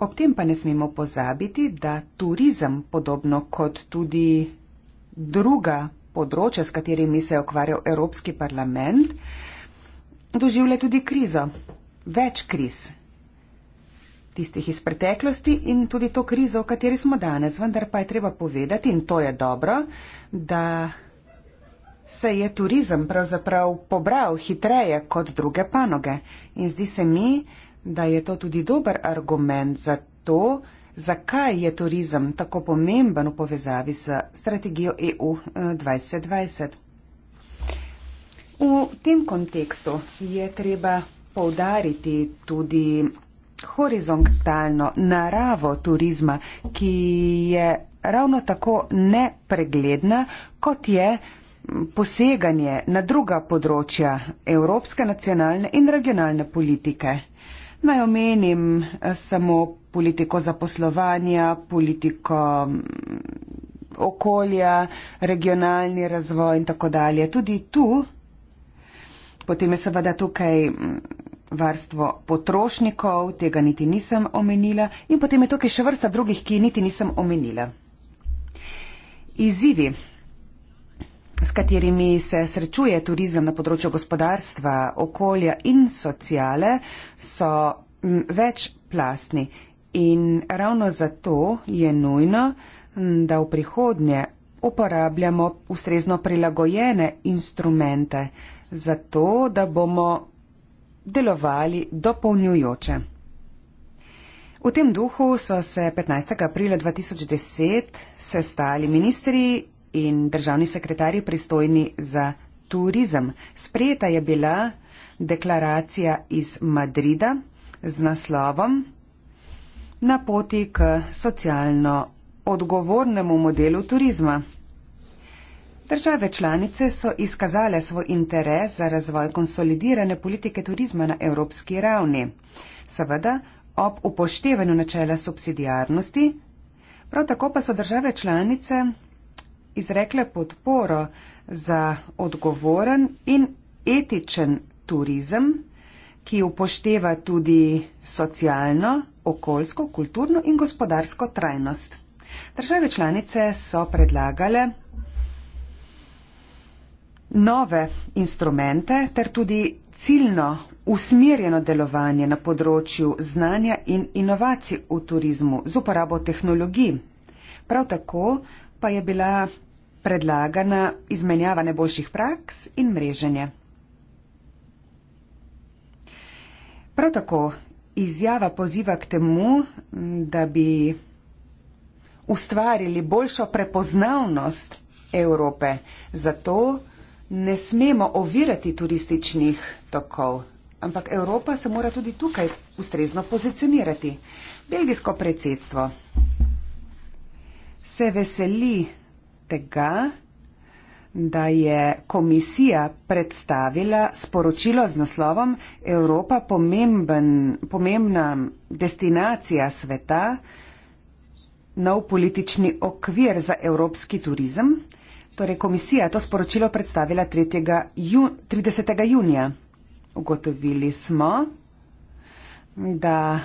Ob tem pa ne smemo pozabiti, da turizem, podobno kot tudi druga področja, s katerimi se je okvarjal Evropski parlament, doživlja tudi krizo. Več kriz, tistih iz preteklosti in tudi to krizo, v kateri smo danes. Vendar pa je treba povedati, in to je dobro, da se je turizem pravzaprav pobral hitreje kot druge panoge. In zdi se mi, da je to tudi dober argument za to, zakaj je turizem tako pomemben v povezavi s strategijo EU 2020. Eh, v tem kontekstu je treba poudariti tudi horizontalno naravo turizma, ki je ravno tako nepregledna, kot je poseganje na druga področja evropske nacionalne in regionalne politike. Naj omenim eh, samo politiko zaposlovanja, politiko okolja, regionalni razvoj in tako dalje. Tudi tu, potem je seveda tukaj varstvo potrošnikov, tega niti nisem omenila in potem je tukaj še vrsta drugih, ki niti nisem omenila. Izzivi, s katerimi se srečuje turizem na področju gospodarstva, okolja in sociale, so večplastni in ravno zato je nujno, da v prihodnje uporabljamo ustrezno prilagojene instrumente, zato da bomo delovali dopolnjujoče. V tem duhu so se 15. aprila 2010 sestali ministri in državni sekretarji pristojni za turizem. Sprejeta je bila deklaracija iz Madrida z naslovom na poti k socialno odgovornemu modelu turizma. Države članice so izkazale svoj interes za razvoj konsolidirane politike turizma na evropski ravni. Seveda, ob upoštevanju načela subsidijarnosti, prav tako pa so države članice izrekle podporo za odgovoren in etičen turizem, ki upošteva tudi socialno, okoljsko, kulturno in gospodarsko trajnost. Države članice so predlagale nove instrumente ter tudi ciljno usmerjeno delovanje na področju znanja in inovacij v turizmu z uporabo tehnologij. Prav tako pa je bila predlagana izmenjava najboljših praks in mreženje. Prav tako izjava poziva k temu, da bi ustvarili boljšo prepoznavnost Evrope. Zato ne smemo ovirati turističnih tokov. Ampak Evropa se mora tudi tukaj ustrezno pozicionirati. Belgijsko predsedstvo se veseli tega, da je komisija predstavila sporočilo z naslovom Evropa pomemben, pomembna destinacija sveta, nov politični okvir za evropski turizem. Torej, komisija je to sporočilo predstavila 3. Ju 30. junija. Ugotovili smo, da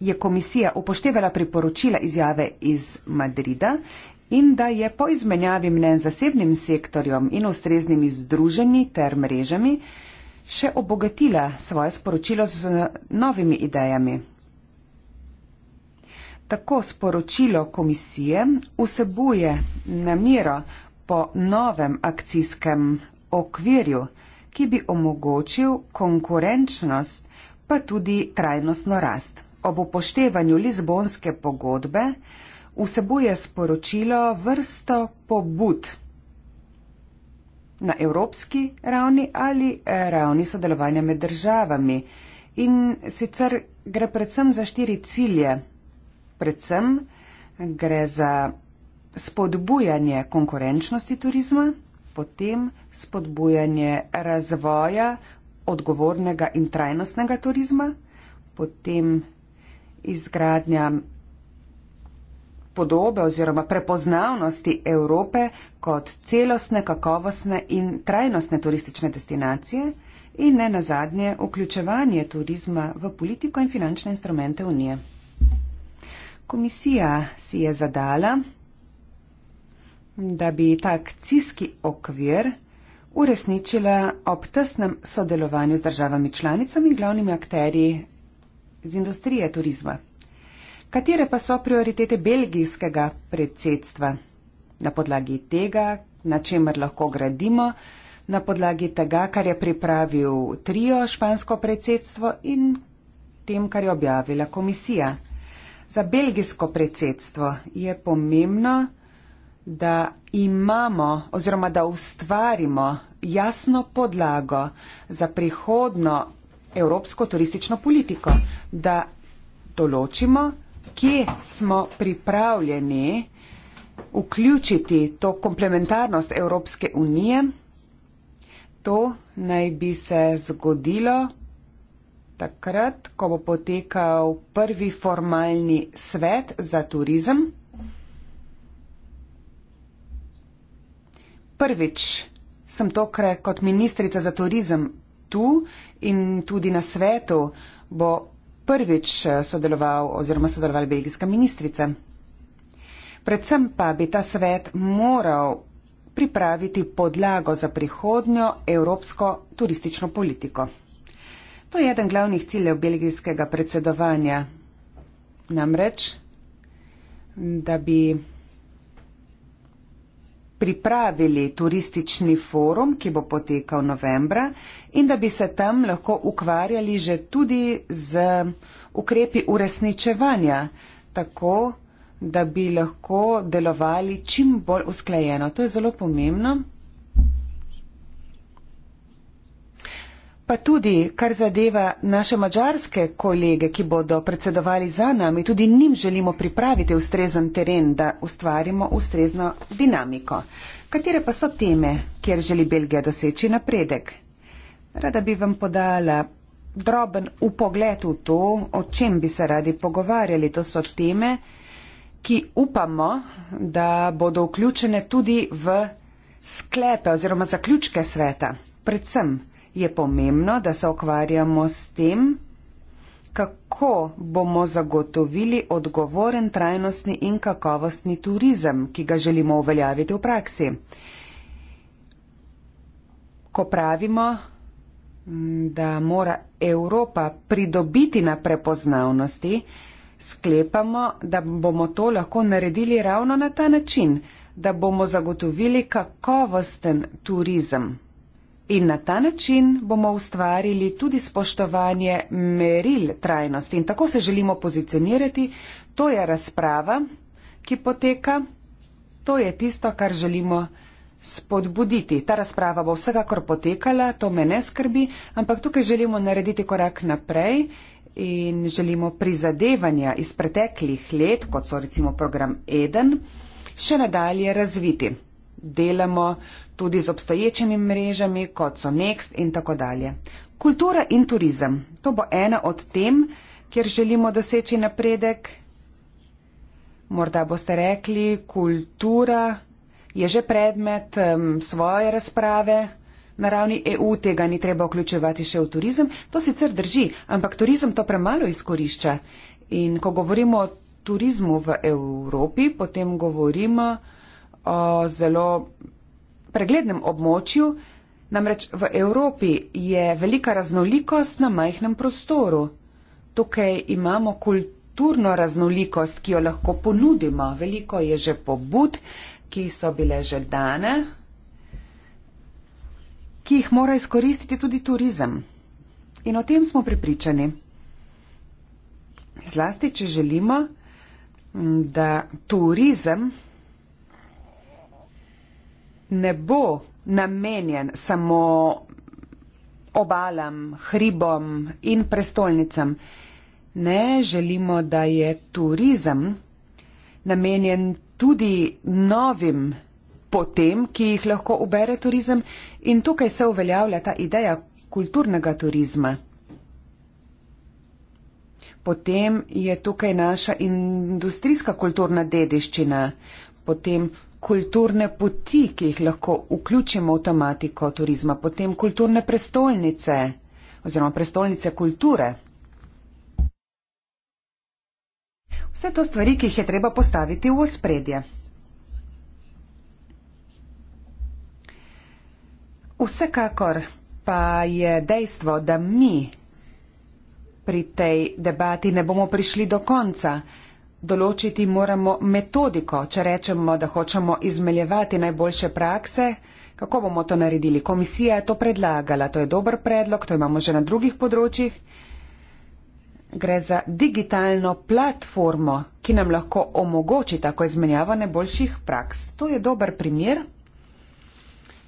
je komisija upoštevala priporočila izjave iz Madrida in da je po izmenjavi mnen zasebnim sektorjem in ustreznimi združenji ter mrežami še obogatila svoje sporočilo z novimi idejami. Tako sporočilo komisije vsebuje namero po novem akcijskem okvirju, ki bi omogočil konkurenčnost, pa tudi trajnostno rast. Ob upoštevanju Lizbonske pogodbe vsebuje sporočilo vrsto pobud na evropski ravni ali eh, ravni sodelovanja med državami. In sicer gre predvsem za štiri cilje predvsem gre za spodbujanje konkurenčnosti turizma, potem spodbujanje razvoja odgovornega in trajnostnega turizma, potem izgradnja podobe oziroma prepoznavnosti Evrope kot celostne, kakovostne in trajnostne turistične destinacije in ne nazadnje vključevanje turizma v politiko in finančne instrumente Unije. Komisija si je zadala, da bi ta akcijski okvir uresničila ob tesnem sodelovanju z državami članicami in glavnimi akterji z industrije turizma. Katere pa so prioritete belgijskega predsedstva na podlagi tega, na čemer lahko gradimo, na podlagi tega, kar je pripravil trio špansko predsedstvo in tem, kar je objavila komisija? Za belgijsko predsedstvo je pomembno, da imamo oziroma da ustvarimo jasno podlago za prihodno evropsko turistično politiko, da določimo, kje smo pripravljeni vključiti to komplementarnost Evropske unije. To naj bi se zgodilo takrat, ko bo potekal prvi formalni svet za turizem. Prvič sem tokrat kot ministrica za turizem tu in tudi na svetu bo prvič eh, sodeloval oziroma sodeloval belgijska ministrica. Predvsem pa bi ta svet moral pripraviti podlago za prihodnjo evropsko turistično politiko. To je eden glavnih ciljev belgijskega predsedovanja. Namreč, da bi pripravili turistični forum, ki bo potekal novembra in da bi se tam lahko ukvarjali že tudi z ukrepi uresničevanja, tako da bi lahko delovali čim bolj usklajeno. To je zelo pomembno. Pa tudi, kar zadeva naše mađarske kolege, ki bodo predsedovali za nami, tudi njim želimo pripraviti ustrezen teren, da ustvarimo ustrezno dinamiko. Katere pa so teme, kjer želi Belgija doseči napredek? Rada bi vam podala droben upogled v to, o čem bi se radi pogovarjali. To so teme, ki upamo, da bodo vključene tudi v sklepe oziroma zaključke sveta. Predvsem, je pomembno, da se okvarjamo s tem, kako bomo zagotovili odgovoren trajnostni in kakovostni turizem, ki ga želimo uveljaviti v praksi. Ko pravimo, mm, da mora Evropa pridobiti na prepoznavnosti, sklepamo, da bomo to lahko naredili ravno na ta način, da bomo zagotovili kakovosten turizem. In na ta način bomo ustvarili tudi spoštovanje meril trajnosti. In tako se želimo pozicionirati. To je razprava, ki poteka. To je tisto, kar želimo spodbuditi. Ta razprava bo vsekakor potekala, to me ne skrbi, ampak tukaj želimo narediti korak naprej in želimo prizadevanja iz preteklih let, kot so recimo program Eden, še nadalje razviti delamo tudi z obstoječimi mrežami, kot so Next in tako dalje. Kultura in turizem, to bo ena od tem, kjer želimo doseči napredek. Morda boste rekli, kultura je že predmet um, svoje razprave. Na ravni EU tega ni treba vključevati še v turizem. To sicer drži, ampak turizem to premalo izkorišča. In ko govorimo o turizmu v Evropi, potem govorimo o zelo preglednem območju, namreč v Evropi je velika raznolikost na majhnem prostoru. Tukaj imamo kulturno raznolikost, ki jo lahko ponudimo. Veliko je že pobud, ki so bile že dane, ki jih mora izkoristiti tudi turizem. In o tem smo pripričani. Zlasti, če želimo, da turizem ne bo namenjen samo obalam, hribom in prestolnicam. Ne želimo, da je turizem namenjen tudi novim potem, ki jih lahko ubere turizem in tukaj se uveljavlja ta ideja kulturnega turizma. Potem je tukaj naša industrijska kulturna dediščina, potem kulturne poti, ki jih lahko vključimo v tematiko turizma, potem kulturne prestolnice oziroma prestolnice kulture. Vse to stvari, ki jih je treba postaviti v ospredje. Vsekakor pa je dejstvo, da mi pri tej debati ne bomo prišli do konca določiti moramo metodiko, če rečemo, da hočemo izmeljevati najboljše prakse. Kako bomo to naredili? Komisija je to predlagala, to je dober predlog, to imamo že na drugih področjih. Gre za digitalno platformo, ki nam lahko omogoči tako izmenjavo najboljših praks. To je dober primer.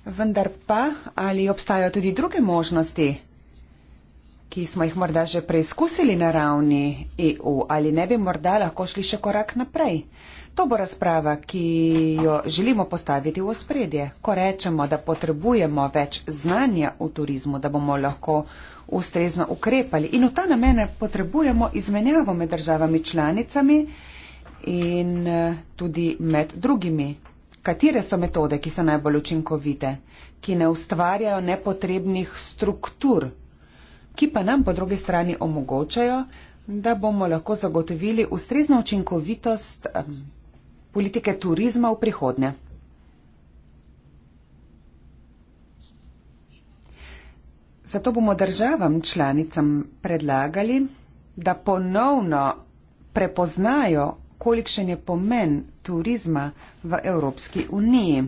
Vendar pa, ali obstajajo tudi druge možnosti? ki smo jih morda že preizkusili na ravni EU, ali ne bi morda lahko šli še korak naprej. To bo razprava, ki jo želimo postaviti v ospredje. Ko rečemo, da potrebujemo več znanja v turizmu, da bomo lahko ustrezno ukrepali in v ta namene potrebujemo izmenjavo med državami članicami in eh, tudi med drugimi. Katere so metode, ki so najbolj učinkovite, ki ne ustvarjajo nepotrebnih struktur ki pa nam po drugi strani omogočajo, da bomo lahko zagotovili ustrezno učinkovitost um, politike turizma v prihodnje. Zato bomo državam članicam predlagali, da ponovno prepoznajo, kolikšen je pomen turizma v Evropski uniji.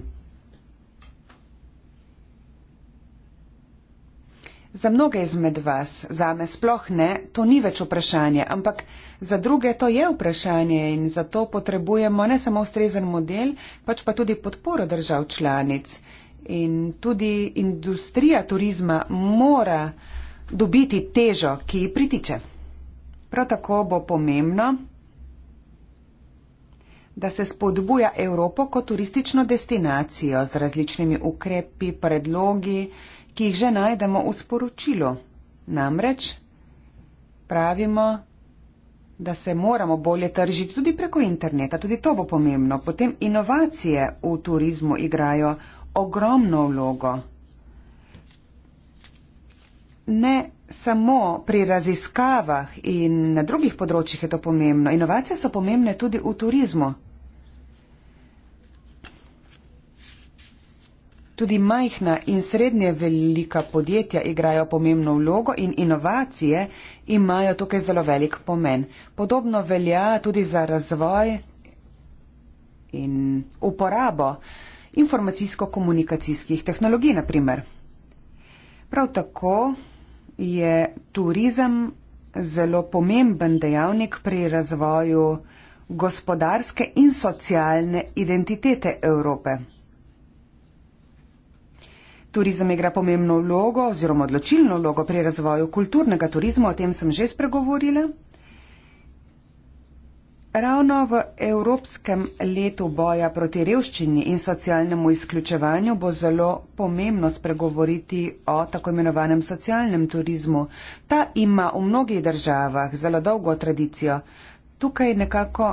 Za mnoge izmed vas, za me sploh ne, to ni več vprašanje, ampak za druge to je vprašanje in zato potrebujemo ne samo ustrezen model, pač pa tudi podporo držav članic. In tudi industrija turizma mora dobiti težo, ki ji pritiče. Prav tako bo pomembno, da se spodbuja Evropo kot turistično destinacijo z različnimi ukrepi, predlogi ki jih že najdemo v sporočilu. Namreč pravimo, da se moramo bolje tržiti tudi preko interneta, tudi to bo pomembno. Potem inovacije v turizmu igrajo ogromno vlogo. Ne samo pri raziskavah in na drugih področjih je to pomembno. Inovacije so pomembne tudi v turizmu. Tudi majhna in srednje velika podjetja igrajo pomembno vlogo in inovacije imajo tukaj zelo velik pomen. Podobno velja tudi za razvoj in uporabo informacijsko-komunikacijskih tehnologij, naprimer. Prav tako je turizem zelo pomemben dejavnik pri razvoju gospodarske in socialne identitete Evrope. Turizem igra pomembno vlogo oziroma odločilno vlogo pri razvoju kulturnega turizma, o tem sem že spregovorila. Ravno v Evropskem letu boja proti revščini in socialnemu izključevanju bo zelo pomembno spregovoriti o tako imenovanem socialnem turizmu. Ta ima v mnogih državah zelo dolgo tradicijo. Tukaj nekako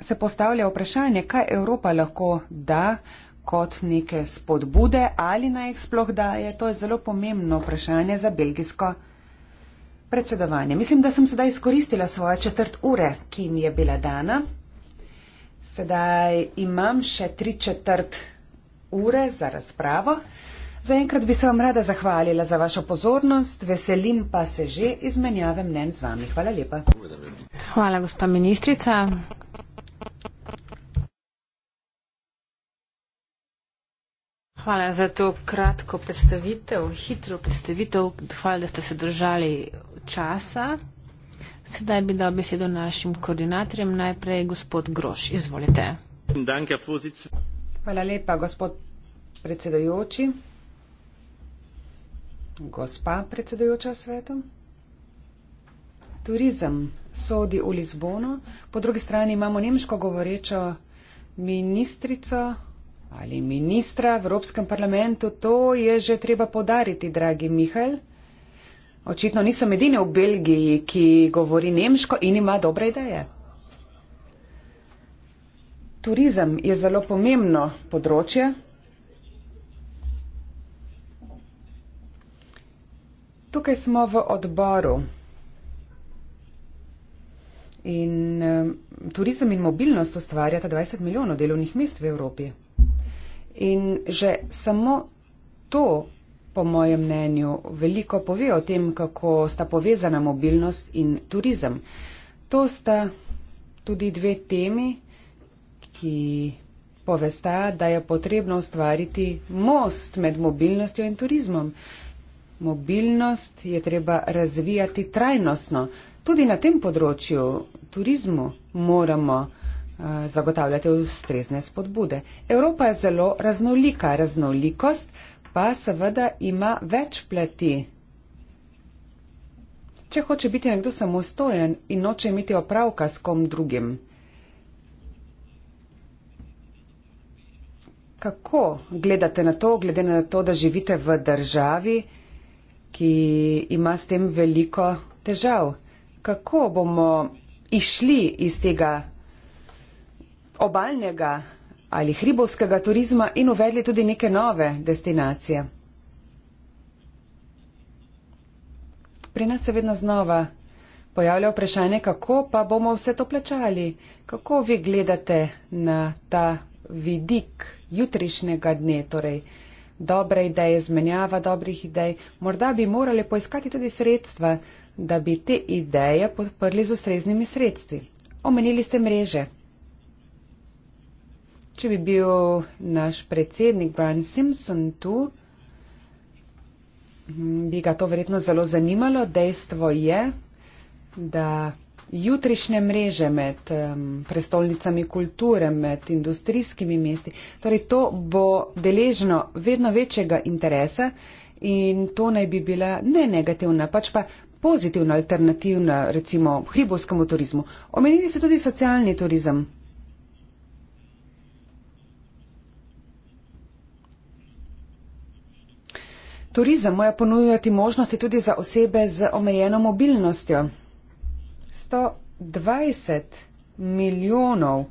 se postavlja vprašanje, kaj Evropa lahko da kot neke spodbude ali naj jih sploh daje, to je zelo pomembno vprašanje za belgijsko predsedovanje. Mislim, da sem sedaj izkoristila svoje četrt ure, ki mi je bila dana. Sedaj imam še tri četrt ure za razpravo. Zaenkrat bi se vam rada zahvalila za vašo pozornost, veselim pa se že izmenjave mnen z vami. Hvala lepa. Hvala, gospa ministrica. Hvala za to kratko predstavitev, hitro predstavitev. Hvala, da ste se držali časa. Sedaj bi dal besedo našim koordinatorjem. Najprej gospod Groš, izvolite. Hvala lepa, gospod predsedojoči. Gospa predsedojoča svetu. Turizem sodi v Lizbono, po drugi strani imamo nemško govorečo ministrico ali ministra v Evropskem parlamentu, to je že treba podariti, dragi Mihajl. Očitno nisem edini v Belgiji, ki govori nemško in ima dobre ideje. Turizem je zelo pomembno področje. Tukaj smo v odboru. In eh, turizem in mobilnost ustvarjata 20 milijonov delovnih mest v Evropi. In že samo to, po mojem mnenju, veliko pove o tem, kako sta povezana mobilnost in turizem. To sta tudi dve temi, ki povesta, da je potrebno ustvariti most med mobilnostjo in turizmom. Mobilnost je treba razvijati trajnostno. Tudi na tem področju, turizmu, moramo zagotavljate ustrezne spodbude. Evropa je zelo raznolika, raznolikost pa seveda ima več plati. Če hoče biti nekdo samostojen in noče imeti opravka s kom drugim, kako gledate na to, glede na to, da živite v državi, ki ima s tem veliko težav? Kako bomo išli iz tega obaljnega ali hribovskega turizma in uvedli tudi neke nove destinacije. Pri nas se vedno znova pojavlja vprašanje, kako pa bomo vse to plačali. Kako vi gledate na ta vidik jutrišnjega dne, torej dobre ideje, zmenjava dobrih idej? Morda bi morali poiskati tudi sredstva, da bi te ideje podprli z ustreznimi sredstvi. Omenili ste mreže če bi bil naš predsednik Brian Simpson tu, bi ga to verjetno zelo zanimalo. Dejstvo je, da jutrišnje mreže med um, prestolnicami kulture, med industrijskimi mesti, torej to bo deležno vedno večjega interesa in to naj bi bila ne negativna, pač pa pozitivna alternativna recimo hribovskemu turizmu. Omenili ste tudi socialni turizem. Turizem mora ponujati možnosti tudi za osebe z omejeno mobilnostjo. 120 milijonov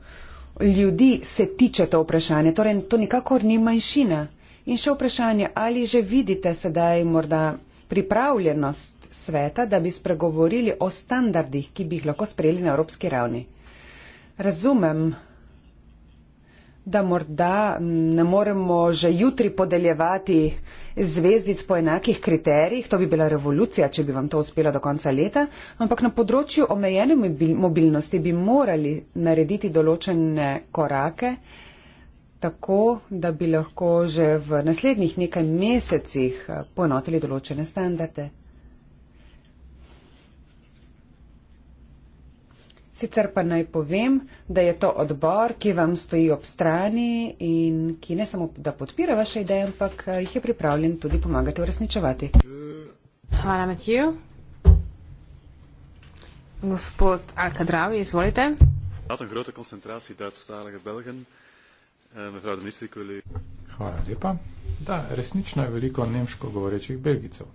ljudi se tiče to vprašanje, torej to nikakor ni manjšina. In še vprašanje, ali že vidite sedaj morda pripravljenost sveta, da bi spregovorili o standardih, ki bi jih lahko sprejeli na evropski ravni. Razumem da morda ne moremo že jutri podeljevati zvezdic po enakih kriterijih, to bi bila revolucija, če bi vam to uspelo do konca leta, ampak na področju omejene mobilnosti bi morali narediti določene korake, tako da bi lahko že v naslednjih nekaj mesecih eh, ponotili določene standarde. Sicer pa naj povem, da je to odbor, ki vam stoji ob strani in ki ne samo, da podpira vaše ideje, ampak eh, jih je pripravljen tudi pomagati uresničevati. Hvala, Matiju. Gospod Alkadravi, izvolite. Hvala, grote koncentracije Dutch-talega Belgen. Eh, Hvala lepa. Da, resnično je veliko nemško govorečih Belgicov.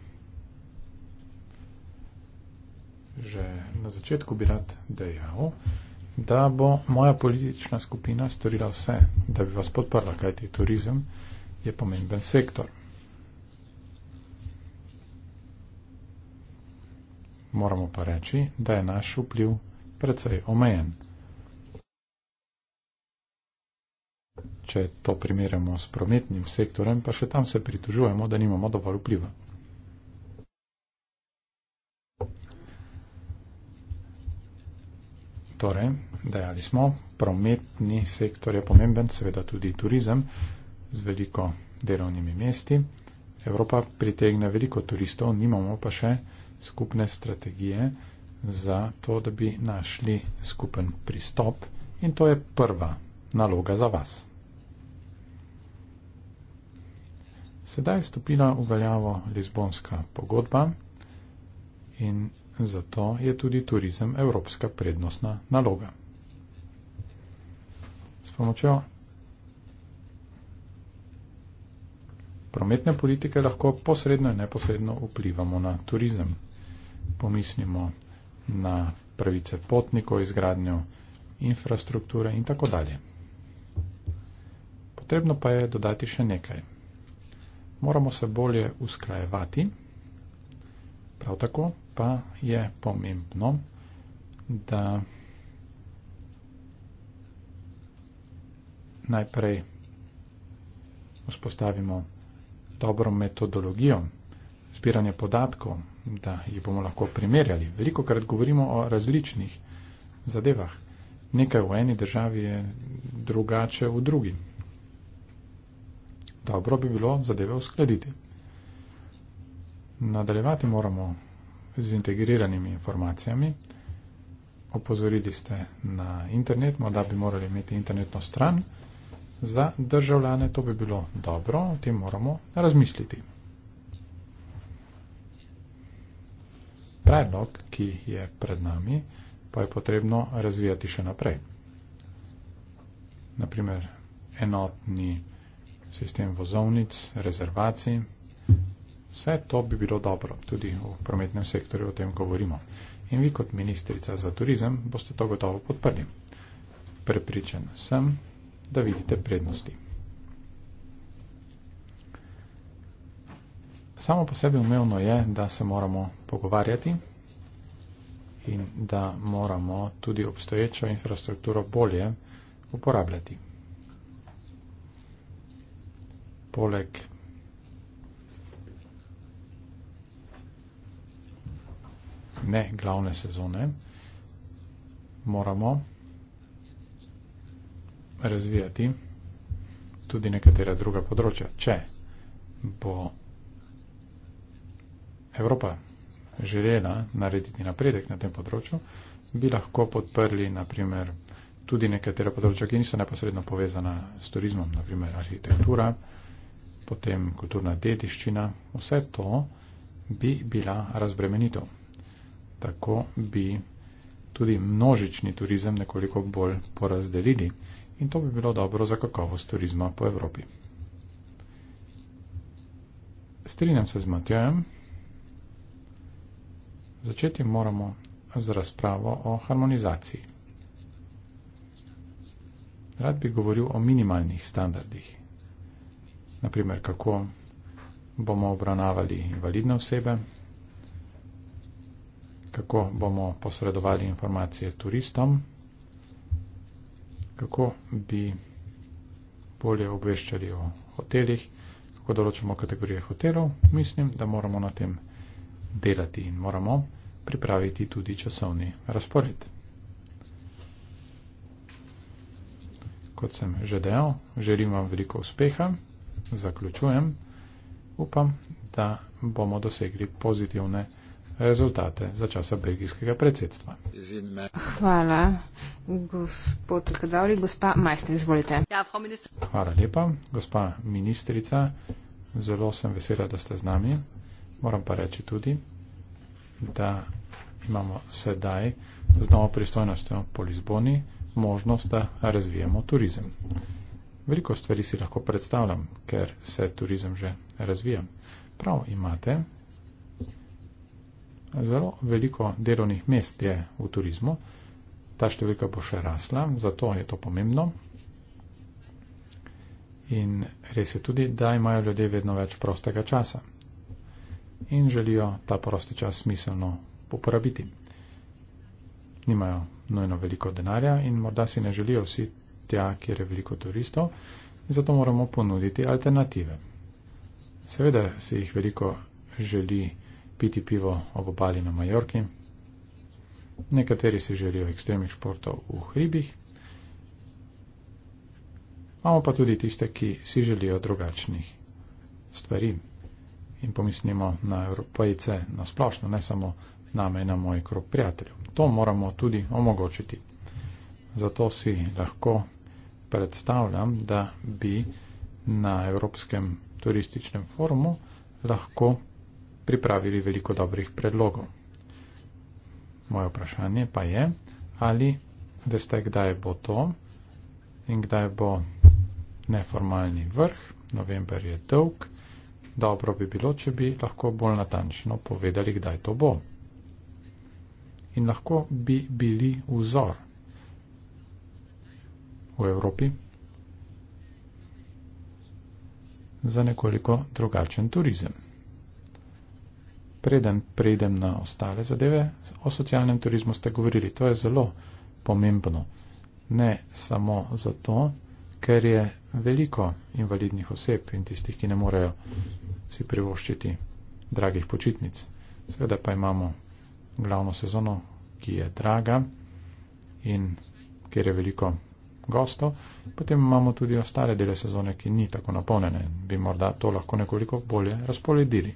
že na začetku bi rad dejal, da bo moja politična skupina storila vse, da bi vas podprla, kajti turizem je pomemben sektor. Moramo pa reči, da je naš vpliv predvsej omejen. Če to primerjamo s prometnim sektorem, pa še tam se pritožujemo, da nimamo dovolj vpliva. Torej, dejali smo, prometni sektor je pomemben, seveda tudi turizem z veliko delovnimi mesti. Evropa pritegne veliko turistov, nimamo pa še skupne strategije za to, da bi našli skupen pristop in to je prva naloga za vas. Sedaj je stopila v veljavo Lizbonska pogodba in zato je tudi turizem evropska prednostna naloga. S pomočjo prometne politike lahko posredno in neposredno vplivamo na turizem. Pomislimo na pravice potnikov, izgradnjo infrastrukture in tako dalje. Potrebno pa je dodati še nekaj. Moramo se bolje usklajevati, prav tako pa je pomembno, da najprej vzpostavimo dobro metodologijo zbiranja podatkov, da jih bomo lahko primerjali. Veliko krat govorimo o različnih zadevah. Nekaj v eni državi je drugače v drugi. Dobro bi bilo zadeve uskladiti. Nadaljevati moramo z integriranimi informacijami. Opozorili ste na internet, morda bi morali imeti internetno stran. Za državljane to bi bilo dobro, o tem moramo razmisliti. Predlog, ki je pred nami, pa je potrebno razvijati še naprej. Naprimer, enotni sistem vozovnic, rezervacij, Vse to bi bilo dobro, tudi v prometnem sektorju o tem govorimo. In vi kot ministrica za turizem boste to gotovo podprli. Prepričan sem, da vidite prednosti. Samo po sebi umevno je, da se moramo pogovarjati in da moramo tudi obstoječo infrastrukturo bolje uporabljati. Poleg ne glavne sezone, moramo razvijati tudi nekatera druga področja. Če bo Evropa želela narediti napredek na tem področju, bi lahko podprli naprimer tudi nekatera področja, ki niso neposredno povezana s turizmom, naprimer arhitektura, potem kulturna dediščina, vse to bi bila razbremenitev tako bi tudi množični turizem nekoliko bolj porazdelili in to bi bilo dobro za kakovost turizma po Evropi. Strinjam se z Matjojem. Začeti moramo z razpravo o harmonizaciji. Rad bi govoril o minimalnih standardih. Naprimer, kako bomo obravnavali invalidne osebe, kako bomo posredovali informacije turistom, kako bi bolje obveščali o hotelih, kako določimo kategorije hotelov. Mislim, da moramo na tem delati in moramo pripraviti tudi časovni razpored. Kot sem že dejal, želim vam veliko uspeha, zaključujem, upam, da bomo dosegli pozitivne rezultate rezultate za časa belgijskega predsedstva. Hvala, gospod Kadavri, gospa Majster, izvolite. Ja, Hvala lepa, gospa ministrica, zelo sem vesela, da ste z nami. Moram pa reči tudi, da imamo sedaj z novo pristojnostjo po Lizboni možnost, da razvijemo turizem. Veliko stvari si lahko predstavljam, ker se turizem že razvija. Prav imate, zelo veliko delovnih mest je v turizmu. Ta številka bo še rasla, zato je to pomembno. In res je tudi, da imajo ljudje vedno več prostega časa in želijo ta prosti čas smiselno uporabiti. Nimajo nujno veliko denarja in morda si ne želijo vsi tja, kjer je veliko turistov, zato moramo ponuditi alternative. Seveda se jih veliko želi piti pivo ob obali na Majorki. Nekateri si želijo ekstremnih športov v hribih. Imamo pa tudi tiste, ki si želijo drugačnih stvari. In pomislimo na Evropejce na splošno, ne samo name in na moj krok prijateljev. To moramo tudi omogočiti. Zato si lahko predstavljam, da bi na Evropskem turističnem forumu lahko pripravili veliko dobrih predlogov. Moje vprašanje pa je, ali veste, kdaj bo to in kdaj bo neformalni vrh. November je dolg. Dobro bi bilo, če bi lahko bolj natančno povedali, kdaj to bo. In lahko bi bili vzor v Evropi za nekoliko drugačen turizem preden predem na ostale zadeve, o socialnem turizmu ste govorili. To je zelo pomembno. Ne samo zato, ker je veliko invalidnih oseb in tistih, ki ne morejo si privoščiti dragih počitnic. Seveda pa imamo glavno sezono, ki je draga in kjer je veliko gostov. Potem imamo tudi ostale dele sezone, ki ni tako napolnjene. Bi morda to lahko nekoliko bolje razporedili.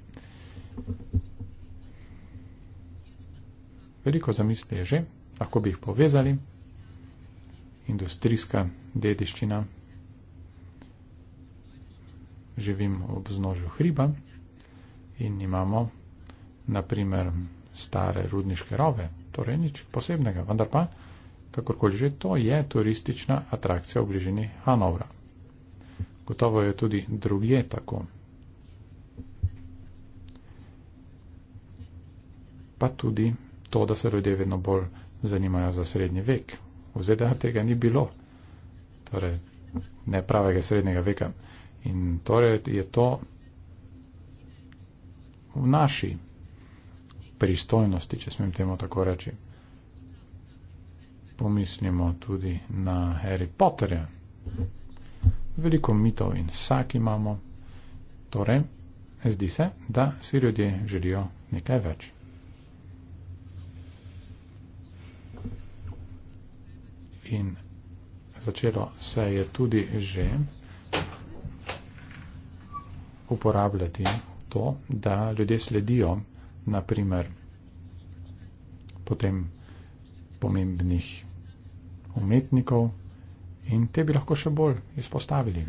Veliko zamisli je že, lahko bi jih povezali. Industrijska dediščina. Živim ob znožju hriba in imamo naprimer stare rudniške rove, torej nič posebnega, vendar pa, kakorkoli že, to je turistična atrakcija v bližini Hanovra. Gotovo je tudi druge tako. Pa tudi to, da se ljudje vedno bolj zanimajo za srednji vek. V ZDA tega ni bilo, torej ne pravega srednjega veka. In torej je to v naši pristojnosti, če smem temu tako reči. Pomislimo tudi na Harry Potterja. Veliko mitov in vsak imamo. Torej, zdi se, da si ljudje želijo nekaj več. in začelo se je tudi že uporabljati to, da ljudje sledijo naprimer potem pomembnih umetnikov in te bi lahko še bolj izpostavili,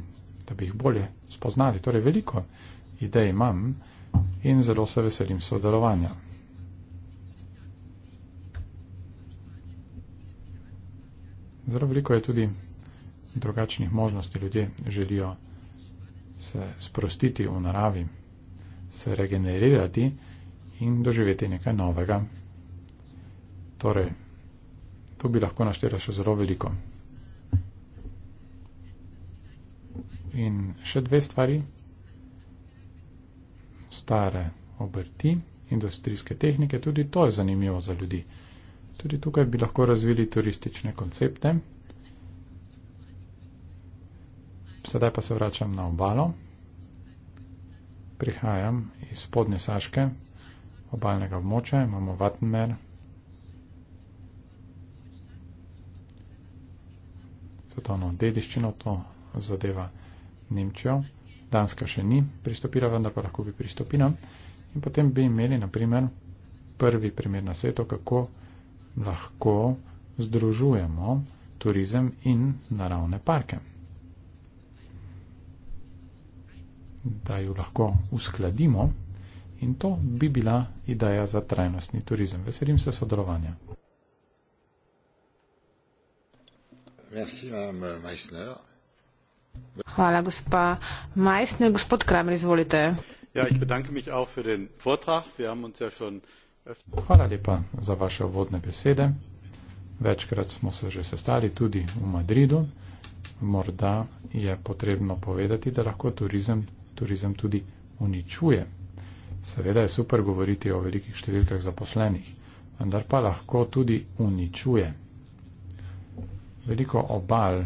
da bi jih bolje spoznali. Torej veliko idej imam in zelo se veselim sodelovanja. Zelo veliko je tudi drugačnih možnosti. Ljudje želijo se sprostiti v naravi, se regenerirati in doživeti nekaj novega. Torej, to bi lahko naštela še zelo veliko. In še dve stvari. Stare obrti, industrijske tehnike, tudi to je zanimivo za ljudi. Tudi tukaj bi lahko razvili turistične koncepte. Sedaj pa se vračam na obalo. Prihajam iz spodnje Saške, obaljnega območja, imamo Vatnmer. Svetovno dediščino to zadeva Nemčijo. Danska še ni pristopila, vendar pa lahko bi pristopila. In potem bi imeli, naprimer, prvi primer na svetu, kako lahko združujemo turizem in naravne parke. Da jo lahko uskladimo in to bi bila ideja za trajnostni turizem. Veselim se sodelovanja. Hvala, gospa Majsner. Gospod Kramer, izvolite. Ja, ich bedanke mich auch für den Vortrag. Wir haben uns ja schon Hvala lepa za vaše uvodne besede. Večkrat smo se že sestali tudi v Madridu. Morda je potrebno povedati, da lahko turizem, turizem tudi uničuje. Seveda je super govoriti o velikih številkah zaposlenih, vendar pa lahko tudi uničuje. Veliko obal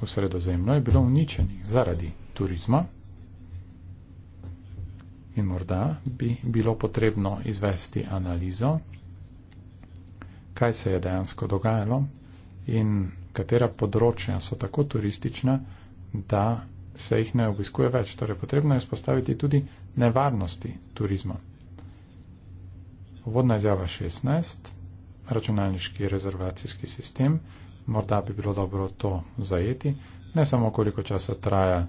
v sredozemlju je bilo uničenih zaradi turizma in morda bi bilo potrebno izvesti analizo, kaj se je dejansko dogajalo in katera področja so tako turistična, da se jih ne obiskuje več. Torej, potrebno je spostaviti tudi nevarnosti turizma. Vodna izjava 16, računalniški rezervacijski sistem, morda bi bilo dobro to zajeti, ne samo koliko časa traja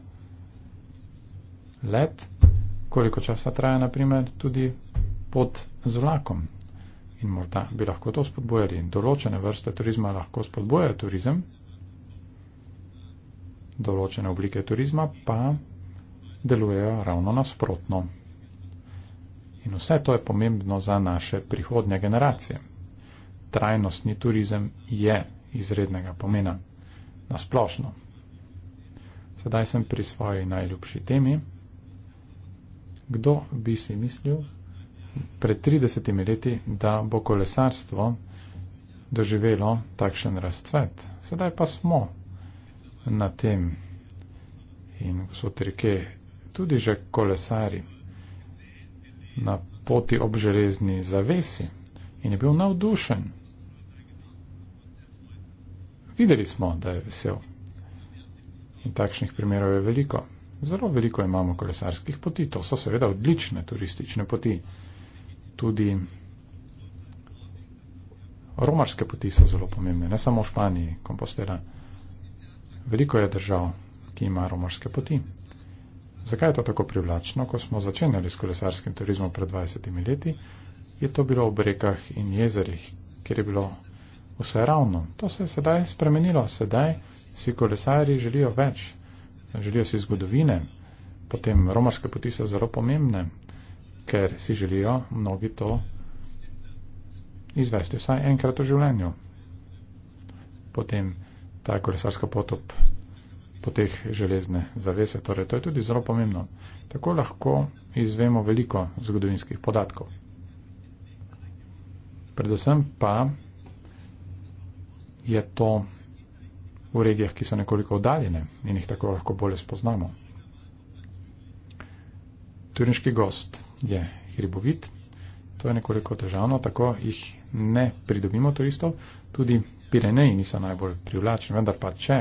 let, koliko časa traja, naprimer, tudi pod z vlakom. In morda bi lahko to spodbojali. Določene vrste turizma lahko spodbojajo turizem, določene oblike turizma pa delujejo ravno nasprotno. In vse to je pomembno za naše prihodnje generacije. Trajnostni turizem je izrednega pomena. Nasplošno. Sedaj sem pri svoji najljubši temi. Kdo bi si mislil pred 30 leti, da bo kolesarstvo doživelo takšen razcvet? Sedaj pa smo na tem in so trike tudi že kolesari na poti ob železni zavesi in je bil navdušen. Videli smo, da je vesel. In takšnih primerov je veliko. Zelo veliko imamo kolesarskih poti, to so seveda odlične turistične poti. Tudi romarske poti so zelo pomembne, ne samo v Španiji, kompostela. Veliko je držav, ki ima romarske poti. Zakaj je to tako privlačno? Ko smo začenjali s kolesarskim turizmom pred 20 leti, je to bilo ob rekah in jezerih, kjer je bilo vse ravno. To se je sedaj spremenilo, sedaj si kolesari želijo več Želijo si zgodovine, potem romarske poti so zelo pomembne, ker si želijo mnogi to izvesti vsaj enkrat v življenju. Potem ta kolesarska pot ob po teh železne zavese, torej to je tudi zelo pomembno. Tako lahko izvemo veliko zgodovinskih podatkov. Predvsem pa je to v regijah, ki so nekoliko oddaljene in jih tako lahko bolje spoznamo. Turinški gost je hribovit, to je nekoliko težavno, tako jih ne pridobimo turistov, tudi Pireneji niso najbolj privlačni, vendar pa če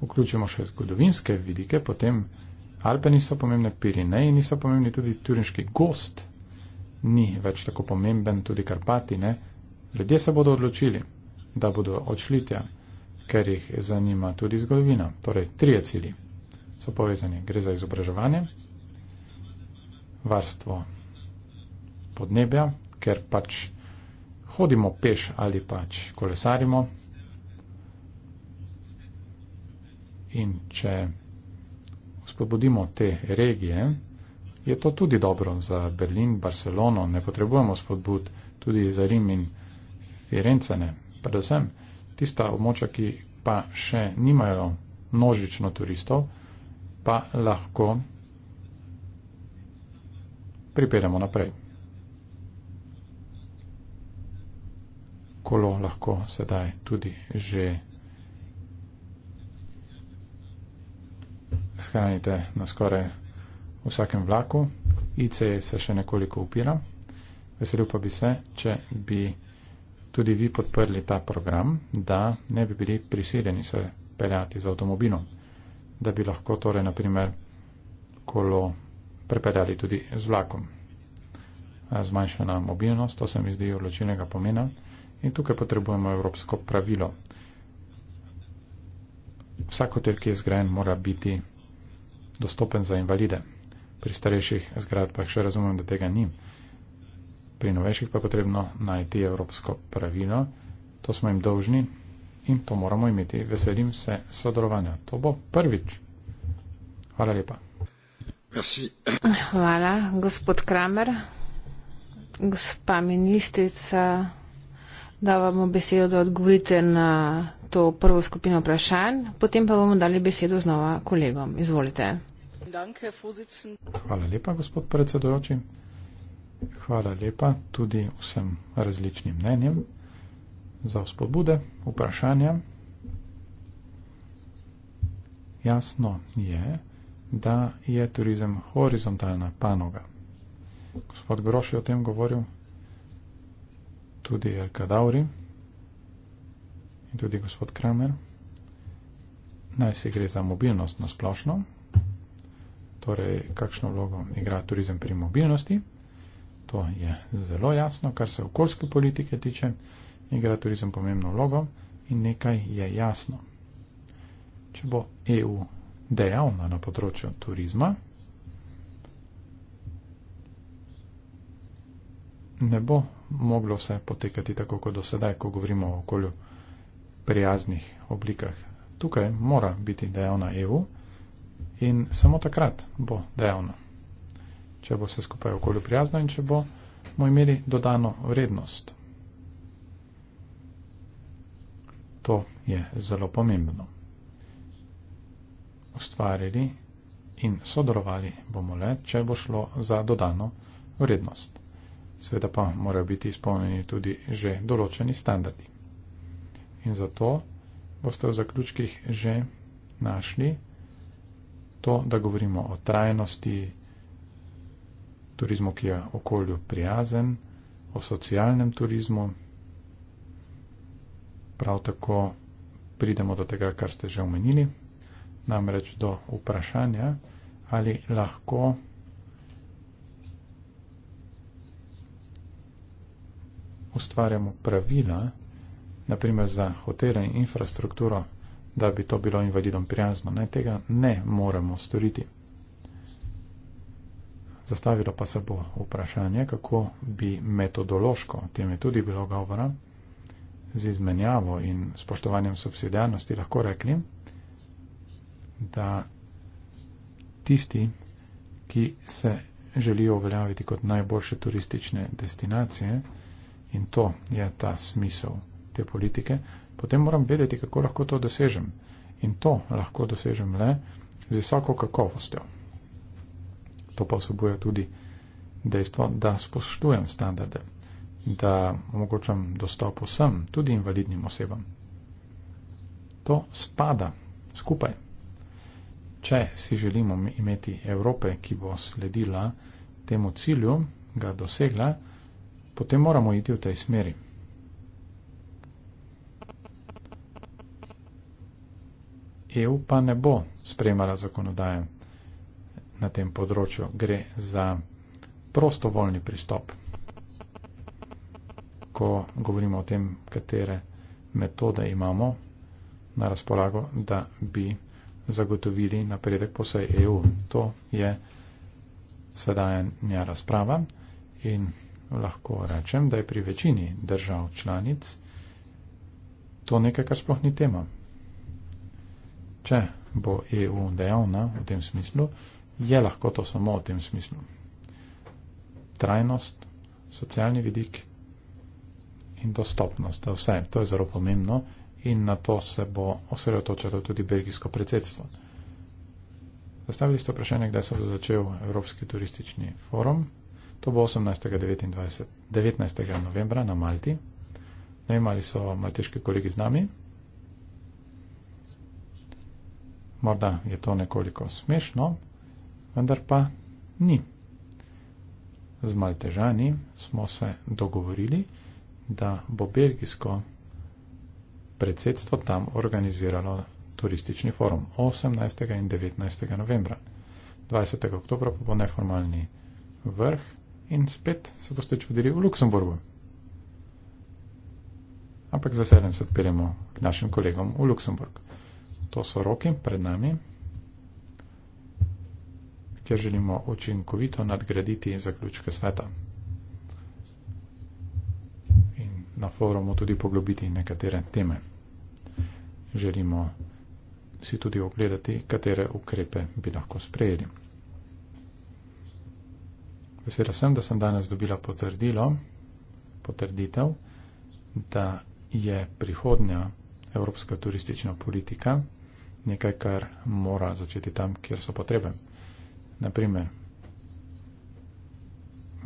vključimo še zgodovinske vidike, potem Alpe niso pomembne, Pireneji niso pomembni, tudi turinški gost ni več tako pomemben, tudi Karpati ne. Ljudje se bodo odločili, da bodo odšli tja ker jih zanima tudi zgodovina. Torej, trije cilji so povezani. Gre za izobraževanje, varstvo podnebja, ker pač hodimo peš ali pač kolesarimo. In če spodbudimo te regije, je to tudi dobro za Berlin, Barcelono, ne potrebujemo spodbud tudi za Rim in Firenze, predvsem tista območja, ki pa še nimajo množično turistov, pa lahko pripeljamo naprej. Kolo lahko sedaj tudi že shranite na skoraj vsakem vlaku. ICE se še nekoliko upira. Veselil pa bi se, če bi tudi vi podprli ta program, da ne bi bili prisiljeni se peljati z avtomobilom, da bi lahko torej naprimer kolo prepeljali tudi z vlakom. Zmanjšana mobilnost, to se mi zdi odločilnega pomena in tukaj potrebujemo evropsko pravilo. Vsak hotel, ki je zgrajen, mora biti dostopen za invalide. Pri starejših zgradbah še razumem, da tega nima pri novejših pa je potrebno najti evropsko pravilo, to smo jim dolžni in to moramo imeti. Veselim se sodelovanja. To bo prvič. Hvala lepa. Hvala, gospod Kramer. Gospa ministrica, da vam besedo, da odgovorite na to prvo skupino vprašanj, potem pa bomo dali besedo znova kolegom. Izvolite. Hvala lepa, gospod predsedujoči. Hvala lepa tudi vsem različnim mnenjem za vzpodbude, vprašanja. Jasno je, da je turizem horizontalna panoga. Gospod Groš je o tem govoril, tudi El Kadauri in tudi gospod Kramer. Naj se gre za mobilnost na splošno, torej kakšno vlogo igra turizem pri mobilnosti. To je zelo jasno, kar se okoljske politike tiče, igra turizem pomembno vlogo in nekaj je jasno. Če bo EU dejavna na področju turizma, ne bo moglo vse potekati tako, kot do sedaj, ko govorimo o okolju prijaznih oblikah. Tukaj mora biti dejavna EU in samo takrat bo dejavna če bo vse skupaj okolju prijazno in če bomo imeli dodano vrednost. To je zelo pomembno. Ustvarili in sodelovali bomo le, če bo šlo za dodano vrednost. Sveda pa morajo biti izpolnjeni tudi že določeni standardi. In zato boste v zaključkih že našli to, da govorimo o trajnosti, turizmu, ki je okolju prijazen, o socialnem turizmu. Prav tako pridemo do tega, kar ste že omenili, namreč do vprašanja, ali lahko ustvarjamo pravila, naprimer za hotele in infrastrukturo, da bi to bilo invalidom prijazno. Ne, tega ne moremo storiti. Zastavilo pa se bo vprašanje, kako bi metodološko, o tem je tudi bilo govora, z izmenjavo in spoštovanjem subsidijarnosti lahko rekli, da tisti, ki se želijo uveljaviti kot najboljše turistične destinacije, in to je ta smisel te politike, potem moram vedeti, kako lahko to dosežem. In to lahko dosežem le z visoko kakovostjo to pa vsebuje tudi dejstvo, da spoštujem standarde, da omogočam dostop vsem, tudi invalidnim osebam. To spada skupaj. Če si želimo imeti Evrope, ki bo sledila temu cilju, ga dosegla, potem moramo iti v tej smeri. EU pa ne bo spremala zakonodaje na tem področju. Gre za prostovoljni pristop. Ko govorimo o tem, katere metode imamo na razpolago, da bi zagotovili napredek po vsej EU. To je sedajanja razprava in lahko rečem, da je pri večini držav članic to nekaj, kar sploh ni tema. Če bo EU dejavna v tem smislu, je lahko to samo v tem smislu. Trajnost, socialni vidik in dostopnost, da vse, to je zelo pomembno in na to se bo osredotočalo tudi belgijsko predsedstvo. Zastavili ste vprašanje, kdaj se bo začel Evropski turistični forum. To bo 18. 29, 19. novembra na Malti. Najmali so malteški kolegi z nami. Morda je to nekoliko smešno, vendar pa ni. Z maltežani smo se dogovorili, da bo belgijsko predsedstvo tam organiziralo turistični forum 18. in 19. novembra. 20. oktobra pa bo neformalni vrh in spet se boste čudili v Luksemburgu. Ampak za sedem se odpeljemo k našim kolegom v Luksemburg. To so roki pred nami, kjer želimo učinkovito nadgraditi zaključke sveta in na forumu tudi poglobiti nekatere teme. Želimo si tudi ogledati, katere ukrepe bi lahko sprejeli. Vesela sem, da sem danes dobila potrdilo, potrditev, da je prihodnja evropska turistična politika nekaj, kar mora začeti tam, kjer so potrebe. Naprimer,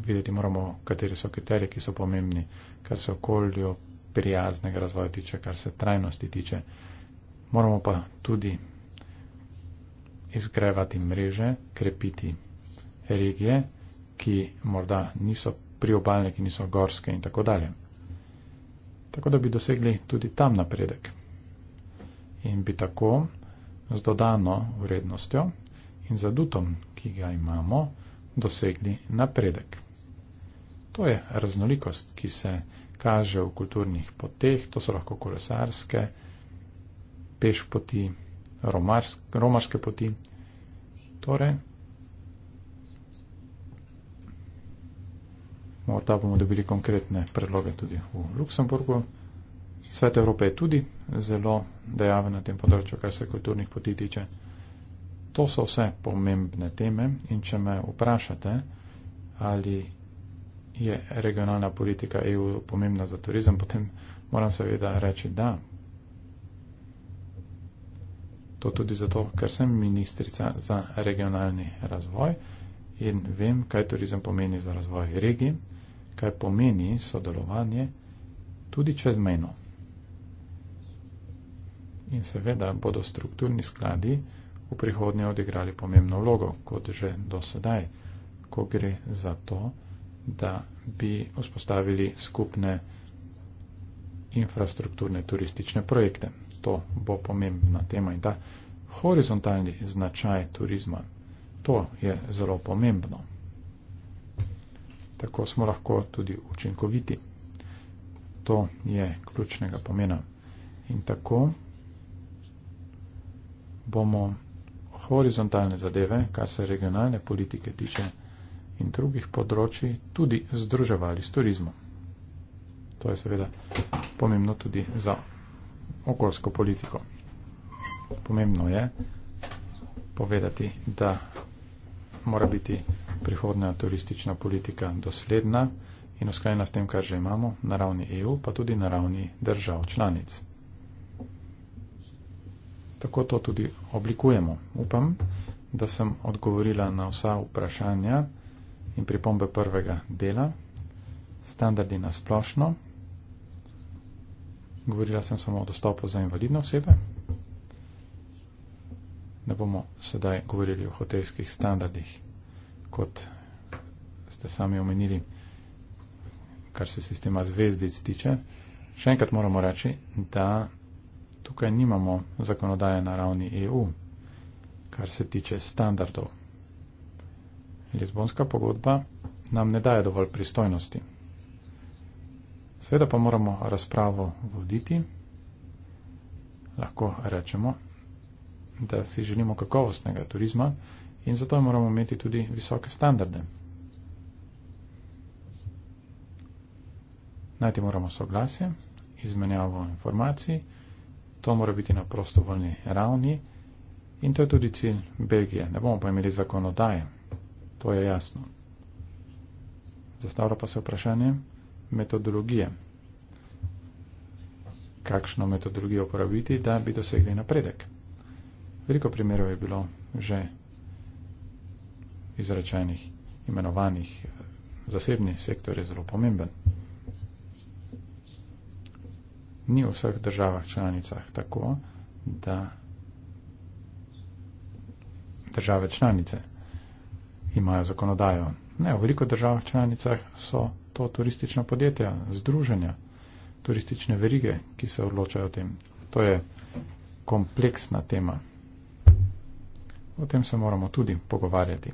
videti moramo, kateri so kriteriji, ki so pomembni, kar se okolju prijaznega razvoja tiče, kar se trajnosti tiče. Moramo pa tudi izgrajevati mreže, krepiti regije, ki morda niso priobalne, ki niso gorske in tako dalje. Tako da bi dosegli tudi tam napredek. In bi tako z dodano vrednostjo in z adutom, ki ga imamo, dosegli napredek. To je raznolikost, ki se kaže v kulturnih poteh, to so lahko kolesarske, peš poti, romarske poti. Torej, morda bomo dobili konkretne predloge tudi v Luksemburgu. Svet Evrope je tudi zelo dejaven na tem področju, kar se kulturnih poti tiče. To so vse pomembne teme in če me vprašate, ali je regionalna politika EU pomembna za turizem, potem moram seveda reči da. To tudi zato, ker sem ministrica za regionalni razvoj in vem, kaj turizem pomeni za razvoj regij, kaj pomeni sodelovanje tudi čezmejno. In seveda bodo strukturni skladi, v prihodnje odigrali pomembno vlogo, kot že do sedaj, ko gre za to, da bi vzpostavili skupne infrastrukturne turistične projekte. To bo pomembna tema in ta horizontalni značaj turizma. To je zelo pomembno. Tako smo lahko tudi učinkoviti. To je ključnega pomena. In tako bomo horizontalne zadeve, kar se regionalne politike tiče in drugih področji, tudi združevali s turizmom. To je seveda pomembno tudi za okoljsko politiko. Pomembno je povedati, da mora biti prihodna turistična politika dosledna in usklajena s tem, kar že imamo na ravni EU, pa tudi na ravni držav članic tako to tudi oblikujemo. Upam, da sem odgovorila na vsa vprašanja in pripombe prvega dela, standardi na splošno. Govorila sem samo o dostopu za invalidne osebe. Ne bomo sedaj govorili o hotelskih standardih, kot ste sami omenili, kar se sistema zvezdic tiče. Še enkrat moramo reči, da tukaj nimamo zakonodaje na ravni EU, kar se tiče standardov. Lizbonska pogodba nam ne daje dovolj pristojnosti. Seveda pa moramo razpravo voditi. Lahko rečemo, da si želimo kakovostnega turizma in zato moramo imeti tudi visoke standarde. Najti moramo soglasje, izmenjavo informacij. To mora biti na prostovoljni ravni in to je tudi cilj Belgije. Ne bomo pa imeli zakonodaje, to je jasno. Zastavlja pa se vprašanje metodologije. Kakšno metodologijo uporabiti, da bi dosegli napredek? Veliko primerov je bilo že izrečenih, imenovanih. Zasebni sektor je zelo pomemben ni v vseh državah članicah tako, da države članice imajo zakonodajo. Ne, v veliko državah članicah so to turistična podjetja, združenja, turistične verige, ki se odločajo o tem. To je kompleksna tema. O tem se moramo tudi pogovarjati.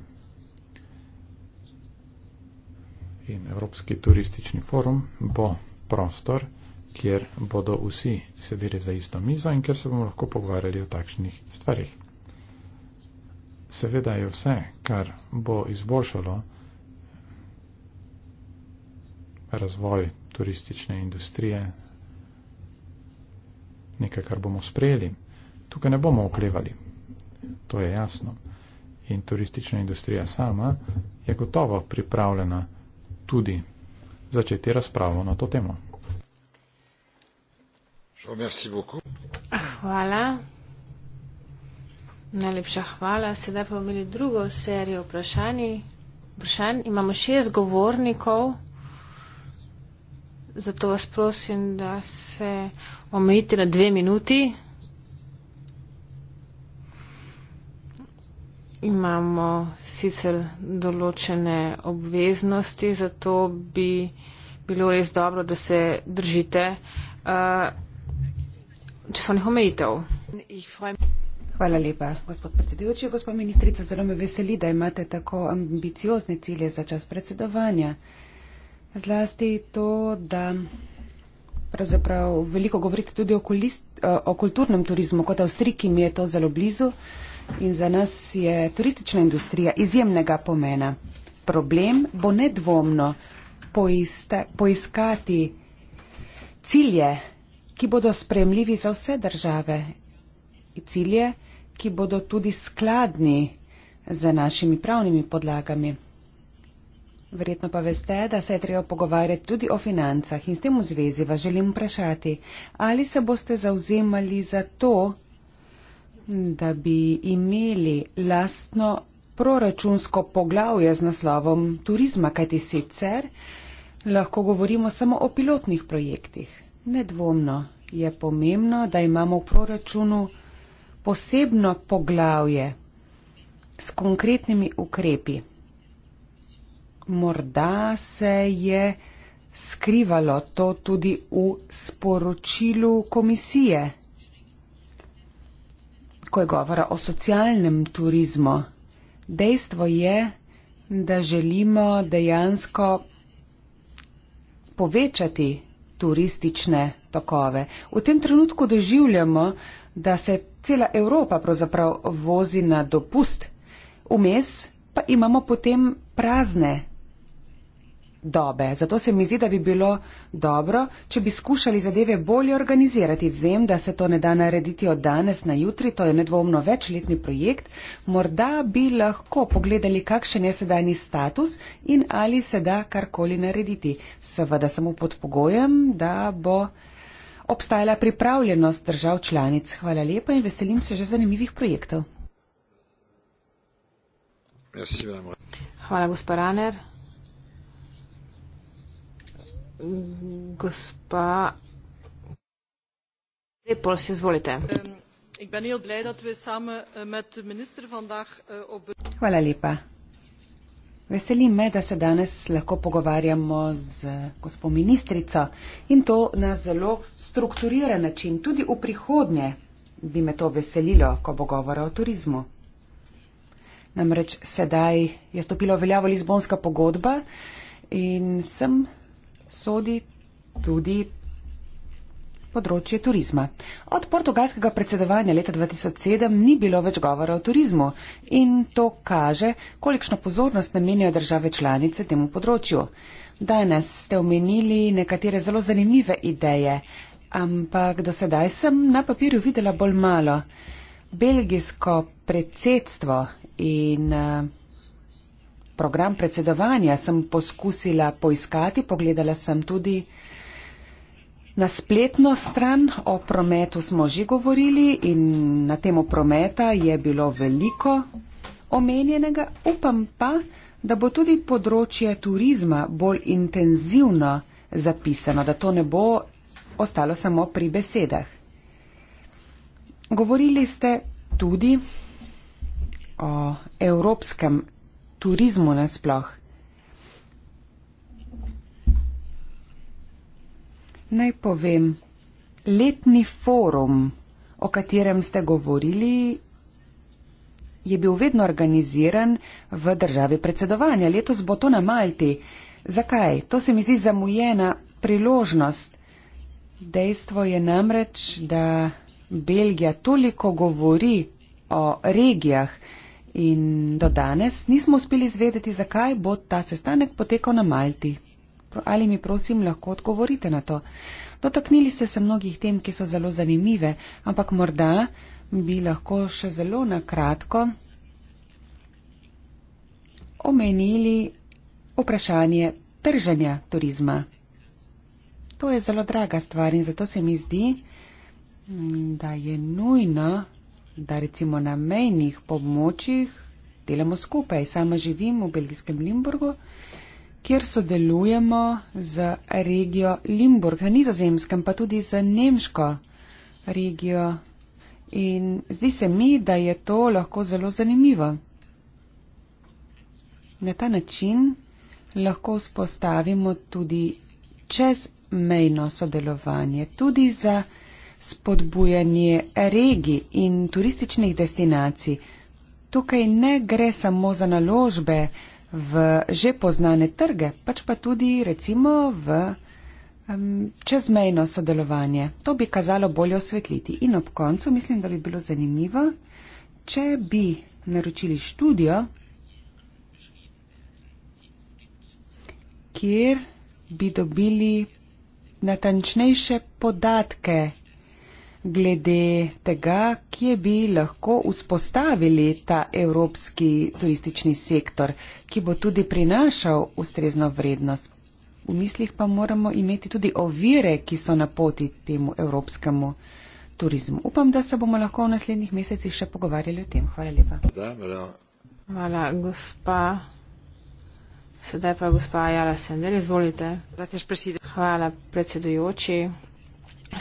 In Evropski turistični forum bo prostor, kjer bodo vsi sedeli za isto mizo in kjer se bomo lahko pogovarjali o takšnih stvarih. Seveda je vse, kar bo izboljšalo razvoj turistične industrije, nekaj, kar bomo sprejeli. Tukaj ne bomo oklevali, to je jasno. In turistična industrija sama je gotovo pripravljena tudi začeti razpravo na to temo. Oh, hvala. Najlepša hvala. Sedaj pa bomo drugo serijo vprašanji. vprašanj. Imamo šest govornikov, zato vas prosim, da se omejite na dve minuti. Imamo sicer določene obveznosti, zato bi bilo res dobro, da se držite. Uh, časovnih omejitev. Hvala lepa, gospod predsedujoči. Gospa ministrica, zelo me veseli, da imate tako ambiciozne cilje za čas predsedovanja. Zlasti to, da pravzaprav veliko govorite tudi o, kulist, o kulturnem turizmu, kot avstrijki mi je to zelo blizu in za nas je turistična industrija izjemnega pomena. Problem bo nedvomno poista, poiskati cilje ki bodo spremljivi za vse države in cilje, ki bodo tudi skladni z našimi pravnimi podlagami. Verjetno pa veste, da se je treba pogovarjati tudi o financah in s tem v zvezi vas želim vprašati, ali se boste zauzemali za to, da bi imeli lastno proračunsko poglavje z naslovom turizma, kajti sicer lahko govorimo samo o pilotnih projektih. Nedvomno je pomembno, da imamo v proračunu posebno poglavje s konkretnimi ukrepi. Morda se je skrivalo to tudi v sporočilu komisije, ko je govora o socialnem turizmu. Dejstvo je, da želimo dejansko povečati turistične tokove. V tem trenutku doživljamo, da se cela Evropa pravzaprav vozi na dopust, vmes pa imamo potem prazne dobe. Zato se mi zdi, da bi bilo dobro, če bi skušali zadeve bolje organizirati. Vem, da se to ne da narediti od danes na jutri, to je nedvomno večletni projekt. Morda bi lahko pogledali, kakšen je sedajni status in ali se da karkoli narediti. Seveda samo pod pogojem, da bo obstajala pripravljenost držav članic. Hvala lepa in veselim se že zanimivih projektov. Hvala, gospod Raner. Gospa Repols, izvolite. Ehm, eh, eh, Hvala lepa. Veseli me, da se danes lahko pogovarjamo z eh, gospod ministrico in to na zelo strukturiran način. Tudi v prihodnje bi me to veselilo, ko bo govora o turizmu. Namreč sedaj je stopila v veljavo Lizbonska pogodba in sem sodi tudi področje turizma. Od portugalskega predsedovanja leta 2007 ni bilo več govora o turizmu in to kaže, kolikšno pozornost namenjajo države članice temu področju. Danes ste omenili nekatere zelo zanimive ideje, ampak do sedaj sem na papirju videla bolj malo. Belgijsko predsedstvo in uh, program predsedovanja sem poskusila poiskati, pogledala sem tudi na spletno stran, o prometu smo že govorili in na temo prometa je bilo veliko omenjenega. Upam pa, da bo tudi področje turizma bolj intenzivno zapisano, da to ne bo ostalo samo pri besedah. Govorili ste tudi o evropskem turizmu nasploh. Naj povem, letni forum, o katerem ste govorili, je bil vedno organiziran v državi predsedovanja. Letos bo to na Malti. Zakaj? To se mi zdi zamujena priložnost. Dejstvo je namreč, da Belgija toliko govori o regijah, in do danes nismo uspeli zvedeti, zakaj bo ta sestanek potekal na Malti. Ali mi prosim lahko odgovorite na to? Dotaknili ste se mnogih tem, ki so zelo zanimive, ampak morda bi lahko še zelo na kratko omenili vprašanje trženja turizma. To je zelo draga stvar in zato se mi zdi, mm, da je nujno da recimo na mejnih območjih delamo skupaj. Sama živim v belgijskem Limburgu, kjer sodelujemo z regijo Limburg na nizozemskem, pa tudi z nemško regijo. In zdi se mi, da je to lahko zelo zanimivo. Na ta način lahko spostavimo tudi čezmejno sodelovanje, tudi za spodbujanje regij in turističnih destinacij. Tukaj ne gre samo za naložbe v že poznane trge, pač pa tudi recimo v um, čezmejno sodelovanje. To bi kazalo bolje osvetliti. In ob koncu mislim, da bi bilo zanimivo, če bi naročili študijo, kjer bi dobili natančnejše podatke glede tega, kje bi lahko vzpostavili ta evropski turistični sektor, ki bo tudi prinašal ustrezno vrednost. V mislih pa moramo imeti tudi ovire, ki so na poti temu evropskemu turizmu. Upam, da se bomo lahko v naslednjih mesecih še pogovarjali o tem. Hvala lepa. Dobro. Hvala, gospa. Sedaj pa gospa Jala Sender, izvolite. Hvala, predsedujoči.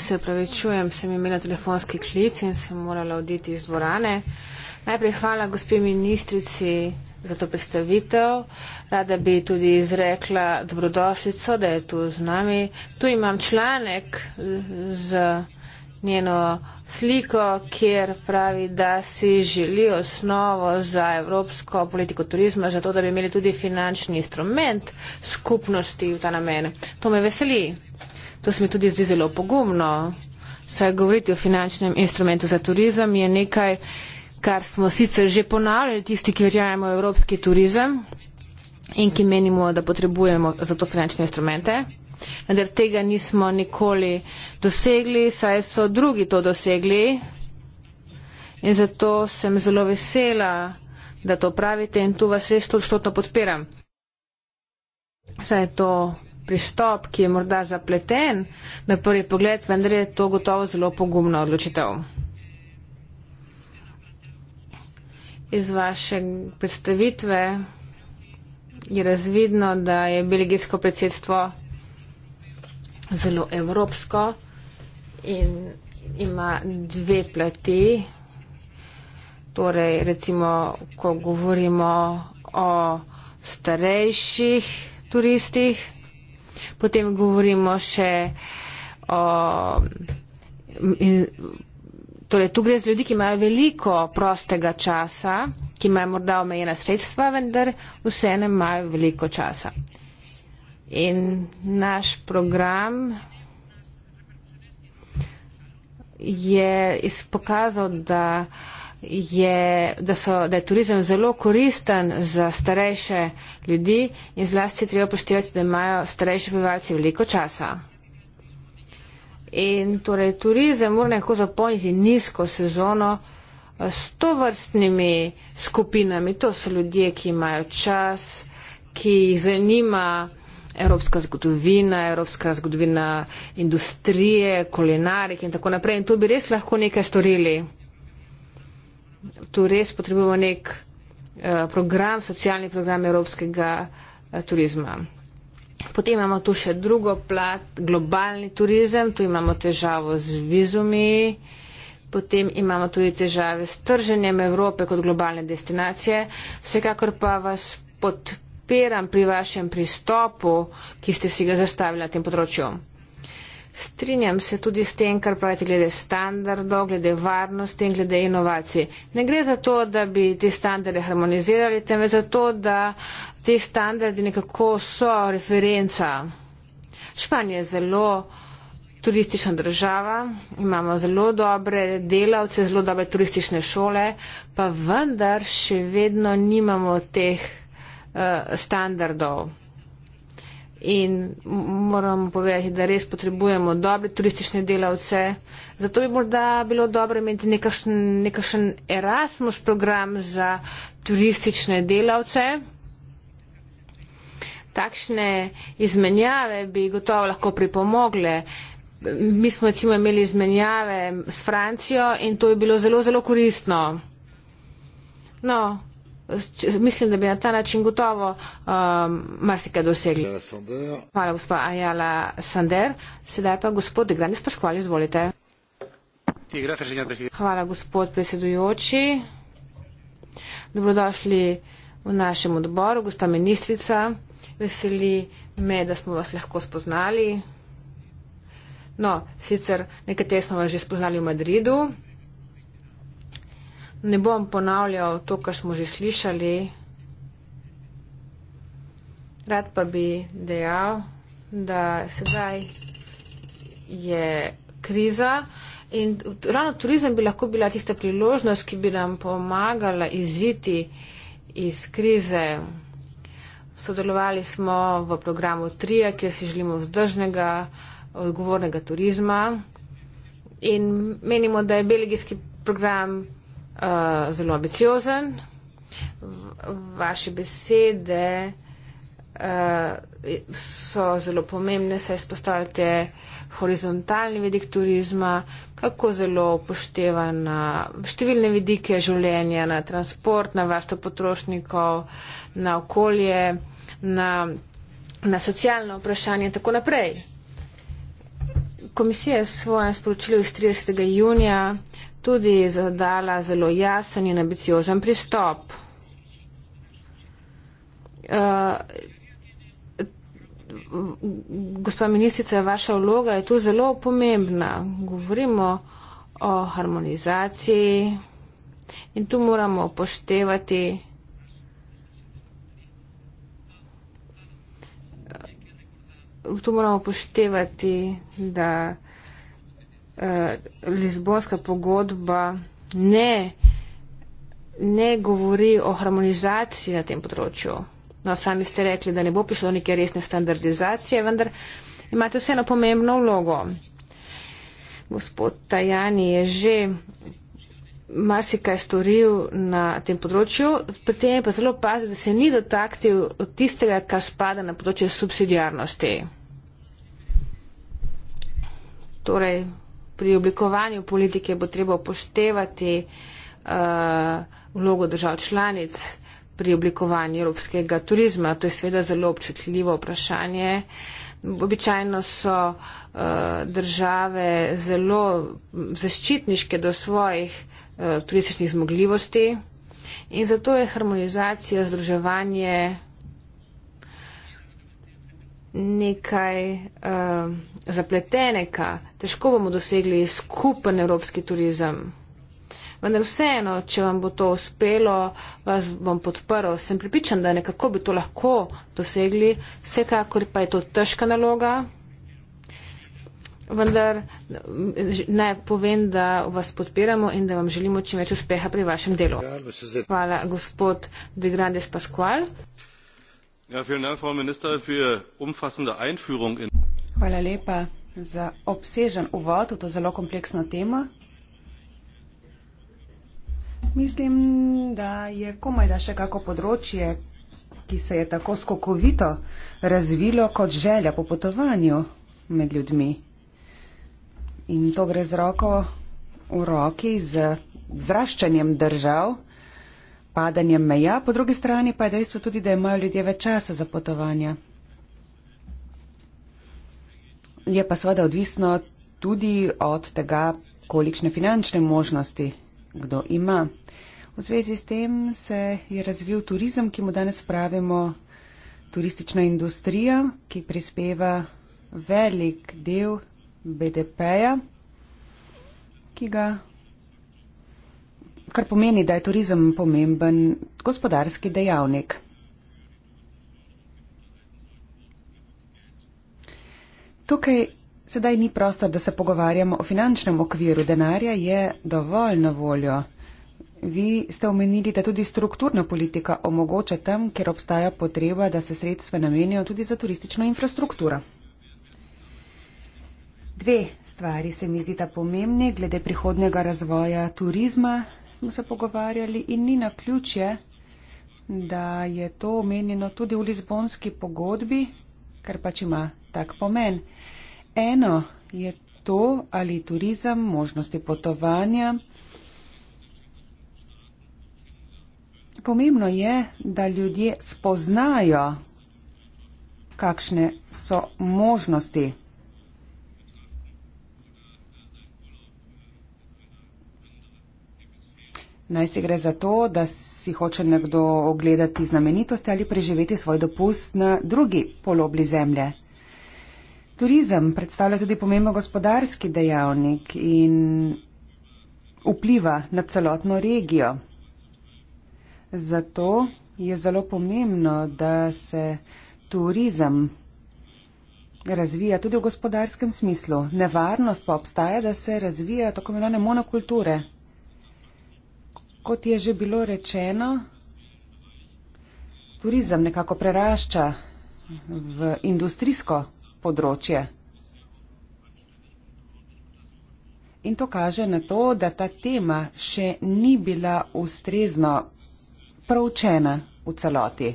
Se pravi, čujem, sem imela telefonski klic in sem morala oditi iz dvorane. Najprej hvala gospe ministrici za to predstavitev. Rada bi tudi izrekla dobrodošlico, da je tu z nami. Tu imam članek z njeno sliko, kjer pravi, da si želi osnovo za evropsko politiko turizma, zato da bi imeli tudi finančni instrument skupnosti v ta namen. To me veseli. To se mi tudi zdi zelo pogumno, saj govoriti o finančnem instrumentu za turizem je nekaj, kar smo sicer že ponavljali tisti, ki verjamemo v evropski turizem in ki menimo, da potrebujemo za to finančne instrumente. Vendar tega nismo nikoli dosegli, saj so drugi to dosegli in zato sem zelo vesela, da to pravite in tu vas res to odstotno podpiram. Saj je to pristop, ki je morda zapleten na prvi pogled, vendar je to gotovo zelo pogumna odločitev. Iz vaše predstavitve je razvidno, da je belgijsko predsedstvo zelo evropsko in ima dve plati. Torej, recimo, ko govorimo o starejših turistih, Potem govorimo še o. In, torej, tu gre za ljudi, ki imajo veliko prostega časa, ki imajo morda omejena sredstva, vendar vseeno imajo veliko časa. In naš program je pokazal, da je, da, so, da je turizem zelo koristen za starejše ljudi in zlasti je treba poštevati, da imajo starejši prebivalci veliko časa. In torej turizem mora nekako zapolniti nizko sezono eh, s to vrstnimi skupinami. To so ljudje, ki imajo čas, ki jih zanima evropska zgodovina, evropska zgodovina industrije, kulinarik in tako naprej. In to bi res lahko nekaj storili tu res potrebujemo nek eh, program, socialni program evropskega eh, turizma. Potem imamo tu še drugo plat, globalni turizem, tu imamo težavo z vizumi, potem imamo tudi težave s trženjem Evrope kot globalne destinacije. Vsekakor pa vas podpiram pri vašem pristopu, ki ste si ga zastavili na tem področju. Strinjam se tudi s tem, kar pravite glede standardov, glede varnosti in glede inovacij. Ne gre za to, da bi te standarde harmonizirali, temveč za to, da te standardi nekako so referenca. Španija je zelo turistična država, imamo zelo dobre delavce, zelo dobre turistične šole, pa vendar še vedno nimamo teh uh, standardov in moram povedati, da res potrebujemo dobre turistične delavce. Zato bi morda bilo dobro imeti nekakšen, nekakšen Erasmus program za turistične delavce. Takšne izmenjave bi gotovo lahko pripomogle. Mi smo recimo imeli izmenjave s Francijo in to je bilo zelo, zelo koristno. No, mislim, da bi na ta način gotovo um, marsikaj dosegli. Hvala, gospod Ajala Sander. Sedaj pa gospod Granis Paskvali, izvolite. Hvala, gospod predsedujoči. Dobrodošli v našem odboru, gospa ministrica. Veseli me, da smo vas lahko spoznali. No, sicer nekateri smo vas že spoznali v Madridu. Ne bom ponavljal to, kar smo že slišali. Rad pa bi dejal, da sedaj je kriza in ravno turizem bi lahko bila tista priložnost, ki bi nam pomagala iziti iz krize. Sodelovali smo v programu TRIA, kjer si želimo vzdržnega, odgovornega turizma in menimo, da je belgijski program Eh, zelo ambiciozen. Vaše besede uh, so zelo pomembne, saj spostavljate horizontalni vidik turizma, kako zelo upošteva na številne vidike življenja, na transport, na varstvo potrošnikov, na okolje, na, na socialno vprašanje in tako naprej. Komisija je svoje sporočilo iz 30. junija tudi zadala zelo jasen in ambiciozen pristop. Uh, gospa ministrica, vaša vloga je tu zelo pomembna. Govorimo o harmonizaciji in tu moramo upoštevati eh, Tu moramo poštevati, da Eh, Lizbonska pogodba ne, ne govori o harmonizaciji na tem področju. No, sami ste rekli, da ne bo prišlo neke resne standardizacije, vendar imate vseeno pomembno vlogo. Gospod Tajani je že marsikaj storil na tem področju, pri tem je pa zelo pazil, da se ni dotaknil od tistega, kar spada na področje subsidijarnosti. Torej, pri oblikovanju politike bo treba upoštevati eh, vlogo uh, držav članic pri oblikovanju evropskega turizma. To je seveda zelo občutljivo vprašanje. Običajno so uh, države zelo zaščitniške do svojih uh, turističnih zmogljivosti in zato je harmonizacija, združevanje nekaj uh, zapletenega, težko bomo dosegli skupen evropski turizem. Vendar vseeno, če vam bo to uspelo, vas bom podprl. Sem pripričan, da nekako bi to lahko dosegli, vsekakor pa je to težka naloga. Vendar mm, naj povem, da vas podpiramo in da vam želimo čim več uspeha pri vašem delu. Hvala, gospod Degrandes Pasqual. Ja, vielen Dank, Frau Minister, für umfassende Einführung in Hvala lepa za obsežen uvod v to zelo kompleksno temo. Mislim, da je komaj da še kako področje, ki se je tako skokovito razvilo kot želja po potovanju med ljudmi. In to gre z roko v roki z zraščanjem držav, padanjem meja, po drugi strani pa je dejstvo tudi, da imajo ljudje več časa za potovanja. Je pa seveda odvisno tudi od tega, kolikšne finančne možnosti kdo ima. V zvezi s tem se je razvil turizem, ki mu danes pravimo turistična industrija, ki prispeva velik del BDP-ja, ki ga kar pomeni, da je turizem pomemben gospodarski dejavnik. Tukaj sedaj ni prostor, da se pogovarjamo o finančnem okviru. Denarja je dovolj na voljo. Vi ste omenili, da tudi strukturna politika omogoča tam, kjer obstaja potreba, da se sredstva namenijo tudi za turistično infrastrukturo. Dve stvari se mi zdita pomembni glede prihodnega razvoja turizma smo se pogovarjali in ni na ključje, da je to omenjeno tudi v Lizbonski pogodbi, ker pač ima tak pomen. Eno je to ali turizem, možnosti potovanja. Pomembno je, da ljudje spoznajo, kakšne so možnosti. Naj si gre za to, da si hoče nekdo ogledati znamenitosti ali preživeti svoj dopust na drugi polobli zemlje. Turizem predstavlja tudi pomembno gospodarski dejavnik in vpliva na celotno regijo. Zato je zelo pomembno, da se turizem razvija tudi v gospodarskem smislu. Nevarnost pa obstaja, da se razvija tako imenovane monokulture kot je že bilo rečeno, turizem nekako prerašča v industrijsko področje. In to kaže na to, da ta tema še ni bila ustrezno proučena v celoti.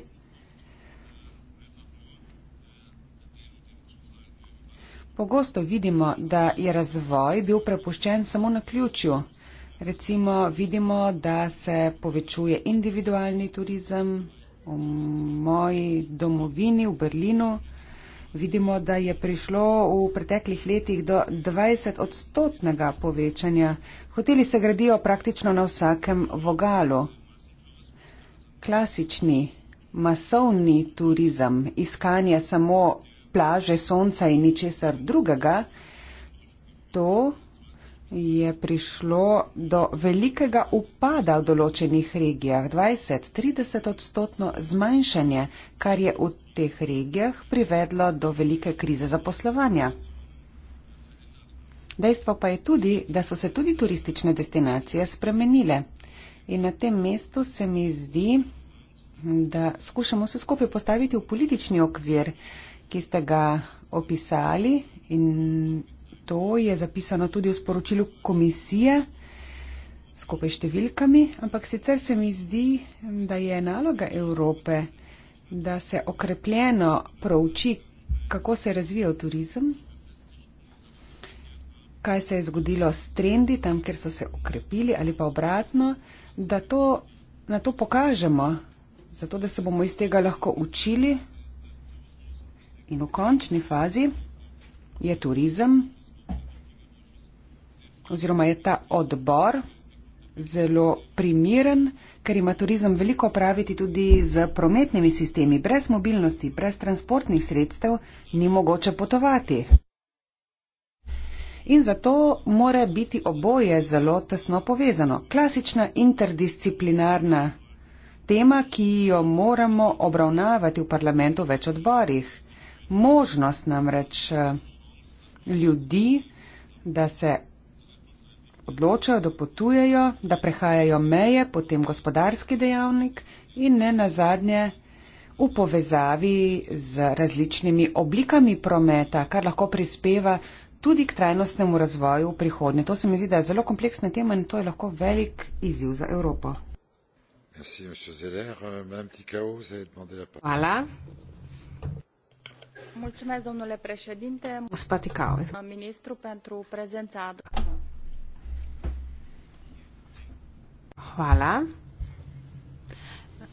Pogosto vidimo, da je razvoj bil prepuščen samo na ključju Recimo vidimo, da se povečuje individualni turizem v moji domovini v Berlinu. Vidimo, da je prišlo v preteklih letih do 20 odstotnega povečanja. Hoteli se gradijo praktično na vsakem vogalu. Klasični, masovni turizem, iskanje samo plaže, sonca in ničesar drugega, to je prišlo do velikega upada v določenih regijah, 20-30 odstotno zmanjšanje, kar je v teh regijah privedlo do velike krize zaposlovanja. Dejstvo pa je tudi, da so se tudi turistične destinacije spremenile. In na tem mestu se mi zdi, da skušamo vse skupaj postaviti v politični okvir, ki ste ga opisali in to je zapisano tudi v sporočilu komisije skupaj številkami, ampak sicer se mi zdi, da je naloga Evrope, da se okrepljeno prouči, kako se je razvijal turizem, kaj se je zgodilo s trendi tam, kjer so se okrepili ali pa obratno, da to na to pokažemo, zato da se bomo iz tega lahko učili in v končni fazi je turizem oziroma je ta odbor zelo primeren, ker ima turizem veliko praviti tudi z prometnimi sistemi. Brez mobilnosti, brez transportnih sredstev ni mogoče potovati. In zato mora biti oboje zelo tesno povezano. Klasična interdisciplinarna tema, ki jo moramo obravnavati v parlamentu več odborih. Možnost namreč eh, ljudi, da se odločajo, da potujejo, da prehajajo meje, potem gospodarski dejavnik in ne nazadnje v povezavi z različnimi oblikami prometa, kar lahko prispeva tudi k trajnostnemu razvoju v prihodnje. To se mi zdi, da je zelo kompleksna tema in to je lahko velik izziv za Evropo. Euh, Hvala. Mulțumesc, domnule președinte. Spaticau. Ministru pentru prezența. Hvala.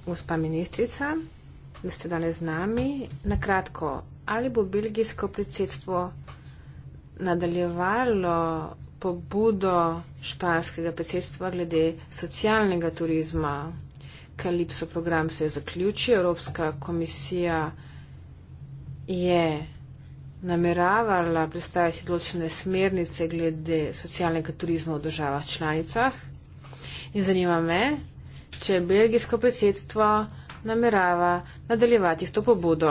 Gospa ministrica, da ste danes z nami. Nakratko, ali bo belgijsko predsedstvo nadaljevalo pobudo španskega predsedstva glede socialnega turizma? Kalipso program se je zaključil, Evropska komisija je nameravala predstaviti določene smernice glede socialnega turizma v državah članicah. In zanima me, če belgijsko predsedstvo namerava nadaljevati s to pobudo.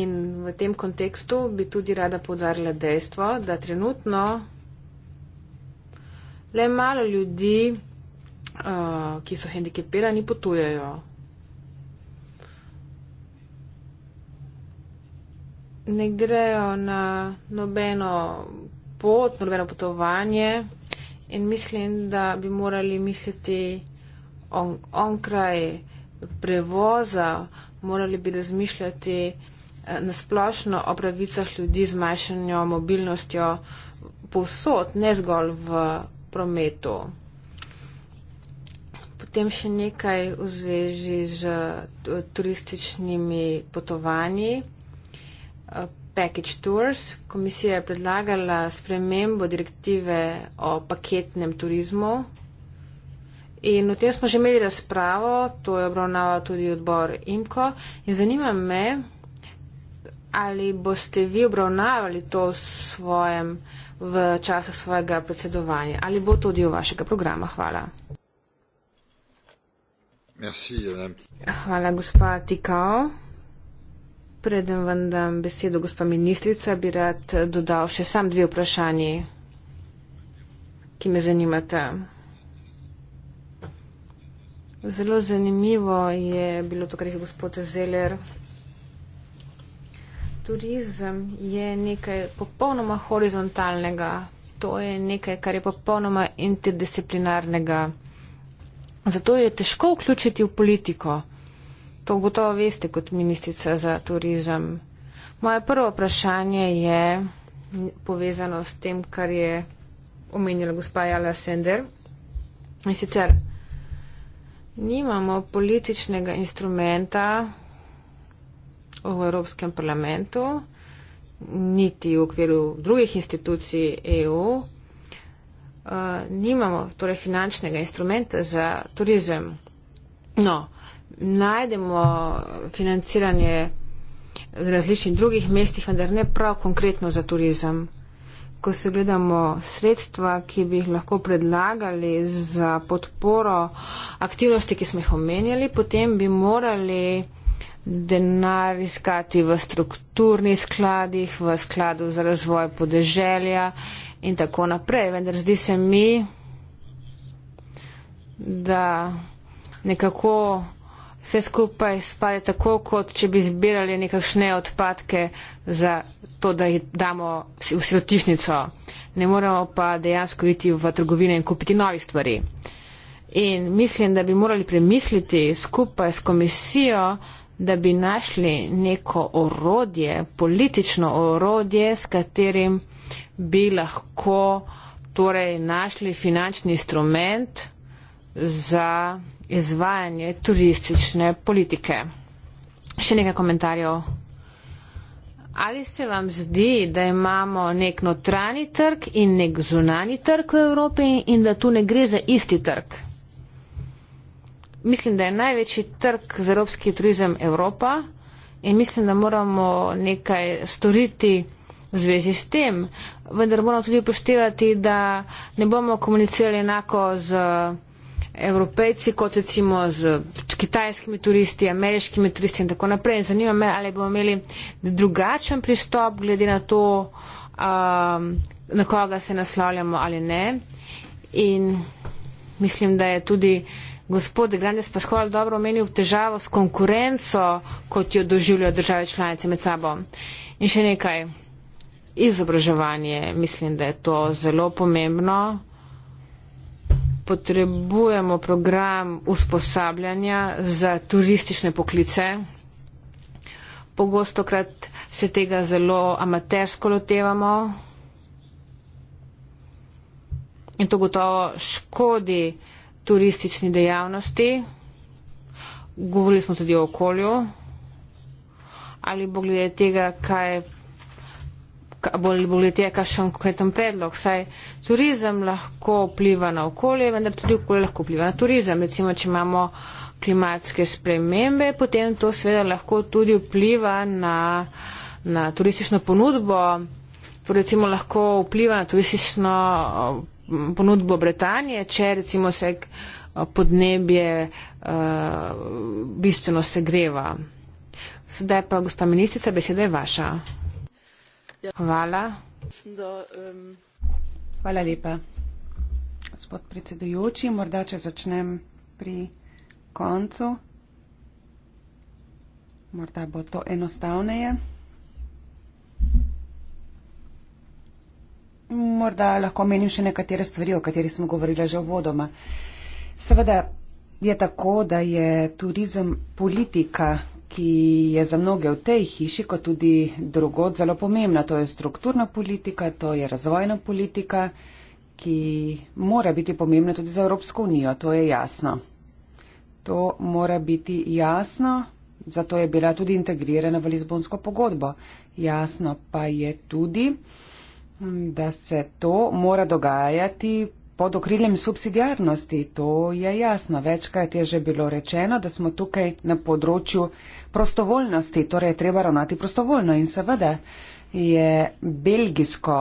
In v tem kontekstu bi tudi rada povdarila dejstvo, da trenutno le malo ljudi, uh, ki so hendikepirani, potujejo. Ne grejo na nobeno pot, nobeno potovanje. In mislim, da bi morali misliti on, onkraj prevoza, morali bi razmišljati eh, nasplošno o pravicah ljudi z manjšanjo mobilnostjo povsod, ne zgolj v prometu. Potem še nekaj v zvezi z eh, turističnimi potovanji. Eh, package tours. Komisija je predlagala spremembo direktive o paketnem turizmu. In o tem smo že imeli razpravo, to je obravnava tudi odbor IMKO. In zanima me, ali boste vi obravnavali to v, svojem, v času svojega predsedovanja, ali bo to del vašega programa. Hvala. Merci, Hvala, gospa Tikao. Preden vam dam besedo, gospa ministrica, bi rad dodal še sam dve vprašanji, ki me zanimata. Zelo zanimivo je bilo to, kar je gospod Zeller. Turizem je nekaj popolnoma horizontalnega, to je nekaj, kar je popolnoma interdisciplinarnega. Zato je težko vključiti v politiko. To gotovo veste kot ministrica za turizem. Moje prvo vprašanje je povezano s tem, kar je omenila gospa Jala Sender. In sicer nimamo političnega instrumenta v Evropskem parlamentu, niti v okviru drugih institucij EU. Uh, eh, nimamo torej finančnega instrumenta za turizem. No, najdemo financiranje v različnih drugih mestih, vendar ne prav konkretno za turizem. Ko se gledamo sredstva, ki bi jih lahko predlagali za podporo aktivnosti, ki smo jih omenjali, potem bi morali denar iskati v strukturnih skladih, v skladu za razvoj podeželja in tako naprej. Vendar zdi se mi, da nekako vse skupaj spade tako, kot če bi zbirali nekakšne odpadke za to, da jih damo v sirotišnico. Ne moramo pa dejansko iti v trgovine in kupiti nove stvari. In mislim, da bi morali premisliti skupaj s komisijo, da bi našli neko orodje, politično orodje, s katerim bi lahko torej, našli finančni instrument, za izvajanje turistične politike. Še nekaj komentarjev. Ali se vam zdi, da imamo nek notrani trg in nek zunani trg v Evropi in da tu ne gre za isti trg? Mislim, da je največji trg za evropski turizem Evropa in mislim, da moramo nekaj storiti v zvezi s tem. Vendar moramo tudi upoštevati, da ne bomo komunicirali enako z evropejci, kot recimo z kitajskimi turisti, ameriškimi turisti in tako naprej. In zanima me, ali bomo imeli drugačen pristop glede na to, um, na koga se naslavljamo ali ne. In mislim, da je tudi gospod Grandes Paschal dobro omenil težavo s konkurenco, kot jo doživljajo države članice med sabo. In še nekaj. Izobraževanje, mislim, da je to zelo pomembno potrebujemo program usposabljanja za turistične poklice. Pogostokrat se tega zelo amatersko lotevamo in to gotovo škodi turistični dejavnosti. Govorili smo tudi o okolju ali bo glede tega, kaj bolj, bolj ljudje, kakšen konkreten predlog. Saj turizem lahko vpliva na okolje, vendar tudi okolje lahko vpliva na turizem. Recimo, če imamo klimatske spremembe, potem to seveda lahko tudi vpliva na, na turistično ponudbo. To recimo lahko vpliva na turistično eh, ponudbo Britanije, če recimo se eh, podnebje uh, bistveno segreva. Zdaj pa, gospa ministrica, beseda je vaša. Hvala. Hvala lepa. Gospod predsedujoči, morda če začnem pri koncu. Morda bo to enostavneje. Morda lahko menim še nekatere stvari, o katerih sem govorila že v vodoma. Seveda je tako, da je turizem politika ki je za mnoge v tej hiši, kot tudi drugod, zelo pomembna. To je strukturna politika, to je razvojna politika, ki mora biti pomembna tudi za Evropsko unijo, to je jasno. To mora biti jasno, zato je bila tudi integrirana v Lizbonsko pogodbo. Jasno pa je tudi, da se to mora dogajati pod okriljem subsidiarnosti. To je jasno. Večkrat je že bilo rečeno, da smo tukaj na področju prostovoljnosti, torej je treba ravnati prostovoljno in seveda je belgijsko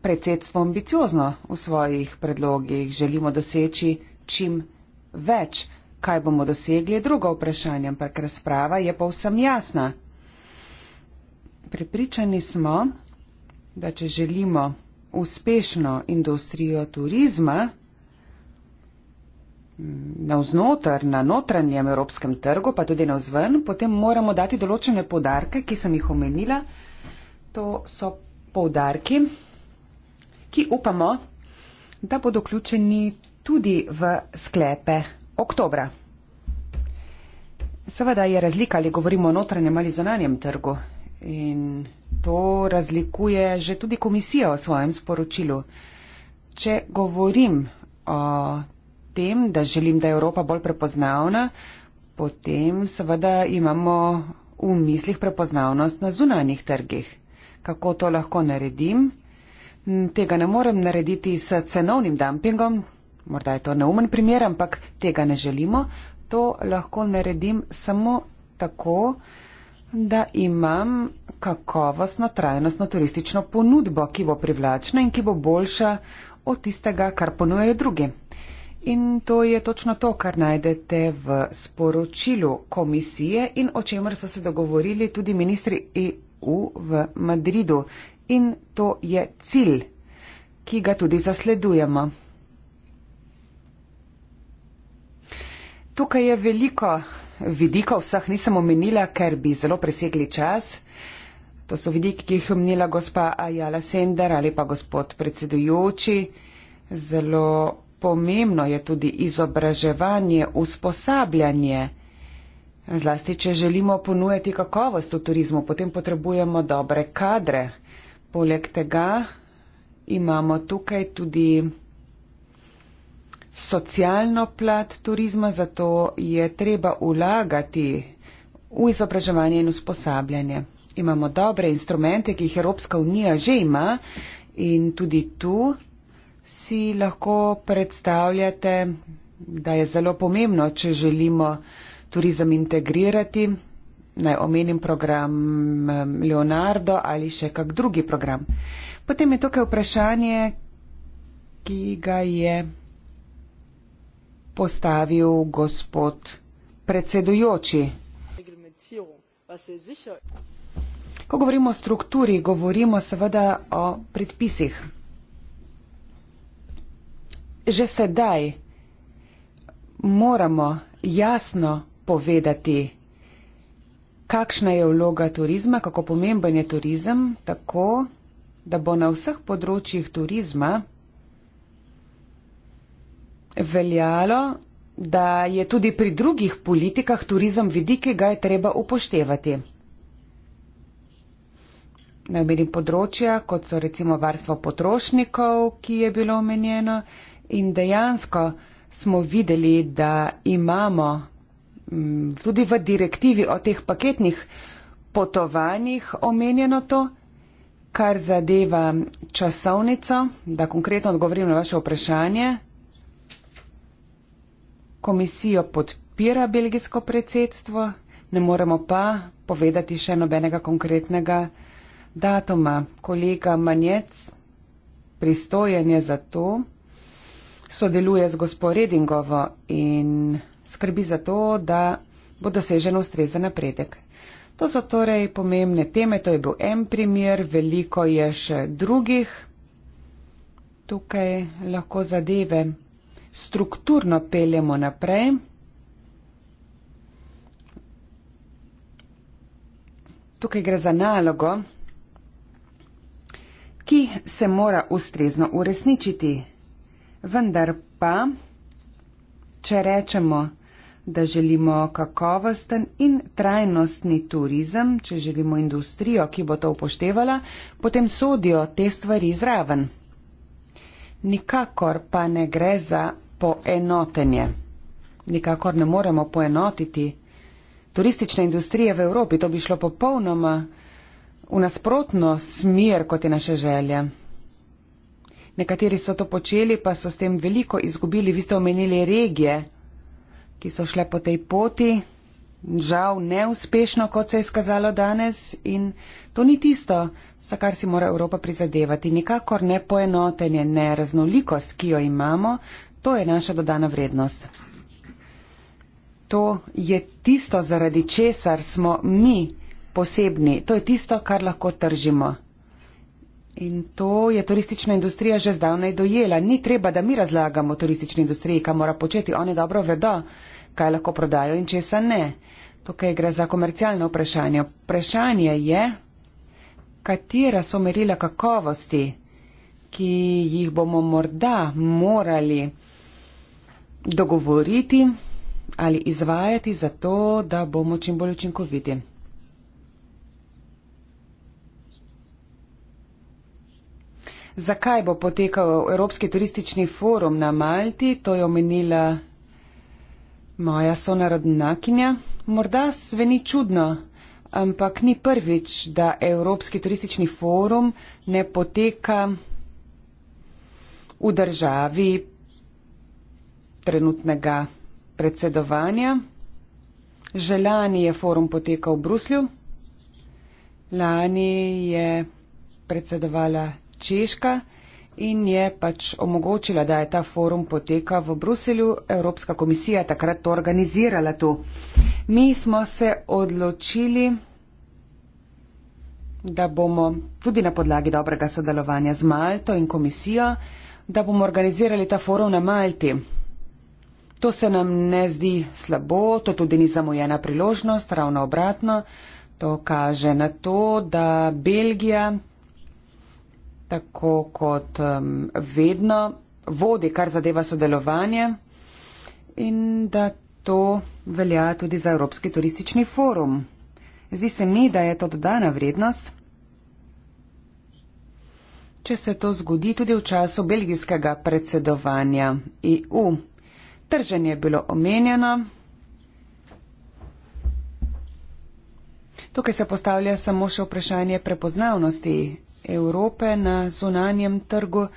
predsedstvo ambiciozno v svojih predlogih. Želimo doseči čim več. Kaj bomo dosegli, je drugo vprašanje, ampak razprava je povsem jasna. Pripričani smo, da če želimo uspešno industrijo turizma mm, navznoter na notranjem evropskem trgu, pa tudi navzven, potem moramo dati določene podarke, ki sem jih omenila. To so podarki, ki upamo, da bodo vključeni tudi v sklepe oktobra. Seveda je razlika, ali govorimo o notranjem ali zonanjem trgu. In To razlikuje že tudi komisija v svojem sporočilu. Če govorim o tem, da želim, da je Evropa bolj prepoznavna, potem seveda imamo v mislih prepoznavnost na zunanjih trgih. Kako to lahko naredim? Tega ne morem narediti s cenovnim dumpingom, morda je to neumen primer, ampak tega ne želimo. To lahko naredim samo tako, da imam kakovostno, trajnostno turistično ponudbo, ki bo privlačna in ki bo boljša od tistega, kar ponujajo drugi. In to je točno to, kar najdete v sporočilu komisije in o čemer so se dogovorili tudi ministri EU v Madridu. In to je cilj, ki ga tudi zasledujemo. Tukaj je veliko vidikov vseh nisem omenila, ker bi zelo presegli čas. To so vidiki, ki jih je omenila gospa Ajala Sender ali pa gospod predsedujoči. Zelo pomembno je tudi izobraževanje, usposabljanje. Zlasti, če želimo ponujati kakovost v turizmu, potem potrebujemo dobre kadre. Poleg tega imamo tukaj tudi socialno plat turizma, zato je treba ulagati v izobraževanje in usposabljanje. Imamo dobre instrumente, ki jih Evropska unija že ima in tudi tu si lahko predstavljate, da je zelo pomembno, če želimo turizem integrirati. Naj omenim program Leonardo ali še kak drugi program. Potem je tukaj vprašanje, ki ga je postavil gospod predsedujoči. Ko govorimo o strukturi, govorimo seveda o predpisih. Že sedaj moramo jasno povedati, kakšna je vloga turizma, kako pomemben je turizem, tako da bo na vseh področjih turizma veljalo, da je tudi pri drugih politikah turizem vidik, ki ga je treba upoštevati. Najmerim področja, kot so recimo varstvo potrošnikov, ki je bilo omenjeno in dejansko smo videli, da imamo mm, tudi v direktivi o teh paketnih potovanjih omenjeno to, kar zadeva časovnico, da konkretno odgovorim na vaše vprašanje komisijo podpira belgijsko predsedstvo, ne moremo pa povedati še nobenega konkretnega datuma. Kolega Manjec, pristojen je za to, sodeluje z gosporedingovo in skrbi za to, da bo dosežen ustrezen napredek. To so torej pomembne teme, to je bil en primer, veliko je še drugih tukaj lahko zadeve strukturno peljemo naprej. Tukaj gre za nalogo, ki se mora ustrezno uresničiti. Vendar pa, če rečemo, da želimo kakovosten in trajnostni turizem, če želimo industrijo, ki bo to upoštevala, potem sodijo te stvari zraven nikakor pa ne gre za poenotenje. Nikakor ne moremo poenotiti turistične industrije v Evropi, to bi šlo popolnoma v nasprotno smer, kot je naša želja. Nekateri so to počeli, pa so s tem veliko izgubili. Vi ste omenili regije, ki so šle po tej poti, žal neuspešno, kot se je skazalo danes in to ni tisto, za kar si mora Evropa prizadevati. Nikakor ne poenotenje, ne raznolikost, ki jo imamo, to je naša dodana vrednost. To je tisto, zaradi česar smo mi posebni, to je tisto, kar lahko tržimo. In to je turistična industrija že zdavnaj dojela. Ni treba, da mi razlagamo turistični industriji, kaj mora početi. Oni dobro vedo, kaj lahko prodajo in česa ne. Tukaj gre za komercialno vprašanje. Vprašanje je, katera so merila kakovosti, ki jih bomo morda morali dogovoriti ali izvajati za to, da bomo čim bolj učinkoviti. Zakaj bo potekal Evropski turistični forum na Malti, to je omenila Moja sonarodnakinja, morda sveni čudno, ampak ni prvič, da Evropski turistični forum ne poteka v državi trenutnega predsedovanja. Že lani je forum potekal v Bruslju, lani je predsedovala Češka in je pač omogočila, da je ta forum poteka v Bruselju. Evropska komisija takrat to organizirala tu. Mi smo se odločili, da bomo tudi na podlagi dobrega sodelovanja z Malto in komisijo, da bomo organizirali ta forum na Malti. To se nam ne zdi slabo, to tudi ni zamujena priložnost, ravno obratno. To kaže na to, da Belgija, tako kot um, vedno vodi, kar zadeva sodelovanje in da to velja tudi za Evropski turistični forum. Zdi se mi, da je to dodana vrednost. Če se to zgodi tudi v času belgijskega predsedovanja EU, trženje je bilo omenjeno. Tukaj se postavlja samo še vprašanje prepoznavnosti Evrope na zunanjem trgu.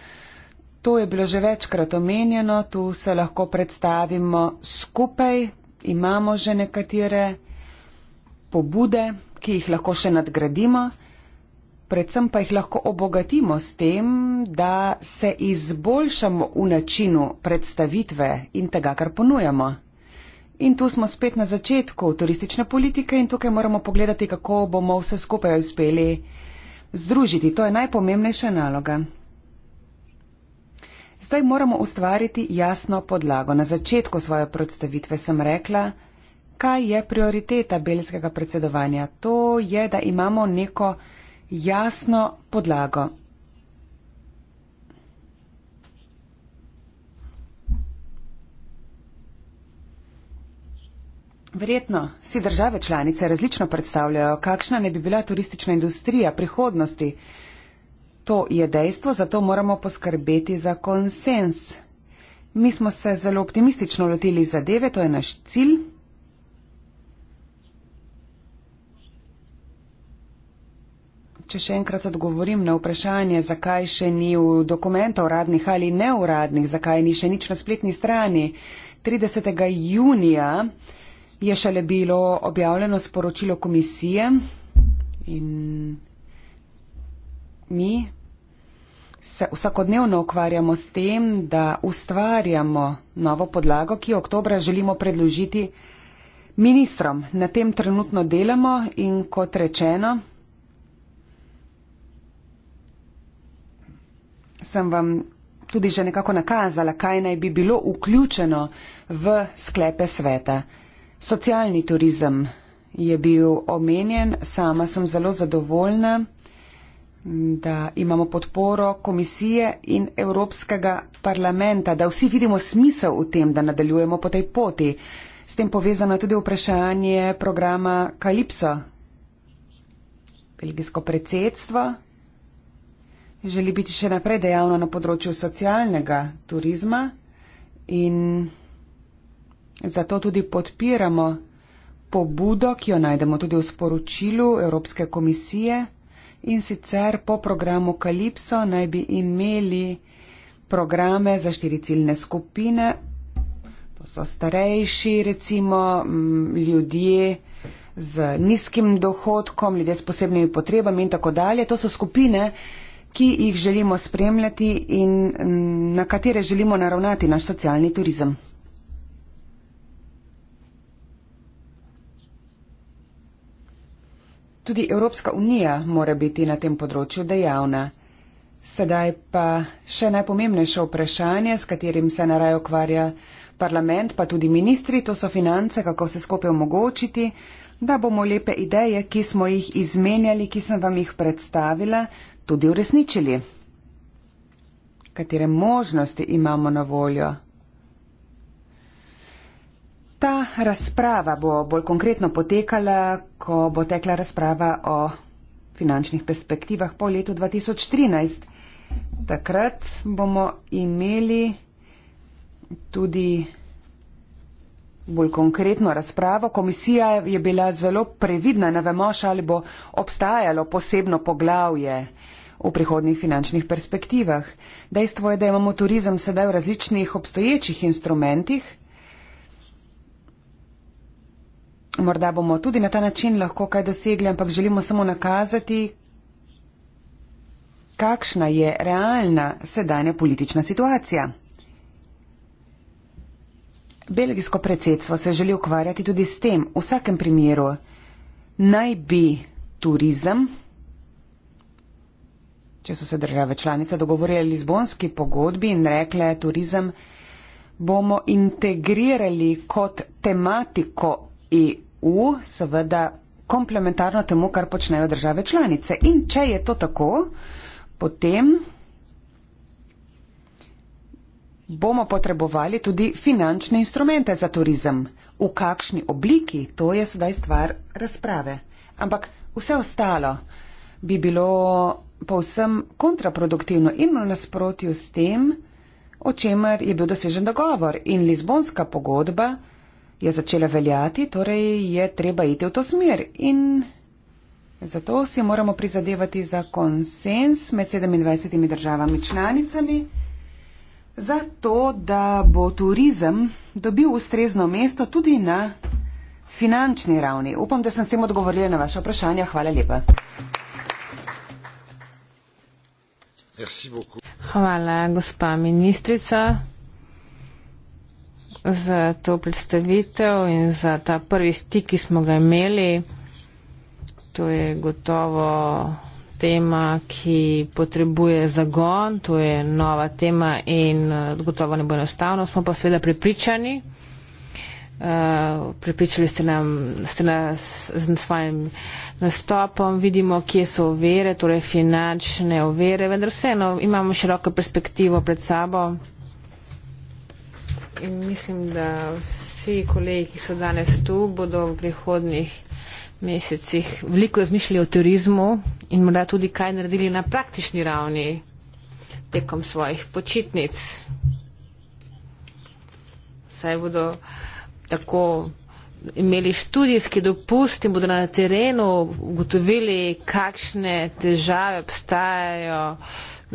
To je bilo že večkrat omenjeno, tu se lahko predstavimo skupaj, imamo že nekatere pobude, ki jih lahko še nadgradimo, predvsem pa jih lahko obogatimo s tem, da se izboljšamo v načinu predstavitve in tega, kar ponujamo. In tu smo spet na začetku turistične politike in tukaj moramo pogledati, kako bomo vse skupaj uspeli. Združiti, to je najpomembnejša naloga. Zdaj moramo ustvariti jasno podlago. Na začetku svoje predstavitve sem rekla, kaj je prioriteta belskega predsedovanja. To je, da imamo neko jasno podlago. Verjetno si države članice različno predstavljajo, kakšna ne bi bila turistična industrija prihodnosti. To je dejstvo, zato moramo poskrbeti za konsens. Mi smo se zelo optimistično lotili zadeve, to je naš cilj. Če še enkrat odgovorim na vprašanje, zakaj še ni v dokumentov uradnih ali neuradnih, zakaj ni še nič na spletni strani 30. junija, je šele bilo objavljeno sporočilo komisije in mi se vsakodnevno ukvarjamo s tem, da ustvarjamo novo podlago, ki jo oktobra želimo predložiti ministrom. Na tem trenutno delamo in kot rečeno, sem vam tudi že nekako nakazala, kaj naj bi bilo vključeno v sklepe sveta. Socialni turizem je bil omenjen, sama sem zelo zadovoljna, da imamo podporo komisije in Evropskega parlamenta, da vsi vidimo smisel v tem, da nadaljujemo po tej poti. S tem povezano je tudi vprašanje programa Kalipso. Belgijsko predsedstvo želi biti še naprej dejavno na področju socialnega turizma in Zato tudi podpiramo pobudo, ki jo najdemo tudi v sporočilu Evropske komisije in sicer po programu Kalipso naj bi imeli programe za štiri ciljne skupine. To so starejši, recimo, ljudje z nizkim dohodkom, ljudje s posebnimi potrebami in tako dalje. To so skupine, ki jih želimo spremljati in na katere želimo naravnati naš socialni turizem. Tudi Evropska unija mora biti na tem področju dejavna. Sedaj pa še najpomembnejše vprašanje, s katerim se naraj okvarja parlament, pa tudi ministri, to so finance, kako se skupaj omogočiti, da bomo lepe ideje, ki smo jih izmenjali, ki sem vam jih predstavila, tudi uresničili. Katere možnosti imamo na voljo? Ta razprava bo bolj konkretno potekala, ko bo tekla razprava o finančnih perspektivah po letu 2013. Takrat bomo imeli tudi bolj konkretno razpravo. Komisija je bila zelo previdna, ne vemo, ali bo obstajalo posebno poglavje v prihodnih finančnih perspektivah. Dejstvo je, da imamo turizem sedaj v različnih obstoječih instrumentih. morda bomo tudi na ta način lahko kaj dosegli, ampak želimo samo nakazati, kakšna je realna sedanja politična situacija. Belgijsko predsedstvo se želi ukvarjati tudi s tem. V vsakem primeru naj bi turizem, če so se države članice dogovorili Lizbonski pogodbi in rekle turizem, bomo integrirali kot tematiko EU, seveda komplementarno temu, kar počnejo države članice. In če je to tako, potem bomo potrebovali tudi finančne instrumente za turizem. V kakšni obliki, to je sedaj stvar razprave. Ampak vse ostalo bi bilo povsem kontraproduktivno in v nasprotju s tem, o čemer je bil dosežen dogovor. In Lizbonska pogodba je začela veljati, torej je treba iti v to smer. In zato si moramo prizadevati za konsens med 27 državami članicami, za to, da bo turizem dobil ustrezno mesto tudi na finančni ravni. Upam, da sem s tem odgovorila na vaše vprašanje. Hvala lepa. Hvala, gospa ministrica za to predstavitev in za ta prvi stik, ki smo ga imeli. To je gotovo tema, ki potrebuje zagon, to je nova tema in eh, gotovo ne bo enostavno. Smo pa seveda pripričani. Uh, eh, pripričali ste nam ste nas, z svojim nastopom, vidimo, kje so ovire, torej finančne ovire, vendar vseeno imamo široko perspektivo pred sabo in mislim, da vsi kolegi, ki so danes tu, bodo v prihodnih mesecih veliko razmišljali o turizmu in morda tudi kaj naredili na praktični ravni tekom svojih počitnic. Saj bodo tako imeli študijski dopust in bodo na terenu ugotovili, kakšne težave obstajajo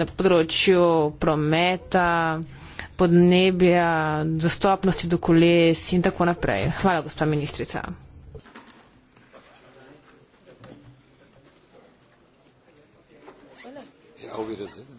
na področju prometa, podnebja, dostopnosti do koles in tako naprej. Hvala, gospa ministrica. Hvala. Ja,